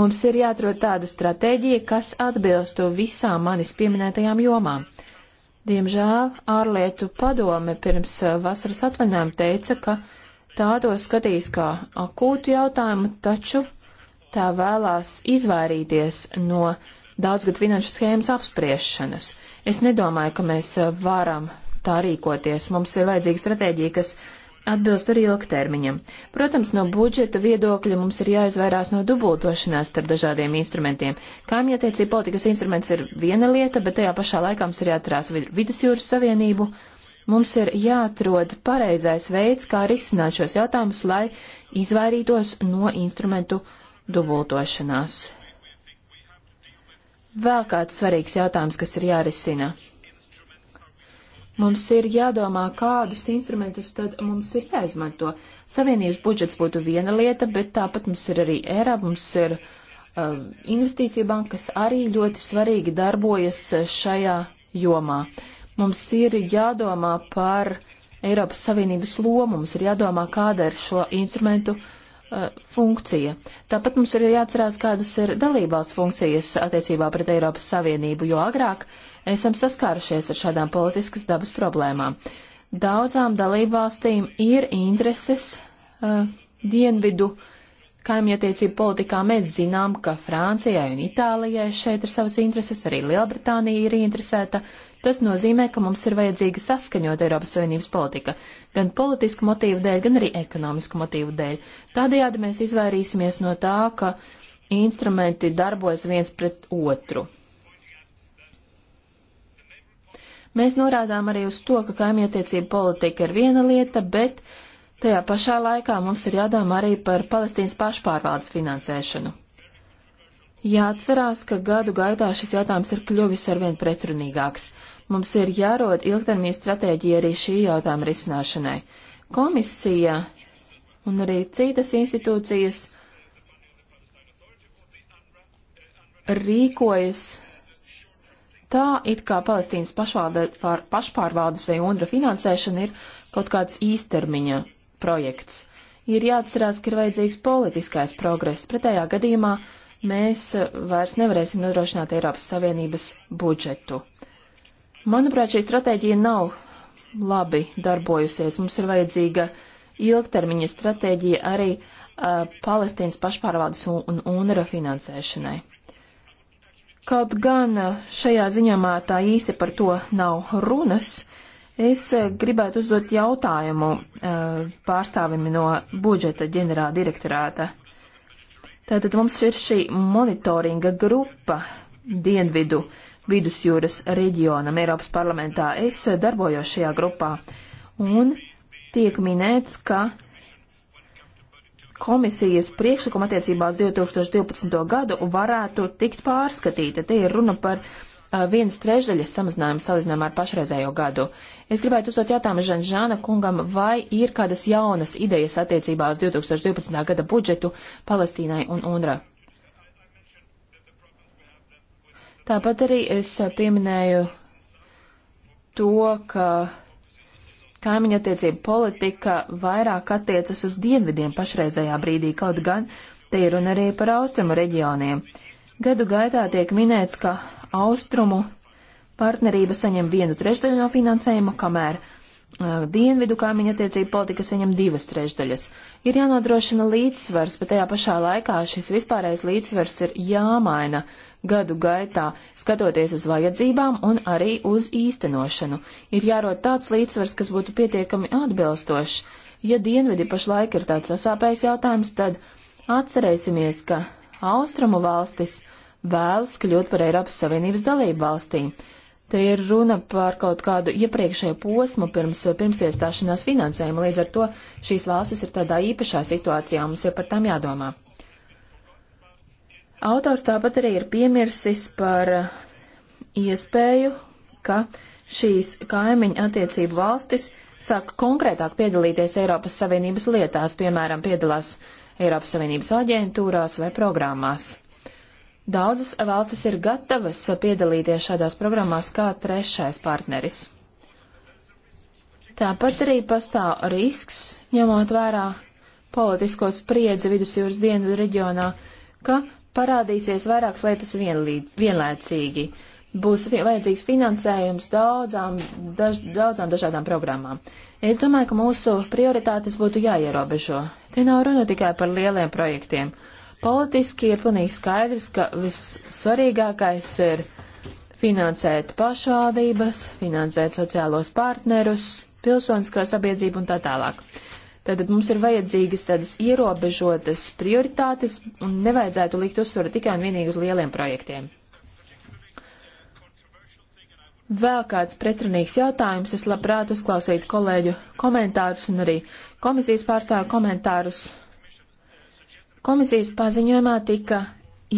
Mums ir jāatrod tāda stratēģija, kas atbilstu visām manis pieminētajām jomām. Diemžēl ārlietu padome pirms eh, vasaras atvaļinājuma teica, ka tā to skatīs kā akūtu jautājumu, taču tā vēlās izvairīties no daudzgad finanšu schēmas apspriešanas. Es nedomāju, ka mēs eh, varam tā rīkoties. Mums ir vajadzīga stratēģija, kas atbilst arī ilgtermiņam. Protams, no budžeta viedokļa mums ir jāizvairās no dubultošanās starp dažādiem instrumentiem. Kaimietiecība politikas instruments ir viena lieta, bet tajā pašā laikā mums ir jāatcerās vidusjūras savienību. Mums ir jāatrod pareizais veids, kā risināt šos jautājumus, lai izvairītos no instrumentu dubultošanās. Vēl kāds svarīgs jautājums, kas ir jārisina Mums ir jādomā, kādus instrumentus tad mums ir jāizmanto. Savienības budžets būtu viena lieta, bet tāpat mums ir arī ERA, mums ir uh, investīcija banka, kas arī ļoti svarīgi darbojas uh, šajā jomā. Mums ir jādomā par Eiropas Savienības lomu, mums ir jādomā, kāda ir šo instrumentu uh, Eh, funkcija. Tāpat mums ir jāatcerās, kādas ir dalībās funkcijas attiecībā pret Eiropas Savienību, jo agrāk esam saskārušies ar šādām politiskas dabas problēmām. Daudzām dalībvalstīm ir intereses uh, dienvidu uh, kaimietiecību politikā mēs zinām, ka Francijai un Itālijai šeit ir savas intereses, arī Lielbritānija ir interesēta. Tas nozīmē, ka mums ir vajadzīga saskaņot Eiropas Savienības politika, gan politisku motīvu dēļ, gan arī ekonomisku motīvu dēļ. Tādējādi mēs izvairīsimies no tā, ka instrumenti darbojas viens pret otru. Mēs norādām arī uz to, ka kaimietiecība politika ir viena lieta, bet uh, Tajā pašā laikā mums ir jādomā arī par Palestīnas pašpārvaldes finansēšanu. Jāatcerās, ka gadu gaitā šis jautājums ir kļuvis arvien pretrunīgāks. Mums ir jārod ilgtermiņa stratēģija arī šī jautājuma risināšanai. Komisija un arī citas institūcijas rīkojas tā, it kā Palestīnas pašpārvaldes vai UNRWA finansēšana ir kaut kāds īstermiņa projekts. Ir jāatcerās, ka ir vajadzīgs politiskais progress. Pretējā gadījumā mēs eh, vairs nevarēsim nodrošināt Eiropas Savienības budžetu. Manuprāt, šī stratēģija nav labi darbojusies. Mums ir vajadzīga ilgtermiņa stratēģija arī uh, Palestīnas pašpārvaldes un, un UNRA finansēšanai. Kaut gan eh, šajā ziņāmā tā īsi par to nav runas, Es eh, gribētu uzdot jautājumu eh, pārstāvim no budžeta ģenerāla direktorāta. Tātad mums ir šī monitoringa grupa Dienvidu vidusjūras reģionam Eiropas parlamentā. Es eh, darbojos šajā grupā un tiek minēts, ka komisijas priekšlikuma attiecībā uz 2012. gadu varētu tikt pārskatīta. Te ir runa par uh, Uh, viens trešdaļas samazinājumu salīdzinām ar pašreizējo gadu. Es gribētu uzdot jautājumu Žanžāna kungam, vai ir kādas jaunas idejas attiecībā uz 2012. gada budžetu Palestīnai un UNRA? Tāpat arī es uh, pieminēju to, ka kaimiņa attiecība politika vairāk attiecas uz dienvidiem pašreizējā brīdī, kaut gan te ir un arī par austrumu reģioniem. Gadu gaitā tiek minēts, ka austrumu partnerība saņem vienu trešdaļu no finansējuma, kamēr uh, dienvidu kaimiņa attiecība politika saņem divas trešdaļas. Ir jānodrošina līdzsvars, bet tajā pašā laikā šis vispārējais līdzsvars ir jāmaina gadu gaitā, skatoties uz vajadzībām un arī uz īstenošanu. Ir jārod tāds līdzsvars, kas būtu pietiekami atbilstošs. Ja dienvidi pašlaik ir tāds sasāpējs jautājums, tad atcerēsimies, ka austrumu valstis – vēlas kļūt par Eiropas Savienības dalību valstīm. Te ir runa par kaut kādu iepriekšēju posmu pirms, pirms iestāšanās finansējuma, līdz ar to šīs valstis ir tādā īpašā situācijā, mums ir par tām jādomā. Autors tāpat arī ir piemirsis par iespēju, ka šīs kaimiņu attiecību valstis sāk konkrētāk piedalīties Eiropas Savienības lietās, piemēram, piedalās Eiropas Savienības aģentūrās vai programmās. Daudzas valstis ir gatavas piedalīties šādās programmās kā trešais partneris. Tāpat arī pastāv risks, ņemot vērā politisko spriedzi vidusjūras dienvidu reģionā, ka parādīsies vairākas lietas vienlīd, vienlaicīgi. Būs vajadzīgs finansējums daudzām, daž, daudzām dažādām programmām. Es domāju, ka mūsu prioritātes būtu jāierobežo. Te nav runa tikai par lieliem projektiem. Uh, Politiski ir pilnīgi skaidrs, ka vissvarīgākais ir finansēt pašvaldības, finansēt sociālos partnerus, pilsoniskā sabiedrība un tā tālāk. Tātad mums ir vajadzīgas tādas ierobežotas prioritātes un nevajadzētu likt uzsvaru tikai un vienīgi uz lieliem projektiem. Vēl kāds pretrunīgs jautājums. Es labprāt uzklausītu kolēģu komentārus un arī komisijas pārstāvu komentārus Komisijas paziņojumā tika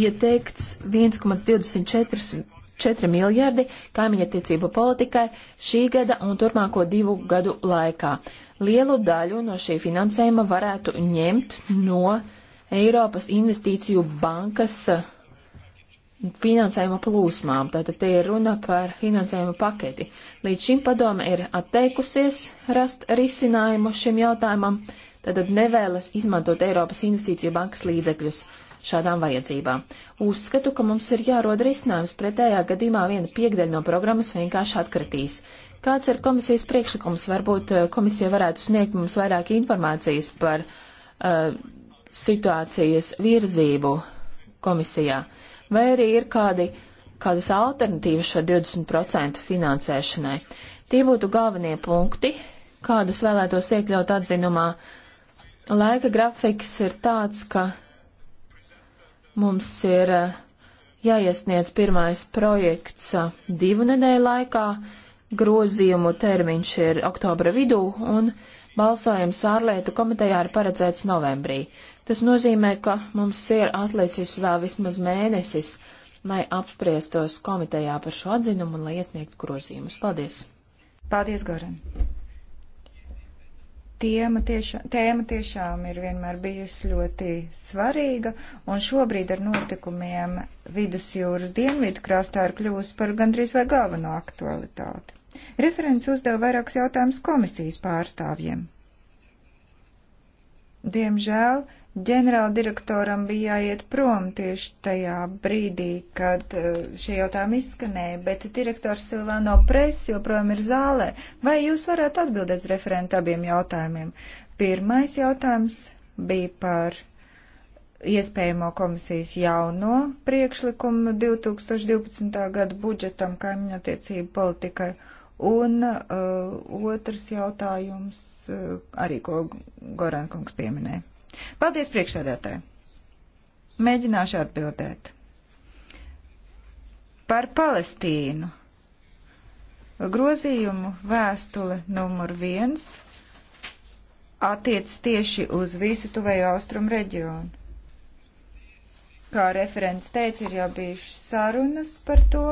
ieteikts 1,24 miljardi kaimiņattiecību politikai šī gada un turpmāko divu gadu laikā. Lielu daļu no šī finansējuma varētu ņemt no Eiropas investīciju bankas eh, finansējuma plūsmām. Tātad te ir runa par finansējuma paketi. Līdz šim padome ir atteikusies rast risinājumu šim jautājumam tātad nevēlas izmantot Eiropas investīcija bankas līdzekļus šādām vajadzībām. Uzskatu, ka mums ir jāroda risinājums, pretējā gadījumā viena piekdeļa no programmas vienkārši atkritīs. Kāds ir komisijas priekšlikums? Varbūt eh, komisija varētu sniegt mums vairāk informācijas par uh, situācijas virzību komisijā. Vai arī ir kādi, kādas alternatīvas šo 20% finansēšanai? Tie būtu galvenie punkti, kādus vēlētos iekļaut atzinumā. Uh, Laika grafiks ir tāds, ka mums ir eh, jāiesniedz pirmais projekts eh, divu nedēļu laikā, grozījumu termiņš ir oktobra vidū un balsojums ārlietu komitejā ir paredzēts novembrī. Tas nozīmē, ka mums ir atlicis vēl vismaz mēnesis, lai apspriestos komitejā par šo atzinumu un lai iesniegtu grozījumus. Paldies! Paldies, Goran! Tēma, tieša, tēma tiešām ir vienmēr bijusi ļoti svarīga, un šobrīd ar notikumiem vidusjūras dienvidu krastā ir kļūst par gandrīz vai galveno aktualitāti. Referents uzdeva vairākus jautājumus komisijas pārstāvjiem. Diemžēl ģenerāldirektoram bija jāiet prom tieši tajā brīdī, kad eh, šie jautājumi izskanēja, bet direktors Silvano Pres joprojām ir zālē. Vai jūs varētu atbildēt referentu abiem jautājumiem? Pirmais jautājums bija par iespējamo komisijas jauno priekšlikumu 2012. gada budžetam kaimiņu attiecību politikai. Un uh, otrs jautājums uh, arī, ko Gorankungs pieminēja. Paldies priekšsēdētāji. Mēģināšu atbildēt. Par Palestīnu. Grozījumu vēstule numur viens attiec tieši uz visu tuvējo austrumu reģionu. Kā referents teica, ir jau bijušas sarunas par to,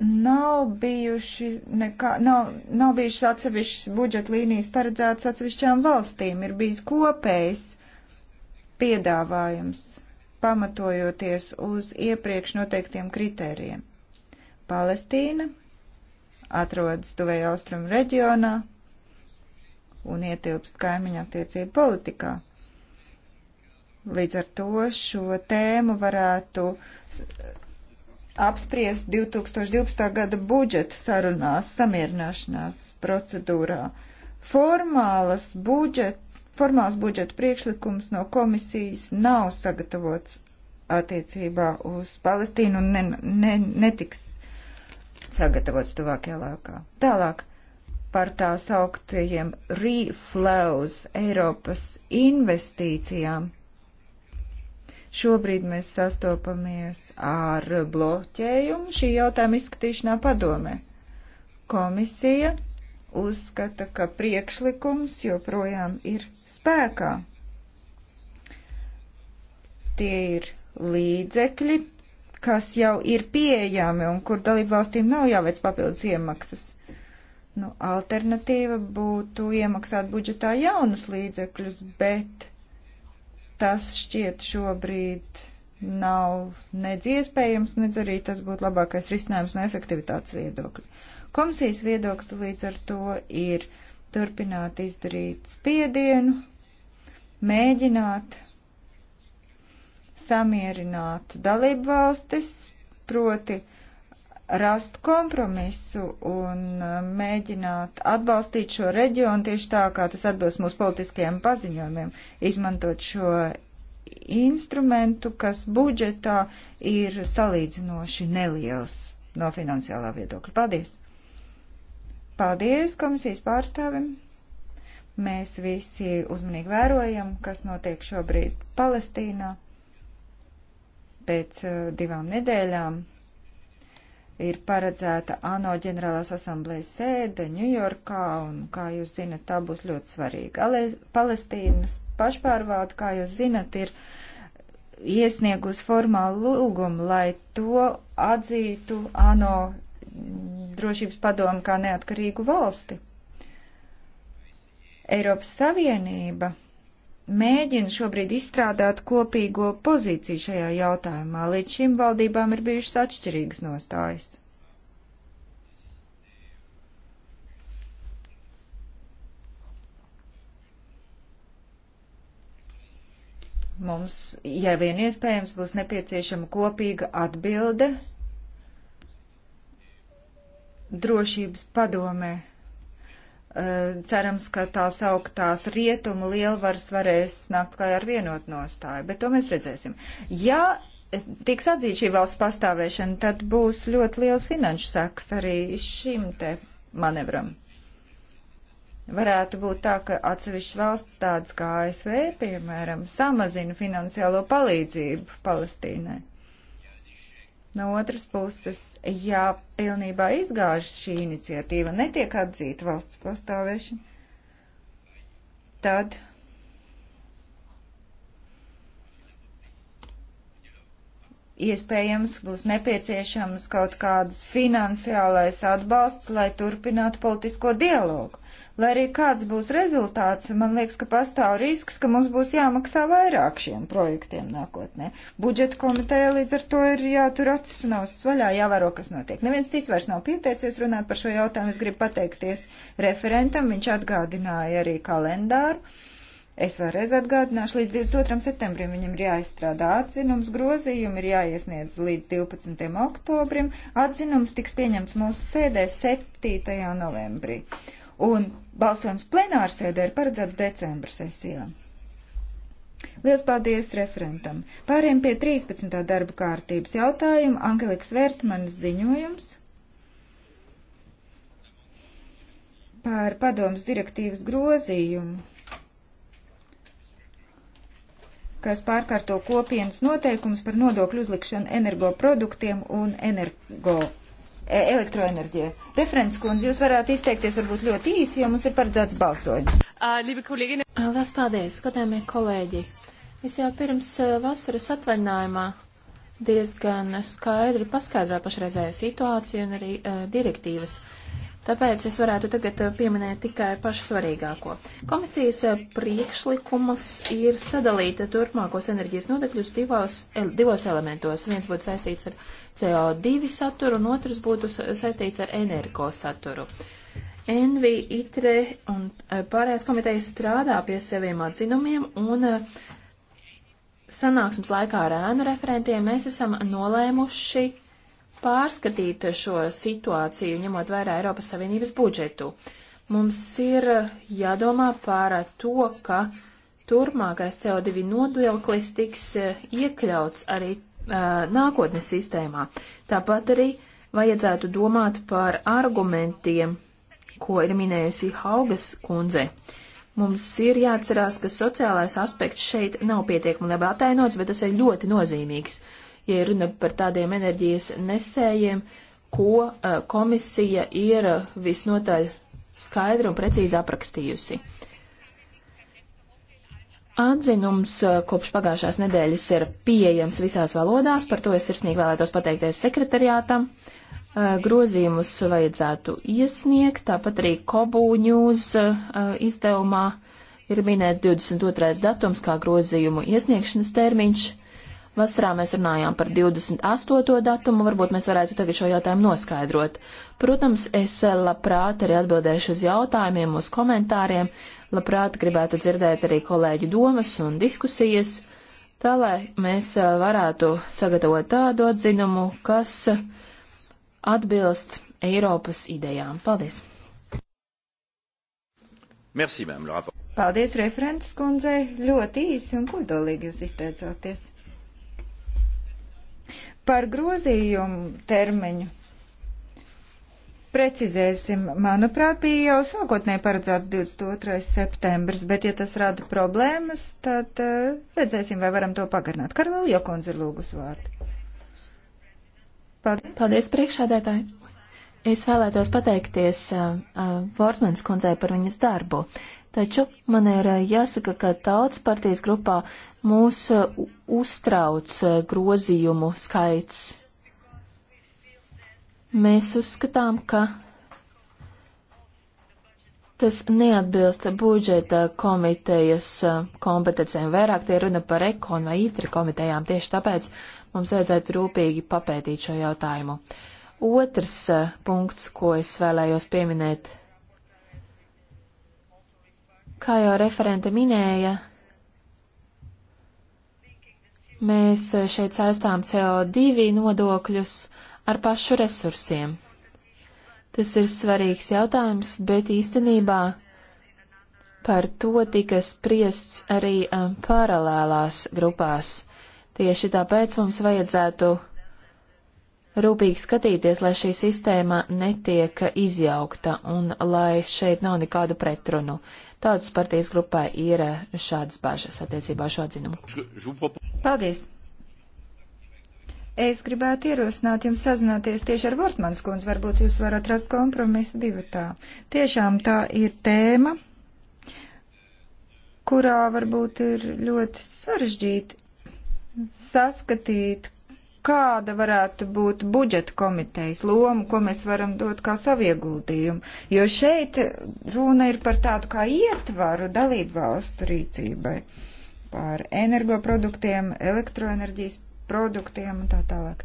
nav bijuši nekā, nav, nav bijušas atsevišķas budžeta līnijas paredzētas atsevišķām valstīm, ir bijis kopējs piedāvājums, pamatojoties uz iepriekš noteiktiem kritērijiem. Palestīna atrodas tuvēja austrumu reģionā un ietilpst kaimiņa attiecību politikā. Līdz ar to šo tēmu varētu apspriest 2012. gada budžeta sarunās, samierināšanās procedūrā. Formālas budžeta, formāls budžeta priekšlikums no komisijas nav sagatavots attiecībā uz Palestīnu un ne, ne, netiks sagatavots tuvākajā laikā. Tālāk par tā sauktajiem reflows Eiropas investīcijām Šobrīd mēs sastopamies ar bloķējumu šī jautājuma izskatīšanā padomē. Komisija uzskata, ka priekšlikums joprojām ir spēkā. Tie ir līdzekļi, kas jau ir pieejami un kur dalībvalstīm nav jāveic papildus iemaksas. Nu, alternatīva būtu iemaksāt budžetā jaunus līdzekļus, bet Tas šķiet šobrīd nav nedz iespējams, nedz arī tas būtu labākais risinājums no efektivitātes viedokļa. Komisijas viedoklis līdz ar to ir turpināt izdarīt spiedienu, mēģināt samierināt dalību valstis, proti rast kompromisu un uh, mēģināt atbalstīt šo reģionu tieši tā, kā tas atbilst mūsu politiskajiem paziņojumiem, izmantot šo instrumentu, kas budžetā ir salīdzinoši neliels no finansiālā viedokļa. Paldies! Paldies komisijas pārstāvim! Mēs visi uzmanīgi vērojam, kas notiek šobrīd Palestīnā pēc uh, divām nedēļām ir paredzēta ANO ģenerālās asamblējas sēde Ņujorkā, un, kā jūs zinat, tā būs ļoti svarīga. Palestīnas pašpārvalde, kā jūs zinat, ir iesniegus formālu lūgumu, lai to atzītu ANO drošības padomu kā neatkarīgu valsti. Eiropas Savienība mēģina šobrīd izstrādāt kopīgo pozīciju šajā jautājumā. Līdz šim valdībām ir bijušas atšķirīgas nostājas. Mums, ja vien iespējams, būs nepieciešama kopīga atbilde drošības padomē Eh, cerams, ka tās augtās rietumu lielvaras varēs nākt klāj ar vienotu nostāju, bet to mēs redzēsim. Ja tiks atzīt šī valsts pastāvēšana, tad būs ļoti liels finanšu sekas arī šim te manevram. Varētu būt tā, ka atsevišķas valsts tādas kā ASV, piemēram, samazina finansiālo palīdzību Palestīnai. No otras puses, ja pilnībā izgāžas šī iniciatīva, netiek atzīta valsts pastāvēšana, tad Iespējams, būs nepieciešams kaut kāds finansiālais atbalsts, lai turpinātu politisko dialogu. Lai arī kāds būs rezultāts, man liekas, ka pastāv risks, ka mums būs jāmaksā vairāk šiem projektiem nākotnē. Budžeta komiteja līdz ar to ir jātur acis un ausis vaļā, jāvēro, kas notiek. Neviens cits vairs nav pieteicies runāt par šo jautājumu. Es gribu pateikties referentam, viņš atgādināja arī kalendāru. Es vēlreiz atgādināšu, līdz 22. septembrim viņam ir jāizstrādā atzinums, grozījumi ir jāiesniedz līdz 12. oktobrim, atzinums tiks pieņemts mūsu sēdē 7. novembrī, un balsojums plenārsēdē ir paredzēts decembra sesijā. Lielas paldies referentam. Pāriem pie 13. darba kārtības jautājuma Angelikas Vērtmanas ziņojums. Pār padomas direktīvas grozījumu kas pārkārto kopienas noteikums par nodokļu uzlikšanu energoproduktiem un energo e, elektroenerģijai. Referents kundze, jūs varētu izteikties varbūt ļoti īsi, jo mums ir paredzēts balsojums. Lielas paldies, skatāmie kolēģi. Es jau pirms vasaras atvaļinājumā diezgan skaidri paskaidroju pašreizējo situāciju un arī uh, direktīvas. Uh, Tāpēc es varētu tagad eh, pieminēt tikai pašu svarīgāko. Komisijas eh, priekšlikums ir sadalīt turpmākos enerģijas nodekļus divos, divos elementos. Viens būtu saistīts ar CO2 saturu, un otrs būtu saistīts ar energo saturu. Envi, ITRE un eh, pārējās komitejas strādā pie saviem atzinumiem, un sanāksmes laikā ar ēnu referentiem mēs esam nolēmuši pārskatīt šo situāciju, ņemot vērā Eiropas Savienības budžetu. Mums ir jādomā par to, ka turpmākais CO2 nodoklis tiks eh, iekļauts arī uh, nākotnes sistēmā. Tāpat arī vajadzētu domāt par argumentiem, ko ir minējusi Haugas kundze. Mums ir jāatcerās, ka sociālais aspekts šeit nav pietiekami labi atainots, bet tas ir ļoti nozīmīgs. Uh, ja runa par tādiem enerģijas nesējiem, ko eh, komisija ir eh, visnotaļ skaidri un precīzi aprakstījusi. Atzinums eh, kopš pagājušās nedēļas ir pieejams visās valodās, par to es sirsnīgi vēlētos pateikties sekretariātam. Grozījumus vajadzētu iesniegt, tāpat arī Kobu ņūz izdevumā ir minēts 22. datums kā grozījumu iesniegšanas termiņš. Vasarā mēs runājām par 28. datumu, varbūt mēs varētu tagad šo jautājumu noskaidrot. Protams, es labprāt arī atbildēšu uz jautājumiem, uz komentāriem, labprāt gribētu dzirdēt arī kolēģu domas un diskusijas, tā lai mēs eh, varētu sagatavot tādu atzinumu, kas atbilst Eiropas idejām. Paldies! Merci, Paldies, referents kundzei, ļoti īsi un kodolīgi jūs izteicoties. Par grozījumu termiņu precizēsim. Manuprāt, bija jau sākotnēji paredzēts 22. septembris, bet ja tas rada problēmas, tad uh, redzēsim, vai varam to pagarināt. Karvēl Jokons ir lūgus vārdu. Paldies. Paldies priekšādētāji. Es vēlētos pateikties uh, eh, uh, eh, Vortmans kundzei par viņas darbu. Taču man ir jāsaka, ka tautas partijas grupā Mūs eh, uztrauc eh, grozījumu skaits. Mēs uzskatām, ka tas neatbilst budžeta komitejas eh, kompetencijām. Vairāk tie runa par ekonu vai itri komitejām. Tieši tāpēc mums vajadzētu rūpīgi papētīt šo jautājumu. Otrs punkts, ko es vēlējos pieminēt, kā jau referente minēja, Mēs eh, šeit saistām CO2 nodokļus ar pašu resursiem. Tas ir svarīgs jautājums, bet īstenībā par to tika spriests arī eh, paralēlās grupās. Tieši tāpēc mums vajadzētu rūpīgi skatīties, lai šī sistēma netiek izjaukta un lai šeit nav nekādu pretrunu. Tautas partijas grupai ir eh, šādas bažas attiecībā šo atzinumu. Paldies! Es gribētu ierosināt jums sazināties tieši ar Vortmanas kundzi, varbūt jūs varat rast kompromisu divatā. Tiešām tā ir tēma, kurā varbūt ir ļoti sarežģīti saskatīt, kāda varētu būt budžeta komitejas loma, ko mēs varam dot kā savu ieguldījumu. Jo šeit runa ir par tādu kā ietvaru dalību valstu rīcībai, par energoproduktiem, elektroenerģijas produktiem un tā tālāk.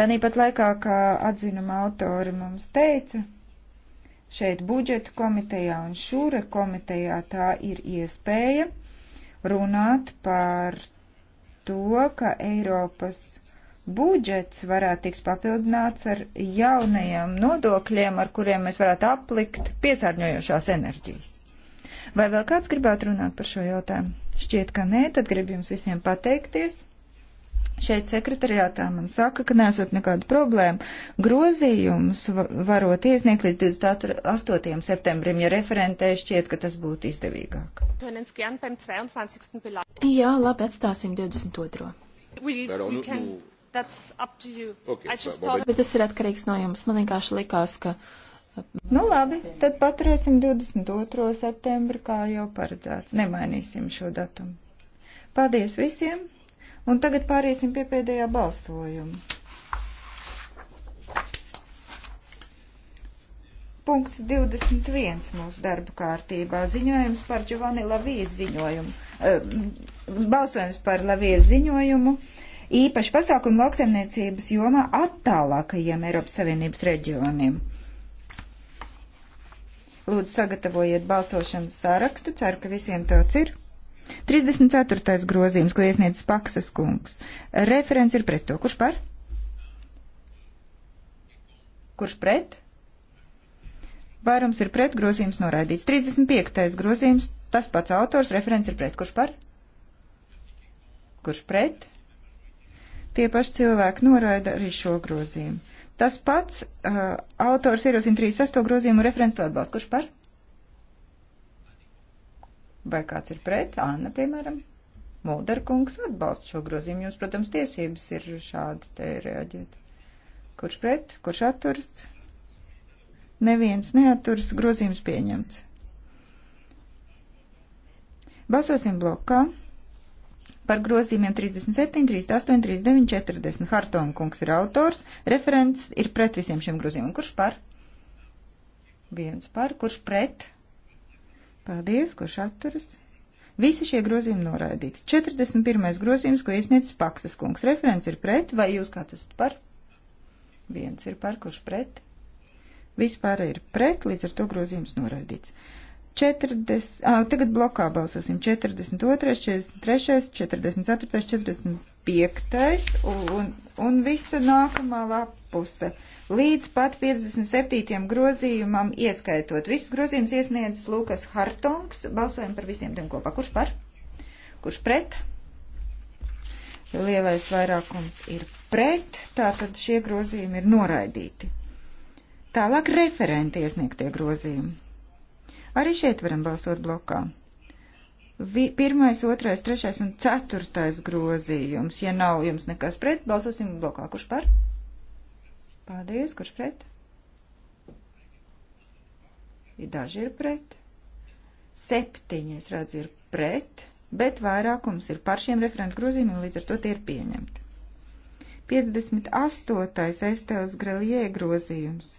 Tāpat laikā, kā atzinuma autori mums teica, šeit budžeta komitejā un šūra komitejā tā ir iespēja runāt par to, ka Eiropas budžets varētu tiks papildināts ar jaunajiem nodokļiem, ar kuriem mēs varētu aplikt piesārņojošās enerģijas. Vai vēl kāds gribētu runāt par šo jautājumu? Šķiet, ka nē, tad gribu jums visiem pateikties. Šeit sekretariātā man saka, ka nesot nekādu problēmu. Grozījumus varot iesniegt līdz 28. septembrim, ja referentē šķiet, ka tas būtu izdevīgāk. Jā, labi, atstāsim 22. We, we can... Nu, Okay, thought... Bet tas ir atkarīgs no jums. Man vienkārši likās, ka. Uh, nu labi, tad paturēsim 22. septembri, kā jau paredzēts. Nemainīsim šo datumu. Paldies visiem! Un tagad pāriesim pie pēdējā balsojuma. Punkts 21 mūsu darba kārtībā. Ziņojums par Giovanni Lavijas ziņojumu. Uh, balsojums par Lavijas ziņojumu. Uh, īpaši pasākumu lauksaimniecības jomā attālākajiem Eiropas Savienības reģioniem. Lūdzu, sagatavojiet balsošanas sārakstu, ceru, ka visiem tāds ir. 34. grozījums, ko iesniedz Paksas kungs. Referents ir pret to. Kurš par? Kurš pret? Vairums ir pret, grozījums noraidīts. 35. grozījums, tas pats autors, referents ir pret. Kurš par? Kurš pret? Tie paši cilvēki noraida arī šo grozījumu. Tas pats uh, autors ierosina 36. grozījumu referents to atbalstu. Kurš par? Vai kāds ir pret? Anna, piemēram. Mulderkungs atbalsta šo grozījumu. Jums, protams, tiesības ir šādi te reaģēt. Kurš pret? Kurš atturas? Neviens neaturas. Grozījums pieņemts. Balsosim blokā par grozījumiem 37, 38, 39, 40. Hartona kungs ir autors, referents ir pret visiem šiem grozījumiem. Kurš par? Viens par, kurš pret? Paldies, kurš atturas? Visi šie grozījumi noraidīti. 41. grozījums, ko iesniedz Paksas kungs. Referents ir pret, vai jūs kāds esat par? Viens ir par, kurš pret? Vispār ir pret, līdz ar to grozījums noraidīts. 40, ah, tagad blokā balsosim 42, 43, 44, 45 un, un visa nākamā lapuse līdz pat 57. grozījumam ieskaitot. Visus grozījumus iesniedz Lukas Hartungs. Balsojam par visiem tiem kopā. Kurš par? Kurš pret? Lielais vairākums ir pret, tātad šie grozījumi ir noraidīti. Tālāk referenti iesniegtie grozījumi. Arī šeit varam balsot blokā. Vi, pirmais, otrais, trešais un ceturtais grozījums. Ja nav jums nekas pret, balsosim blokā. Kurš par? Paldies, kurš pret? Ir daži ir pret. Septiņi, es redzu, ir pret, bet vairākums ir par šiem referentu grozījumiem, līdz ar to tie ir pieņemti. 58. Estēlas Grelie grozījums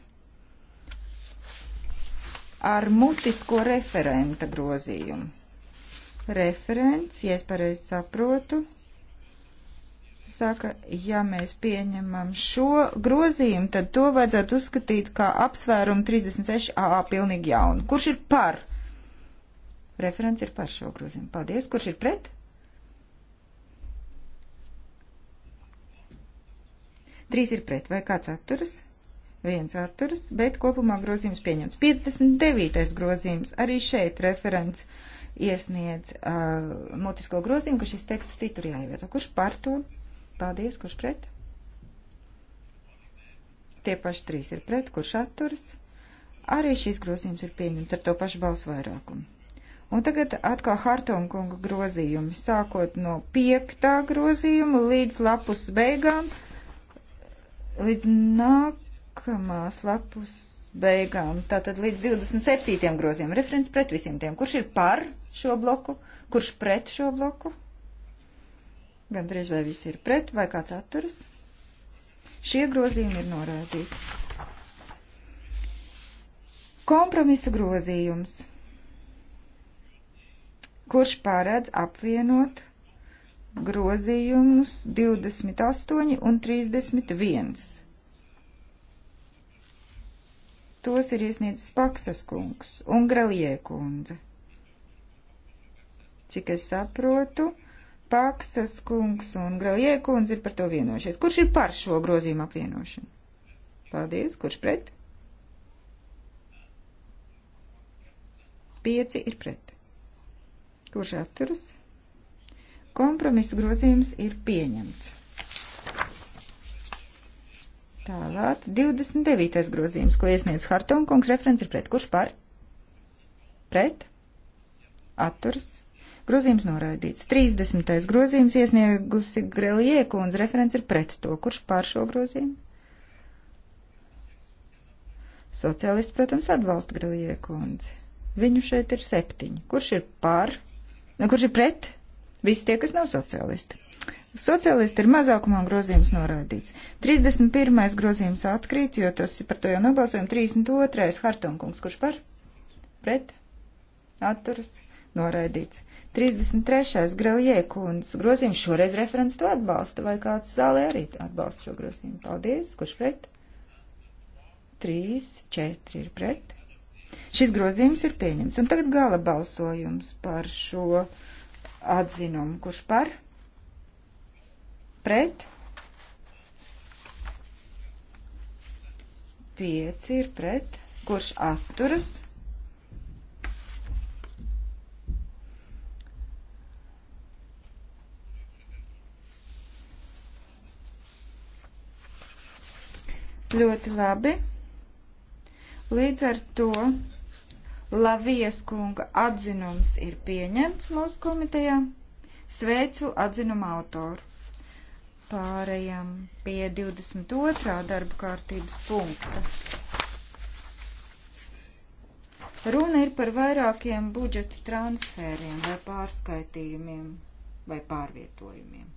ar mutisko referenta grozījumu. Referents, ja es pareizi saprotu, saka, ja mēs pieņemam šo grozījumu, tad to vajadzētu uzskatīt kā apsvērumu 36a pilnīgi jaunu. Kurš ir par? Referents ir par šo grozījumu. Paldies. Kurš ir pret? Trīs ir pret. Vai kāds atturas? viens atturs, bet kopumā grozījums pieņemts. 59. grozījums arī šeit referents iesniedz uh, mutisko grozījumu, ka šis teksts citur jāievieto. Kurš par to? Paldies, kurš pret? Tie paši trīs ir pret, kurš atturs. Arī šis grozījums ir pieņemts ar to pašu balsu vairākumu. Un tagad atkal Hartunga kunga grozījumi, sākot no piektā grozījuma līdz lapus beigām, līdz nāk mājaslapus beigām. Tātad līdz 27. groziem referents pret visiem tiem. Kurš ir par šo bloku? Kurš pret šo bloku? Gan drīz vai visi ir pret, vai kāds atturas? Šie grozījumi ir norādīti. Kompromisa grozījums, kurš pārēdz apvienot grozījumus 28 un 31 Tos ir iesniedzis Paksas kungs un Gralie kundze. Cik es saprotu, Paksas kungs un Gralie kundze ir par to vienojušies. Kurš ir par šo grozījumu apvienošanu? Paldies, kurš pret? Pieci ir pret. Kurš atturas? Kompromisa grozījums ir pieņemts. Tālāk 29. grozījums, ko iesniedz Hartunkungs, referents ir pret. Kurš par? Pret? Atturs? Grozījums noraidīts. 30. grozījums iesniegusi Grelie kundze, referents ir pret to. Kurš par šo grozījumu? Sociālisti, protams, atbalsta Grelie kundzi. Viņu šeit ir septiņi. Kurš ir par? Nu, kurš ir pret? Visi tie, kas nav sociālisti. Sociālisti ir mazākumā un grozījums norādīts. 31. grozījums atkrīt, jo tas par to jau nobalsojam. 32. Hartunkungs, kurš par? Pret? Atturas? Noraidīts. 33. Grelie kundz grozījums šoreiz referents to atbalsta, vai kāds zālē arī atbalsta šo grozījumu. Paldies, kurš pret? 3, 4 ir pret. Šis grozījums ir pieņemts. Un tagad gala balsojums par šo atzinumu, kurš par? pret. Pieci ir pret. Kurš atturas? Ļoti labi. Līdz ar to Lavijas kunga atzinums ir pieņemts mūsu komitejā. Sveicu atzinuma autoru. Pārējām pie 22. darba kārtības punkta. Runa ir par vairākiem budžeta transfēriem vai pārskaitījumiem vai pārvietojumiem.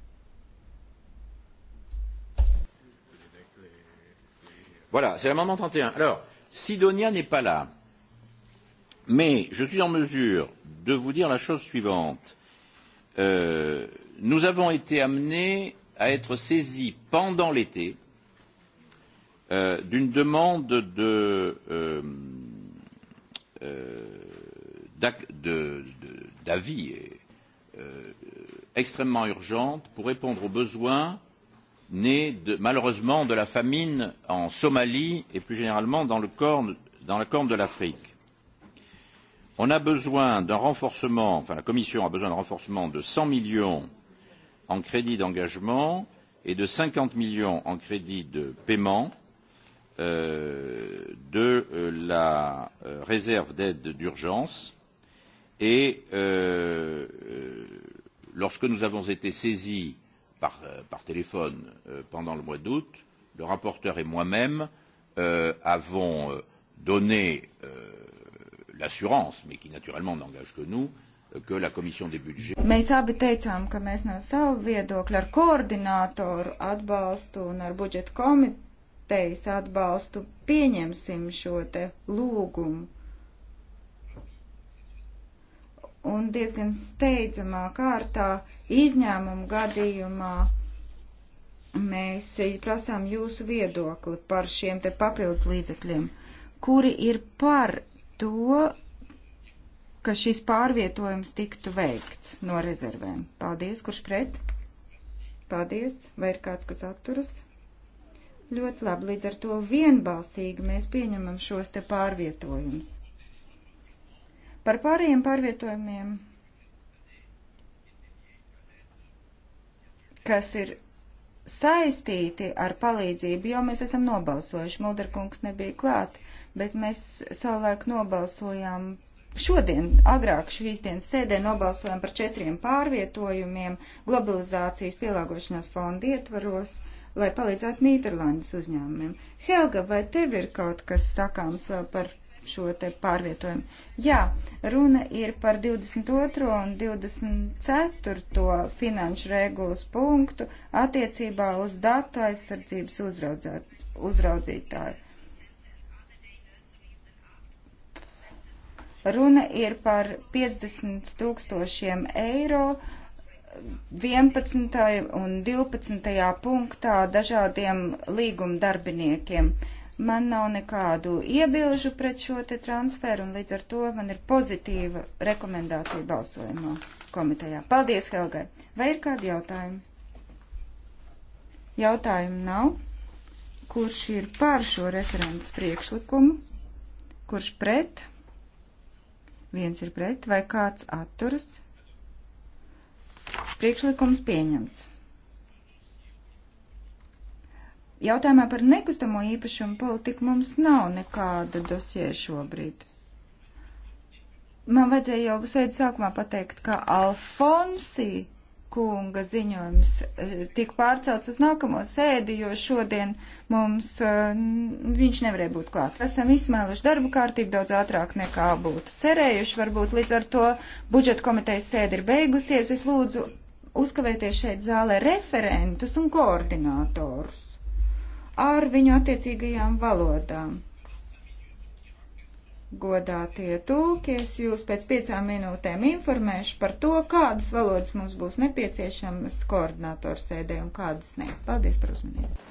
Voilà, c'est l'amendement 31. Alors, Sidonia n'est pas là, mais je suis en mesure de vous dire la chose suivante. Euh, nous avons été amenés à être saisi pendant l'été euh, d'une demande de, euh, euh, d'avis euh, extrêmement urgente pour répondre aux besoins nés de, malheureusement de la famine en Somalie et plus généralement dans, le corne, dans la corne de l'Afrique. On a besoin d'un renforcement, enfin la Commission a besoin d'un renforcement de 100 millions en crédits d'engagement et de 50 millions en crédits de paiement euh, de euh, la euh, réserve d'aide d'urgence et euh, euh, lorsque nous avons été saisis par, euh, par téléphone euh, pendant le mois d'août, le rapporteur et moi-même euh, avons euh, donné euh, l'assurance, mais qui naturellement n'engage que nous, euh, ka la Commission des budgets. Mēs abi teicām, ka mēs no savu viedokļu ar koordinātoru atbalstu un ar budžeta komitejas atbalstu pieņemsim šo te lūgumu. Un diezgan steidzamā kārtā izņēmumu gadījumā mēs prasām jūsu viedokli par šiem te papildus līdzekļiem, kuri ir par to, ka šis pārvietojums tiktu veikts no rezervēm. Paldies, kurš pret? Paldies, vai ir kāds, kas atturas? Ļoti labi, līdz ar to vienbalsīgi mēs pieņemam šos te pārvietojumus. Par pārējiem pārvietojumiem, kas ir saistīti ar palīdzību, jo mēs esam nobalsojuši. Mulderkungs nebija klāt, bet mēs savulaik nobalsojām Šodien, agrāk šīs dienas sēdē, nobalsojam par četriem pārvietojumiem globalizācijas pielāgošanās fonda ietvaros lai palīdzētu Nīderlandes uzņēmumiem. Helga, vai tev ir kaut kas sakāms par šo te pārvietojumu? Jā, runa ir par 22. un 24. finanšu regulas punktu attiecībā uz datu aizsardzības uzraudzītāju. Runa ir par 50 tūkstošiem eiro. 11. un 12. punktā dažādiem līguma darbiniekiem. Man nav nekādu iebilžu pret šo te transferu, un līdz ar to man ir pozitīva rekomendācija balsojumā komitejā. Paldies, Helgai! Vai ir kādi jautājumi? Jautājumu nav. Kurš ir pār šo referents priekšlikumu? Kurš pret? viens ir pret, vai kāds atturas. Priekšlikums pieņemts. Jautājumā par nekustamo īpašumu politiku mums nav nekāda dosie šobrīd. Man vajadzēja jau sēdi sākumā pateikt, ka Alfonsija kunga ziņojums eh, tika pārcelts uz nākamo sēdi, jo šodien mums eh, viņš nevarēja būt klāt. Esam izsmēluši darbu kārtību daudz ātrāk nekā būtu cerējuši. Varbūt līdz ar to budžeta komitejas sēde ir beigusies. Es lūdzu uzkavēties šeit zālē referentus un koordinātorus ar viņu attiecīgajām valodām. Godātie tulki, es jūs pēc piecām minūtēm informēšu par to, kādas valodas mums būs nepieciešamas koordinātoru sēdē un kādas ne. Paldies par uzmanību!